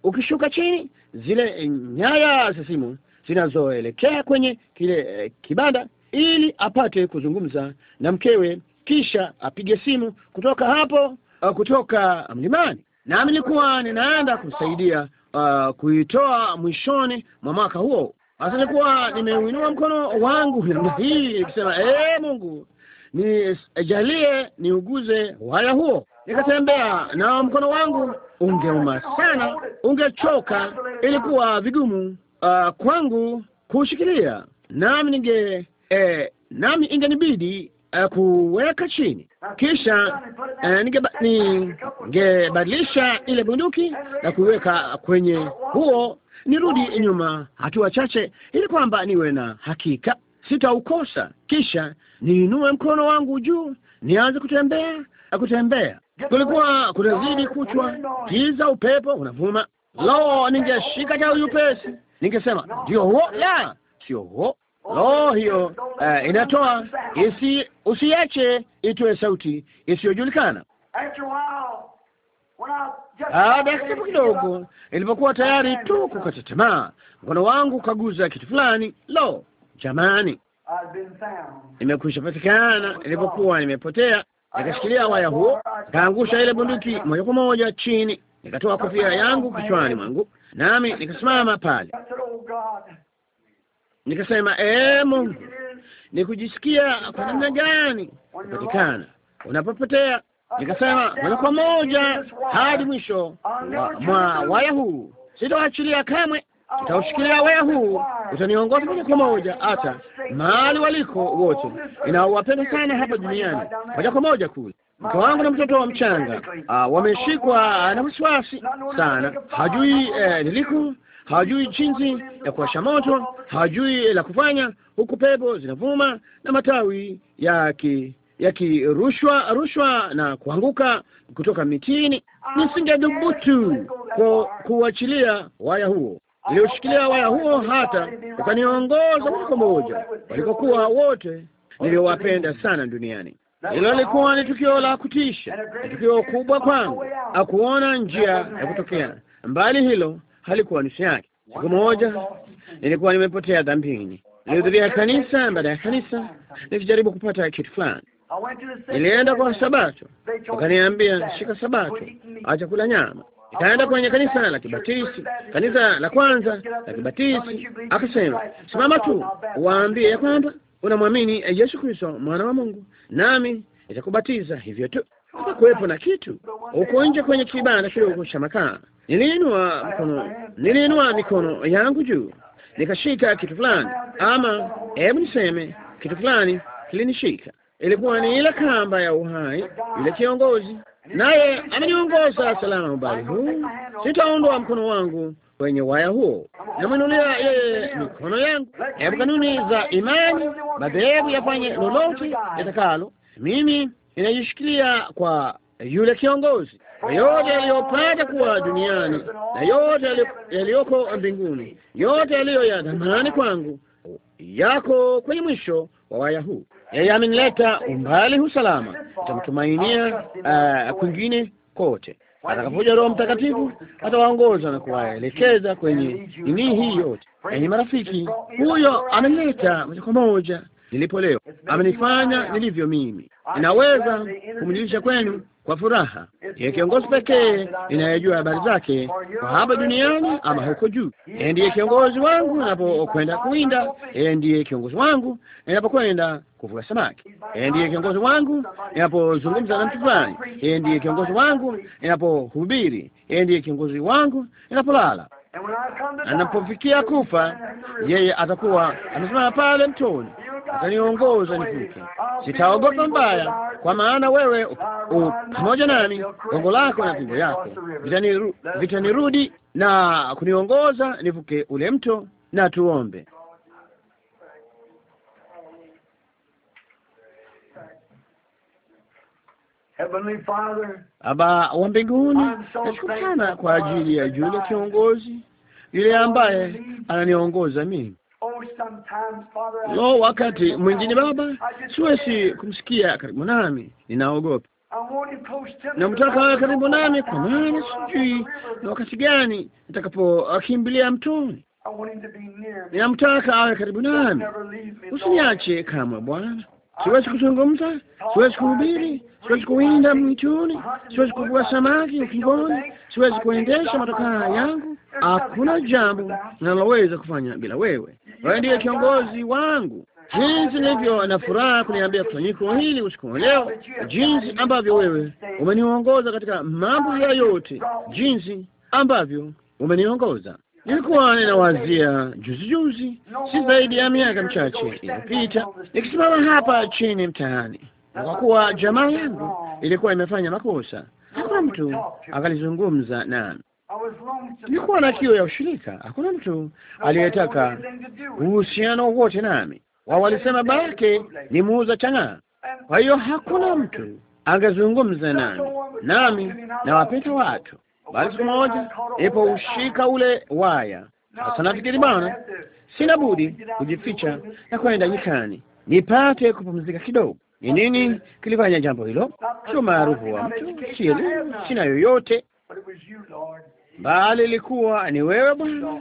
Ukishuka chini, zile nyaya za simu zinazoelekea kwenye kile eh, kibanda, ili apate kuzungumza na mkewe, kisha apige simu kutoka hapo, eh, kutoka mlimani. Nami nilikuwa ninaenda kumsaidia uh, kuitoa mwishoni mwa mwaka huo. Hasa nilikuwa nimeuinua mkono wangu namna hii nikisema, eh, Mungu nijalie niuguze wala huo. Nikatembea nao, mkono wangu ungeuma sana, ungechoka. Ilikuwa vigumu uh, kwangu kushikilia, nami ninge eh, nami ingenibidi Eh, kuweka chini, kisha eh, ningebadilisha ile bunduki na kuiweka kwenye huo, nirudi nyuma hatua chache, ili kwamba niwe na hakika sitaukosa. Kisha niinue mkono wangu juu, nianze kutembea na kutembea. Kulikuwa kunazidi kuchwa, kiza upepo unavuma. Lo, ningeshika tawi upesi, ningesema ndio huo, la sio huo Lo, hiyo uh, inatoa isi, usiache itoe sauti isiyojulikana. Baada ya kitambo kidogo, nilipokuwa tayari tu kukata tamaa, mkono wangu ukaguza kitu fulani. Lo, jamani, nimekwisha patikana nilipokuwa nimepotea. Nikashikilia waya huo, nikaangusha ile bunduki moja kwa moja chini, nikatoa kofia yangu kichwani mwangu, nami nikasimama pale nikasema, ee Mungu, ni kujisikia kwa namna gani kupatikana unapopotea. Nikasema moja kwa moja hadi mwisho mwa waya huu sitaachilia kamwe, nitaushikilia waya huu, utaniongoza moja kwa moja hata mahali waliko wote inaowapenda sana hapa duniani, moja kwa moja kule mke wangu na mtoto wa mchanga ah, wameshikwa na wasiwasi sana, hajui eh, niliko hawajui jinsi ya kuwasha moto, hawajui la kufanya, huku pepo zinavuma na matawi yaki yakirushwa rushwa na kuanguka kutoka mitini. Nisingethubutu kwa kuachilia waya huo, nilioshikilia waya huo hata ukaniongoza moja kwa moja walikokuwa wote niliowapenda sana duniani. Hilo lilikuwa ni tukio la kutisha, ni tukio kubwa kwangu, akuona njia ya kutokea mbali hilo halikuwa nusu yake. Siku moja nilikuwa nimepotea dhambini, nilihudhuria kanisa baada ya kanisa, nikijaribu kupata kitu fulani. Nilienda kwa Sabato, wakaniambia shika Sabato, acha kula nyama. Nikaenda kwenye kanisa la kibatisi kanisa la kwanza la kibatisi akasema simama tu, waambie ya kwamba unamwamini Yesu Kristo mwana wa Mungu, nami nitakubatiza hivyo tu hakukuwepo na kitu huko nje kwenye kibanda kile huko cha makaa. Niliinua mikono, niliinua mikono yangu juu, nikashika kitu fulani, ama hebu niseme kitu fulani kilinishika. Ilikuwa ni ile kamba ya uhai, ile kiongozi, naye ameniongoza salama ubali huu. Sitaondoa mkono wangu kwenye waya huo, namwinulia yeye mikono yangu. Hebu kanuni za imani, madhehebu yafanye lolote yatakalo, mimi inajishikilia kwa yule kiongozi. Yote yaliyopata kuwa duniani na yote yaliyoko mbinguni, yote yaliyo ya dhamani kwangu yako kwenye mwisho wa waya huu. Yeye amenileta umbali husalama, nitamtumainia uh, kwingine kote. Atakapoja Roho Mtakatifu atawaongoza na kuwaelekeza kwenye nini hii yote. Enyi yaani marafiki, huyo amenileta moja kwa moja nilipo leo. Amenifanya nilivyo mimi, ninaweza kumjulisha kwenu kwa furaha. Ndiye kiongozi pekee ninayejua habari zake kwa hapa duniani ama huko juu. Yeye ndiye kiongozi wangu ninapokwenda kuwinda, yeye ndiye kiongozi wangu ninapokwenda kuvua samaki, yeye ndiye kiongozi wangu ninapozungumza na mtu fulani, yeye ndiye kiongozi wangu ninapohubiri, yeye ndiye kiongozi wangu ninapolala anapofikia kufa, yeye atakuwa amesimama pale mtoni, ataniongoza nivuke, sitaogopa mbaya, kwa maana wewe pamoja nami, gongo lako na pingo yako vitanirudi na kuniongoza nivuke ule mto. Na tuombe. Baba wa mbinguni, nashukuru sana kwa ajili ya yule kiongozi yule ambaye ananiongoza mimi Oh, Lo, wakati mwingine Baba, siwezi kumsikia karibu nami, ninaogopa. Namtaka awe karibu oh, nami, kwa maana sijui na wakati gani nitakapokimbilia mtoni. Ninamtaka awe karibu nami, usiniache kamwe Bwana. Siwezi kuzungumza, siwezi kuhubiri, siwezi kuwinda mtuni, siwezi kuvua samaki ukingoni, siwezi kuendesha motokaa yangu hakuna jambo naloweza kufanya bila wewe. Wewe ndiye kiongozi wangu. Jinsi nilivyo na furaha kuniambia kusanyiko hili usiku wa leo, jinsi ambavyo wewe umeniongoza katika mambo ya yote, jinsi ambavyo umeniongoza. Nilikuwa ninawazia juzi juzi, si zaidi ya miaka michache iliyopita, nikisimama hapa chini mtaani, kwa kuwa jamaa yangu ilikuwa imefanya makosa, hakuna mtu akalizungumza nami nilikuwa na kiu ya ushirika. Hakuna mtu aliyetaka uhusiano wote nami, wao walisema bake ni muuza chang'aa. Kwa hiyo hakuna mtu angezungumza nami, nami nawapenda watu, bali siku moja ipo ushika ule waya. Sasa nafikiri bwana, sina budi kujificha na kwenda nyikani nipate kupumzika kidogo. Ni nini kilifanya jambo hilo? Sio maarufu wa mtu, sina yoyote bali ilikuwa ni wewe Bwana,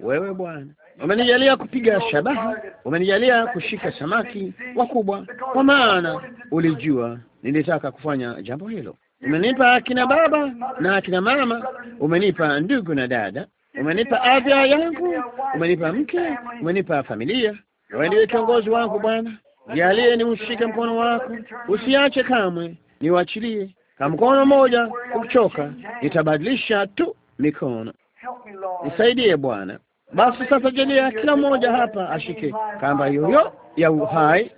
wewe Bwana umenijalia kupiga shabaha, umenijalia kushika samaki wakubwa, kwa maana ulijua nilitaka kufanya jambo hilo. Umenipa akina baba na akina mama, umenipa ndugu na dada, umenipa afya yangu, umenipa mke, umenipa familia. Wewe kiongozi wangu Bwana, jalie ni mkono wako, usiache kamwe, niwachilie. Kama mkono mmoja kuchoka, nitabadilisha tu mikono. Nisaidie Bwana. Basi sasa, jalia kila mmoja hapa ashike kamba hiyo ya uhai.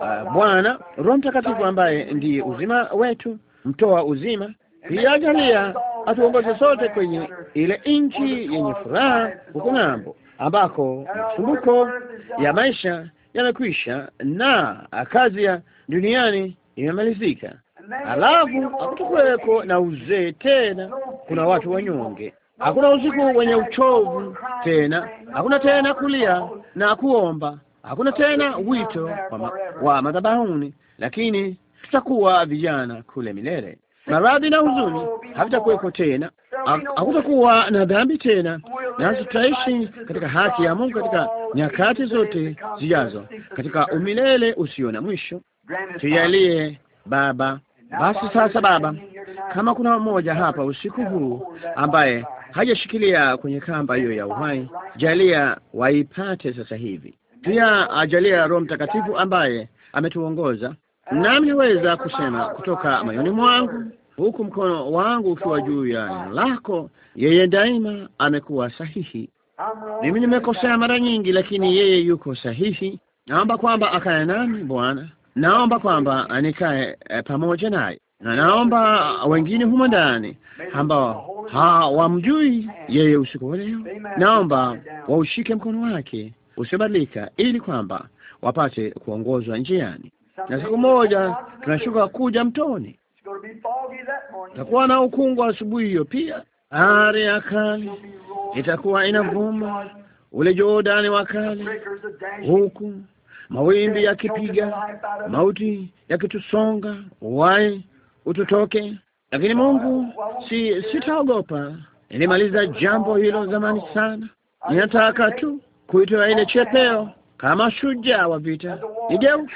Ah, Bwana Roho Mtakatifu ambaye ndiye uzima wetu, mtoa uzima, pia ajalia atuongoze sote kwenye ile nchi yenye furaha huko ng'ambo, ambako masumbuko ya maisha yamekwisha na kazi ya duniani imemalizika. Alafu hakutokuweko na uzee tena, kuna watu wanyonge, hakuna usiku wenye uchovu tena, hakuna tena kulia na kuomba, hakuna tena wito wa, ma wa madhabahuni, lakini tutakuwa vijana kule milele. Maradhi na huzuni havitakuweko tena, hakutakuwa na dhambi tena, nasi tutaishi katika haki ya Mungu katika nyakati zote zijazo, katika umilele usio na mwisho. Tujalie Baba basi sasa, Baba, kama kuna mmoja hapa usiku huu ambaye hajashikilia kwenye kamba hiyo ya uhai, jalia waipate sasa hivi. Pia ajalia Roho Mtakatifu ambaye ametuongoza nami niweza kusema kutoka moyoni mwangu, huku mkono wangu ukiwa juu ya neno lako. Yeye daima amekuwa sahihi. Mimi nimekosea mara nyingi, lakini yeye yuko sahihi. Naomba kwamba akae nami Bwana naomba kwamba nikae eh, pamoja naye, na naomba wengine humo ndani ambao hawamjui yeye usiku leo, naomba waushike mkono wake usiobadilika, ili kwamba wapate kuongozwa njiani. Na siku moja tunashuka kuja mtoni, takuwa na ukungu asubuhi hiyo pia. ari ya kale itakuwa inavuma, ule Jordani wa kale huku mawimbi yakipiga, mauti yakitusonga, uwai ututoke, lakini Mungu, si sitaogopa. Nilimaliza jambo hilo zamani sana. Ninataka tu kuitoa ile chepeo kama shujaa wa vita, nigeuke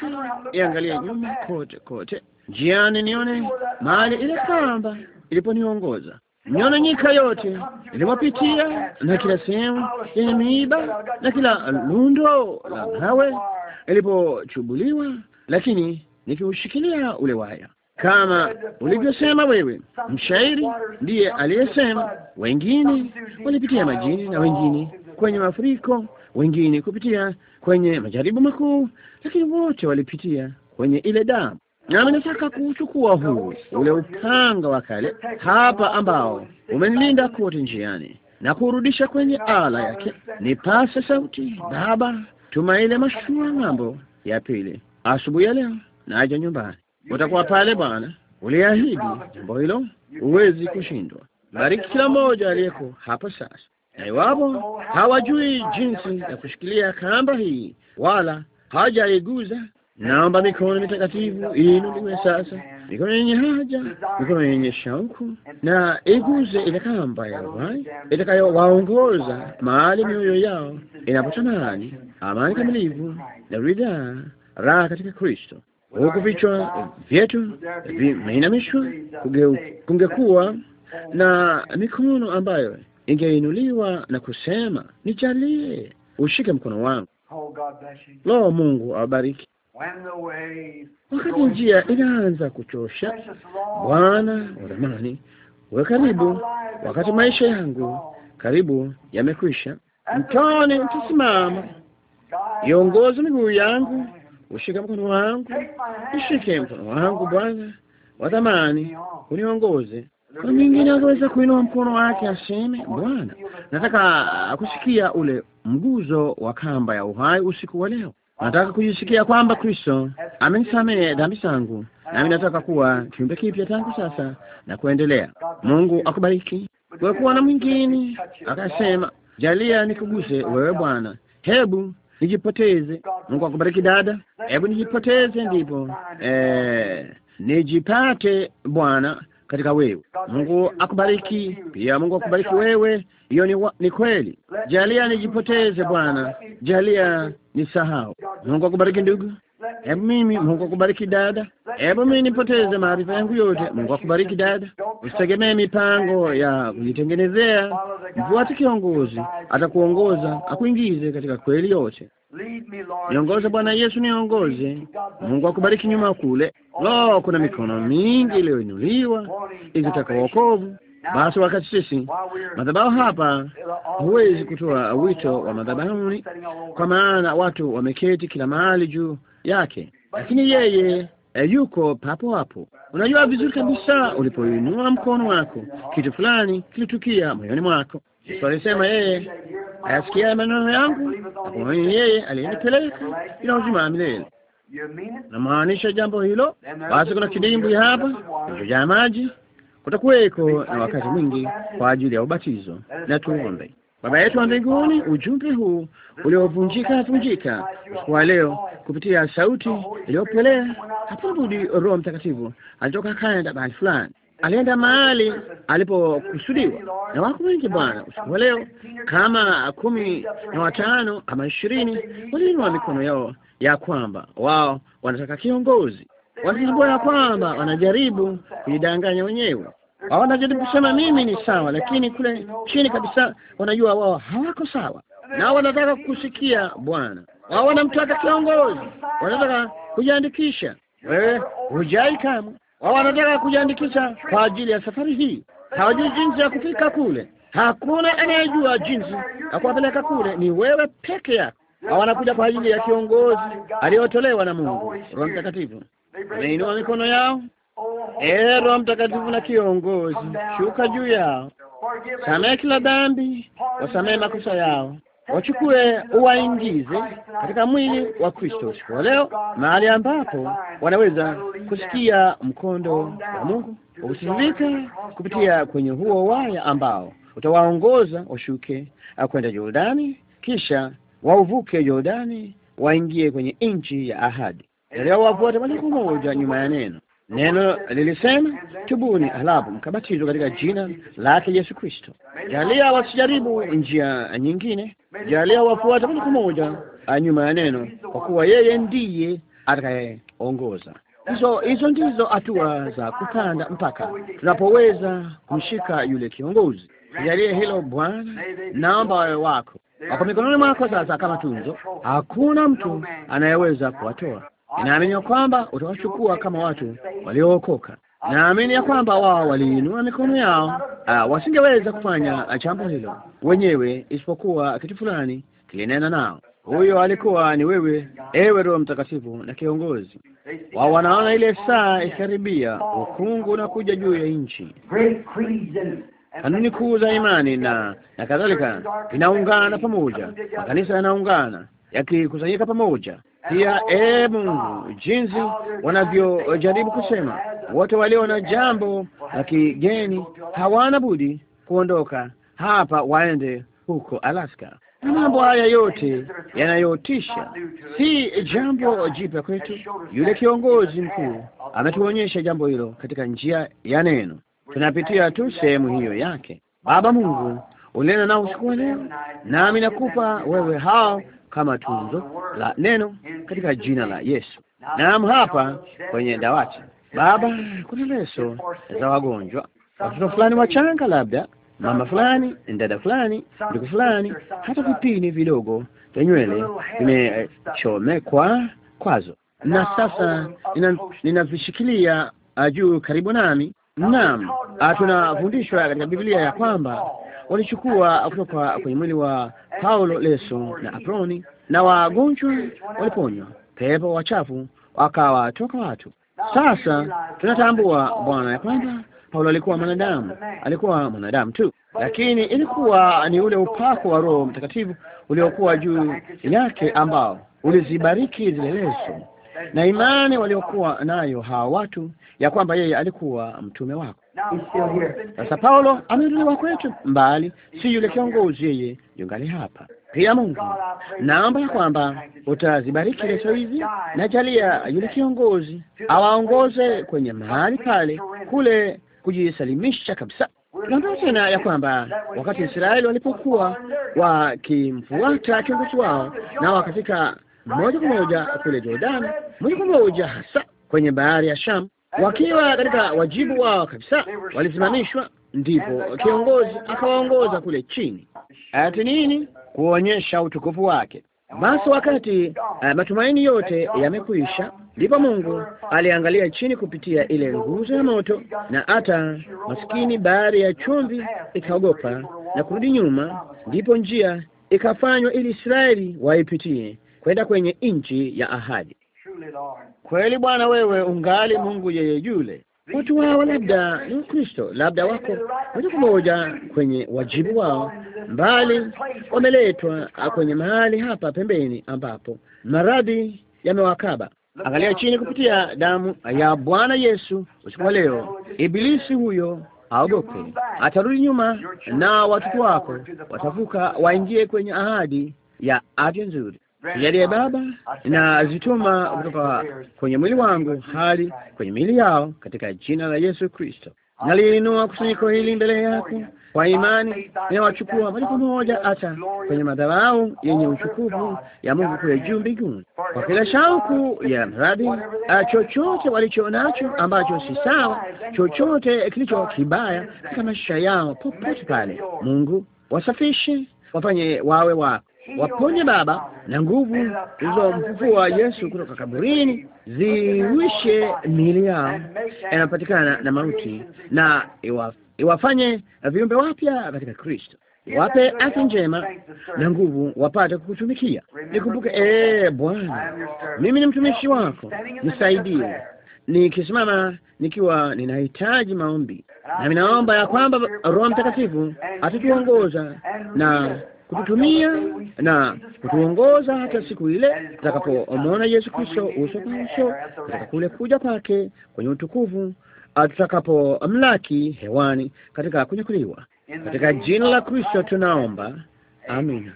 niangalie nyuma kote kote, njiani nione mahali ile kamba iliponiongoza niona nyika yote iliwapitia na kila sehemu yenye miiba na kila lundo la mawe ilipochubuliwa, lakini nikiushikilia ule waya kama ulivyosema wewe, mshairi ndiye aliyesema, wengine walipitia majini na wengine kwenye mafuriko, wengine kupitia kwenye majaribu makuu, lakini wote walipitia kwenye ile damu nami nataka kuuchukua huu ule upanga wa kale hapa ambao umenilinda kote njiani na kurudisha kwenye ala yake. Nipase sauti, Baba, tuma ile mashua ng'ambo ya pili asubuhi ya leo, naja nyumbani. Utakuwa pale Bwana, uliahidi jambo hilo, huwezi kushindwa. Bariki kila mmoja aliyeko hapa sasa, na iwapo hawajui jinsi ya kushikilia kamba hii wala hawajaiguza Naomba mikono mitakatifu iinuliwe sasa, mikono yenye haja, mikono yenye shauku, na iguze ile kamba ya uhai itakayowaongoza mahali mioyo yao inapotamani amani kamilivu na ridhaa, raha katika Kristo, huku vichwa vyetu vimeinamishwa, kungekuwa na mikono ambayo ingeinuliwa na kusema, nijalie ushike mkono wangu. Oh, Lo, Mungu awabariki wakati njia inaanza kuchosha, Bwana uramani we karibu, wakati maisha yangu karibu yamekwisha, mtoni utasimama, iongoze miguu yangu, ushike mkono wangu, ushike mkono wangu, Bwana watamani uniongoze. Kwa mingine angeweza kuinua mkono wake aseme, Bwana nataka kusikia ule mguzo wa kamba ya uhai usiku wa leo. Nataka kujisikia kwamba Kristo amenisamehe dhambi zangu, nami nataka kuwa kiumbe kipya tangu sasa na kuendelea. Mungu akubariki. Kulikuwa na mwingine akasema, jalia nikuguse wewe Bwana, hebu nijipoteze. Mungu akubariki dada, hebu nijipoteze ndipo eh, nijipate Bwana katika wewe. Mungu akubariki pia, Mungu akubariki wewe. Hiyo ni, ni kweli. Jalia nijipoteze Bwana, jalia nisahau. Mungu akubariki ndugu. Hebu mimi, Mungu akubariki dada. Hebu mimi nipoteze maarifa yangu yote. Mungu akubariki dada. Usitegemee mipango ya kujitengenezea, mfuate kiongozi, atakuongoza akuingize katika kweli yote. Niongoze Bwana Yesu, niongoze. Mungu akubariki nyuma kule. Lo, kuna mikono mingi iliyoinuliwa ikitaka wokovu. Basi wakati sisi madhabahu hapa, huwezi kutoa wito wa madhabahuni, kwa maana watu wameketi kila mahali juu yake, lakini yeye E, yuko papo hapo. Unajua vizuri kabisa ulipoinua mkono wako, kitu fulani kilitukia moyoni mwako. Yesu alisema yeye ayasikia maneno yangu nakumwamini yeye aliyenipeleka ina uzima wa milele. Namaanisha jambo hilo. Basi kuna kidimbwi hapa kilichojaa maji, kutakuweko na wakati mwingi kwa ajili ya ubatizo. Na tuombe. Baba yetu wa mbinguni, ujumbe huu uliovunjika vunjika usiku wa leo kupitia sauti iliyopelea, hapo budi Roho Mtakatifu alitoka Canada bahali fulani alienda mahali alipokusudiwa na wako wengi Bwana usiku wa leo, kama kumi na watano ama ishirini waliinua mikono yao ya kwamba wao wanataka kiongozi, wakitambua ya kwamba wanajaribu kujidanganya wenyewe. Wao wanajaribu kusema mimi ni sawa, lakini kule chini kabisa wanajua wao hawako sawa, na wanataka kusikia Bwana. Wao wanamtaka kiongozi, wanataka kujiandikisha. Wewe hujai kama wao wanataka kujiandikisha kwa ajili ya safari hii. Hawajui jinsi ya kufika kule, hakuna anayejua jinsi ya kuwapeleka kule, ni wewe peke yako. Hao wanakuja kwa ajili ya kiongozi aliyotolewa na Mungu, Roho Mtakatifu. Wameinua mikono yao, eh, Roho Mtakatifu na kiongozi, shuka juu yao, samehe kila dhambi, wasamehe makosa yao wachukue uwaingize katika mwili wa Kristo siku wa leo, mahali ambapo wanaweza kusikia mkondo wa Mungu wakusiririka kupitia kwenye huo waya ambao utawaongoza washuke kwenda Jordani, kisha wauvuke Jordani waingie kwenye nchi ya ahadi. Leo wafuate moja kwa moja nyuma ya neno Neno lilisema tubuni, halafu mkabatizwa katika jina lake Yesu Kristo. Jalia wasijaribu njia nyingine, jalia wafuata moja kwa moja nyuma ya neno, kwa kuwa yeye ndiye atakayeongoza. Hizo hizo ndizo hatua za kupanda mpaka tunapoweza kumshika yule kiongozi. Jalia hilo Bwana, naomba wawe wako, wako mikononi mwako sasa kama tunzo. Hakuna mtu anayeweza kuwatoa Ninaamini ya kwamba utawachukua kama watu waliookoka. Naamini ya kwamba wao waliinua mikono yao. Uh, wasingeweza kufanya jambo hilo wenyewe, isipokuwa kitu fulani kilinena nao. Huyo alikuwa ni wewe, ewe Roho Mtakatifu na kiongozi wao. Wanaona ile saa ikikaribia, ukungu unakuja juu ya nchi, kanuni kuu za imani na na kadhalika inaungana pamoja, makanisa yanaungana yakikusanyika pamoja pia ee Mungu, jinsi wanavyojaribu kusema, wote walio na jambo la kigeni hawana budi kuondoka hapa waende huko Alaska. Na mambo haya yote yanayotisha si jambo jipya kwetu. Yule kiongozi mkuu ametuonyesha jambo hilo katika njia ya neno, tunapitia tu sehemu hiyo yake. Baba Mungu, ulinena nao usiku wa leo, nami nakupa wewe hao kama tunzo la neno katika jina la Yesu. Naam, hapa kwenye dawati Baba, kuna leso za wagonjwa, watoto fulani wachanga, labda mama fulani, ndada fulani, ndugu fulani, hata vipini vidogo vya nywele vimechomekwa kwazo, na sasa ninavishikilia nina uh, juu karibu nami. Naam, uh, tunafundishwa katika Biblia ya kwamba walichukua kutoka kwenye mwili wa Paulo leso na aproni, na wagonjwa waliponywa, pepo wachafu wakawatoka watu. Sasa tunatambua Bwana ya kwamba Paulo alikuwa mwanadamu, alikuwa mwanadamu tu, lakini ilikuwa ni ule upako wa Roho Mtakatifu uliokuwa juu yake ambao ulizibariki zile leso na imani waliokuwa nayo hawa watu ya kwamba yeye alikuwa mtume wako. Sasa Paulo ameondolewa kwetu mbali, si yule kiongozi, yeye yungali hapa pia. Mungu, naomba ya kwamba utazibariki leso hizi, najalia yule kiongozi awaongoze kwenye mahali pale kule kujisalimisha kabisa. Tunaambiwa tena ya kwamba wakati Israeli walipokuwa wakimfuata kiongozi wao na wakafika moja kwa moja kule Jordani, moja kwa moja hasa kwenye bahari ya Shamu wakiwa katika wajibu wao kabisa, walisimamishwa. Ndipo kiongozi akawaongoza kule chini, ati nini? Kuonyesha utukufu wake. Basi wakati uh, matumaini yote yamekwisha, ndipo Mungu aliangalia chini kupitia ile nguzo ya moto, na hata maskini bahari ya chumvi ikaogopa na kurudi nyuma. Ndipo njia ikafanywa ili Israeli waipitie kwenda kwenye nchi ya ahadi. Kweli Bwana, wewe ungali Mungu yeye yule. Watu wao labda ni Ukristo, labda wako moja kwa moja kwenye wajibu wao, mbali wameletwa kwenye mahali hapa pembeni ambapo maradhi yamewakaba. Angalia chini kupitia damu ya Bwana Yesu usiku wa leo. Ibilisi huyo haogope, atarudi nyuma, na watoto wako watavuka waingie kwenye ahadi ya afya nzuri ya Baba nazituma kutoka kwenye mwili wangu hadi kwenye miili yao katika jina la Yesu Kristo. Naliinua kusanyiko hili mbele yako kwa imani, ninawachukua moja kwa moja hata kwenye madhabahu yenye uchukufu ya Mungu kule juu mbinguni, kwa kila shauku ya mradi, ah, chochote walicho nacho ambacho si sawa, chochote kilicho kibaya katika maisha yao popote pale. Mungu wasafishe, wafanye wawe wako Waponye Baba, na nguvu zilizomfufua Yesu kutoka kaburini ziwishe miili yao yanapatikana na mauti, na iwafanye viumbe wapya katika Kristo. Wape afya njema na nguvu, wapate kukutumikia. Nikumbuke ee Bwana, mimi ni mtumishi wako, nisaidie nikisimama nikiwa ninahitaji maombi, nami naomba ya kwamba Roho Mtakatifu atatuongoza na kututumia na kutuongoza hata siku ile tutakapomwona Yesu Kristo uso kwa uso katika kule kuja kwake kwenye utukufu, tutakapomlaki hewani katika kunyakuliwa. Katika jina la Kristo tunaomba, amina.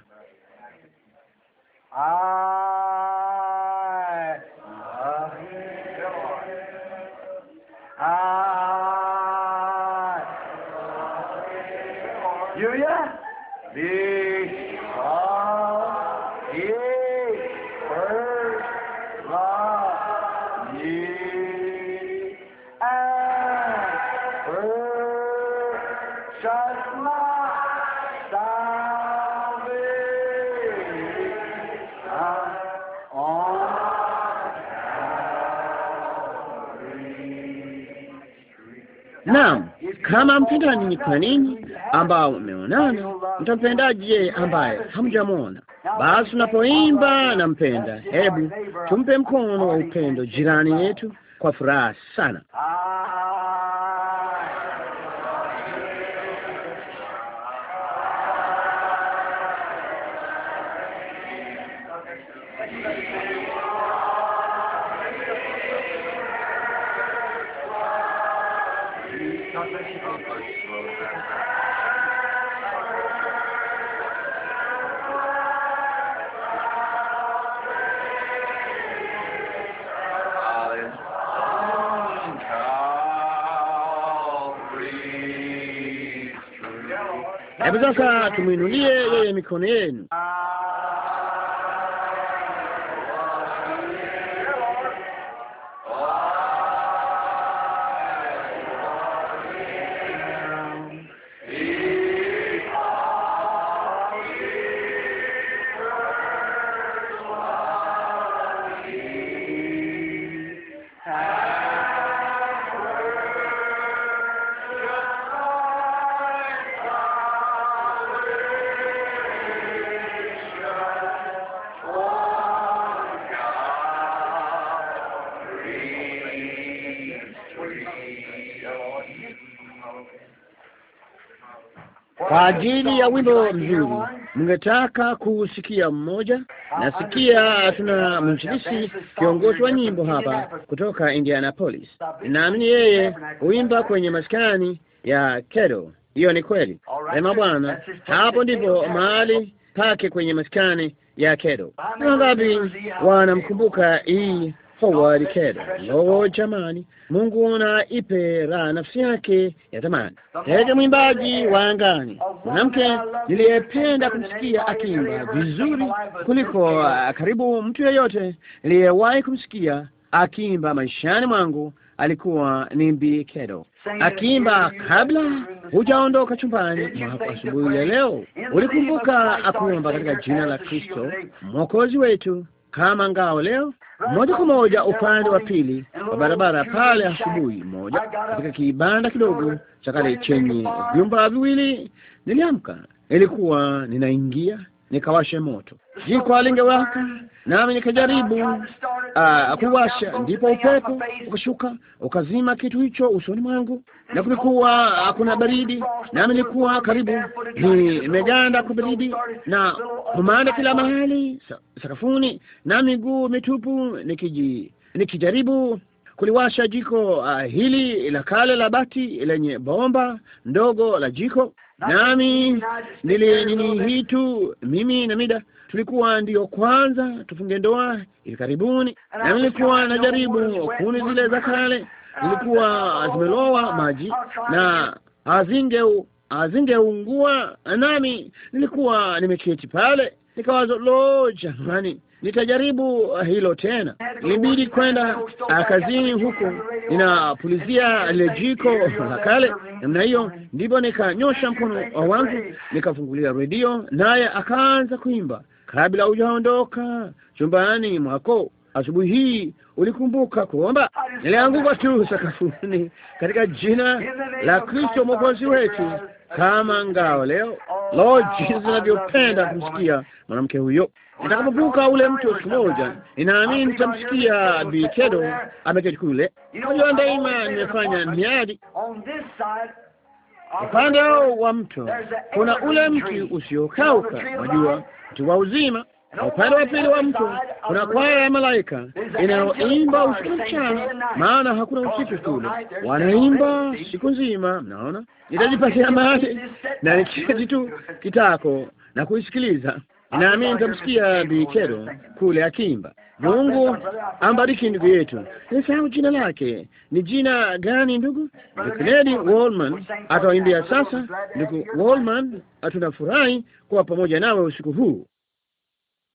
Naam, kama mpendani kwa ninyi ambao mmeonana, mtampendaje ambaye hamjamwona? Basi tunapoimba mpenda, hebu tumpe mkono wa upendo jirani yetu kwa furaha sana. Napitaka tumwinulie yeye mikono yenu. Ah, kwa ajili ya wimbo mzuri. Mngetaka kusikia mmoja? Nasikia tuna mwinjilisi kiongozi wa nyimbo hapa kutoka Indianapolis. Naamini yeye huimba kwenye maskani ya Kedo. Hiyo ni kweli, sema Bwana. Hapo ndipo mahali pake kwenye maskani ya Kedo. Ni wangapi wanamkumbuka hii Howard Keda. Lo, jamani, Mungu na ipe raha nafsi yake ya zamani. Ndege mwimbaji wa angani, mwanamke niliyependa kumsikia akiimba vizuri kuliko uh, karibu mtu yeyote niliyewahi kumsikia akimba maishani mwangu alikuwa ni Bi Kedo akiimba. Kabla hujaondoka chumbani mwako asubuhi ya leo, ulikumbuka akuomba katika jina la Kristo mwokozi wetu kama ngao leo, moja kwa moja upande wa pili wa barabara pale asubuhi moja, katika kibanda kidogo cha kale chenye vyumba viwili, niliamka, ilikuwa ninaingia nikawashe moto, jiko alingewaka nami nikajaribu aa, ah, kuwasha, ndipo upepo ukashuka ukazima kitu hicho usoni mwangu, na kulikuwa kuna baridi, nami nilikuwa karibu nimeganda kwa baridi na kumanda kila mahali sakafuni, na miguu mitupu, nikiji nikijaribu kuliwasha jiko uh, hili la kale la bati lenye bomba ndogo la jiko nami nili nini hii tu, mimi na Mida tulikuwa ndiyo kwanza tufunge ndoa hivi karibuni, na nilikuwa najaribu kuni zile za kale zilikuwa zimelowa maji na hazinge hazingeungua, nami nilikuwa nimeketi pale nikawazo, lo, jamani nitajaribu uh, hilo tena. Ilibidi kwenda uh, kazini, huku ninapulizia lile jiko la kale namna hiyo, ndipo nikanyosha mkono wangu nikafungulia redio, naye akaanza kuimba, kabla hujaondoka chumbani mwako asubuhi hii ulikumbuka kuomba. Nilianguka tu sakafuni katika jina la Kristo mwokozi wetu kama ngao leo. Lo, jinsi ninavyopenda kumsikia mwanamke huyo nitakapovuka ule mtu siku moja, ninaamini nitamsikia Bi Kedo ameketi kule. Unajua, daima nimefanya miadi upande hao wa mto, kuna ule mti usiokauka, unajua mti wa uzima, na upande wa pili wa mtu kuna kwaya ya malaika inayoimba usiku mchana, maana hakuna usiku kule, wanaimba siku nzima. Mnaona, nitajipatia mahali na niketi tu kitako na kuisikiliza nami nitamsikia Bikero kule akimba. Mungu ambariki ndugu yetu, nisahau jina lake, ni jina gani ndugu? Ned Wallman atawaimbia sasa. Ndugu Wallman, furahi kuwa pamoja nawe usiku huu.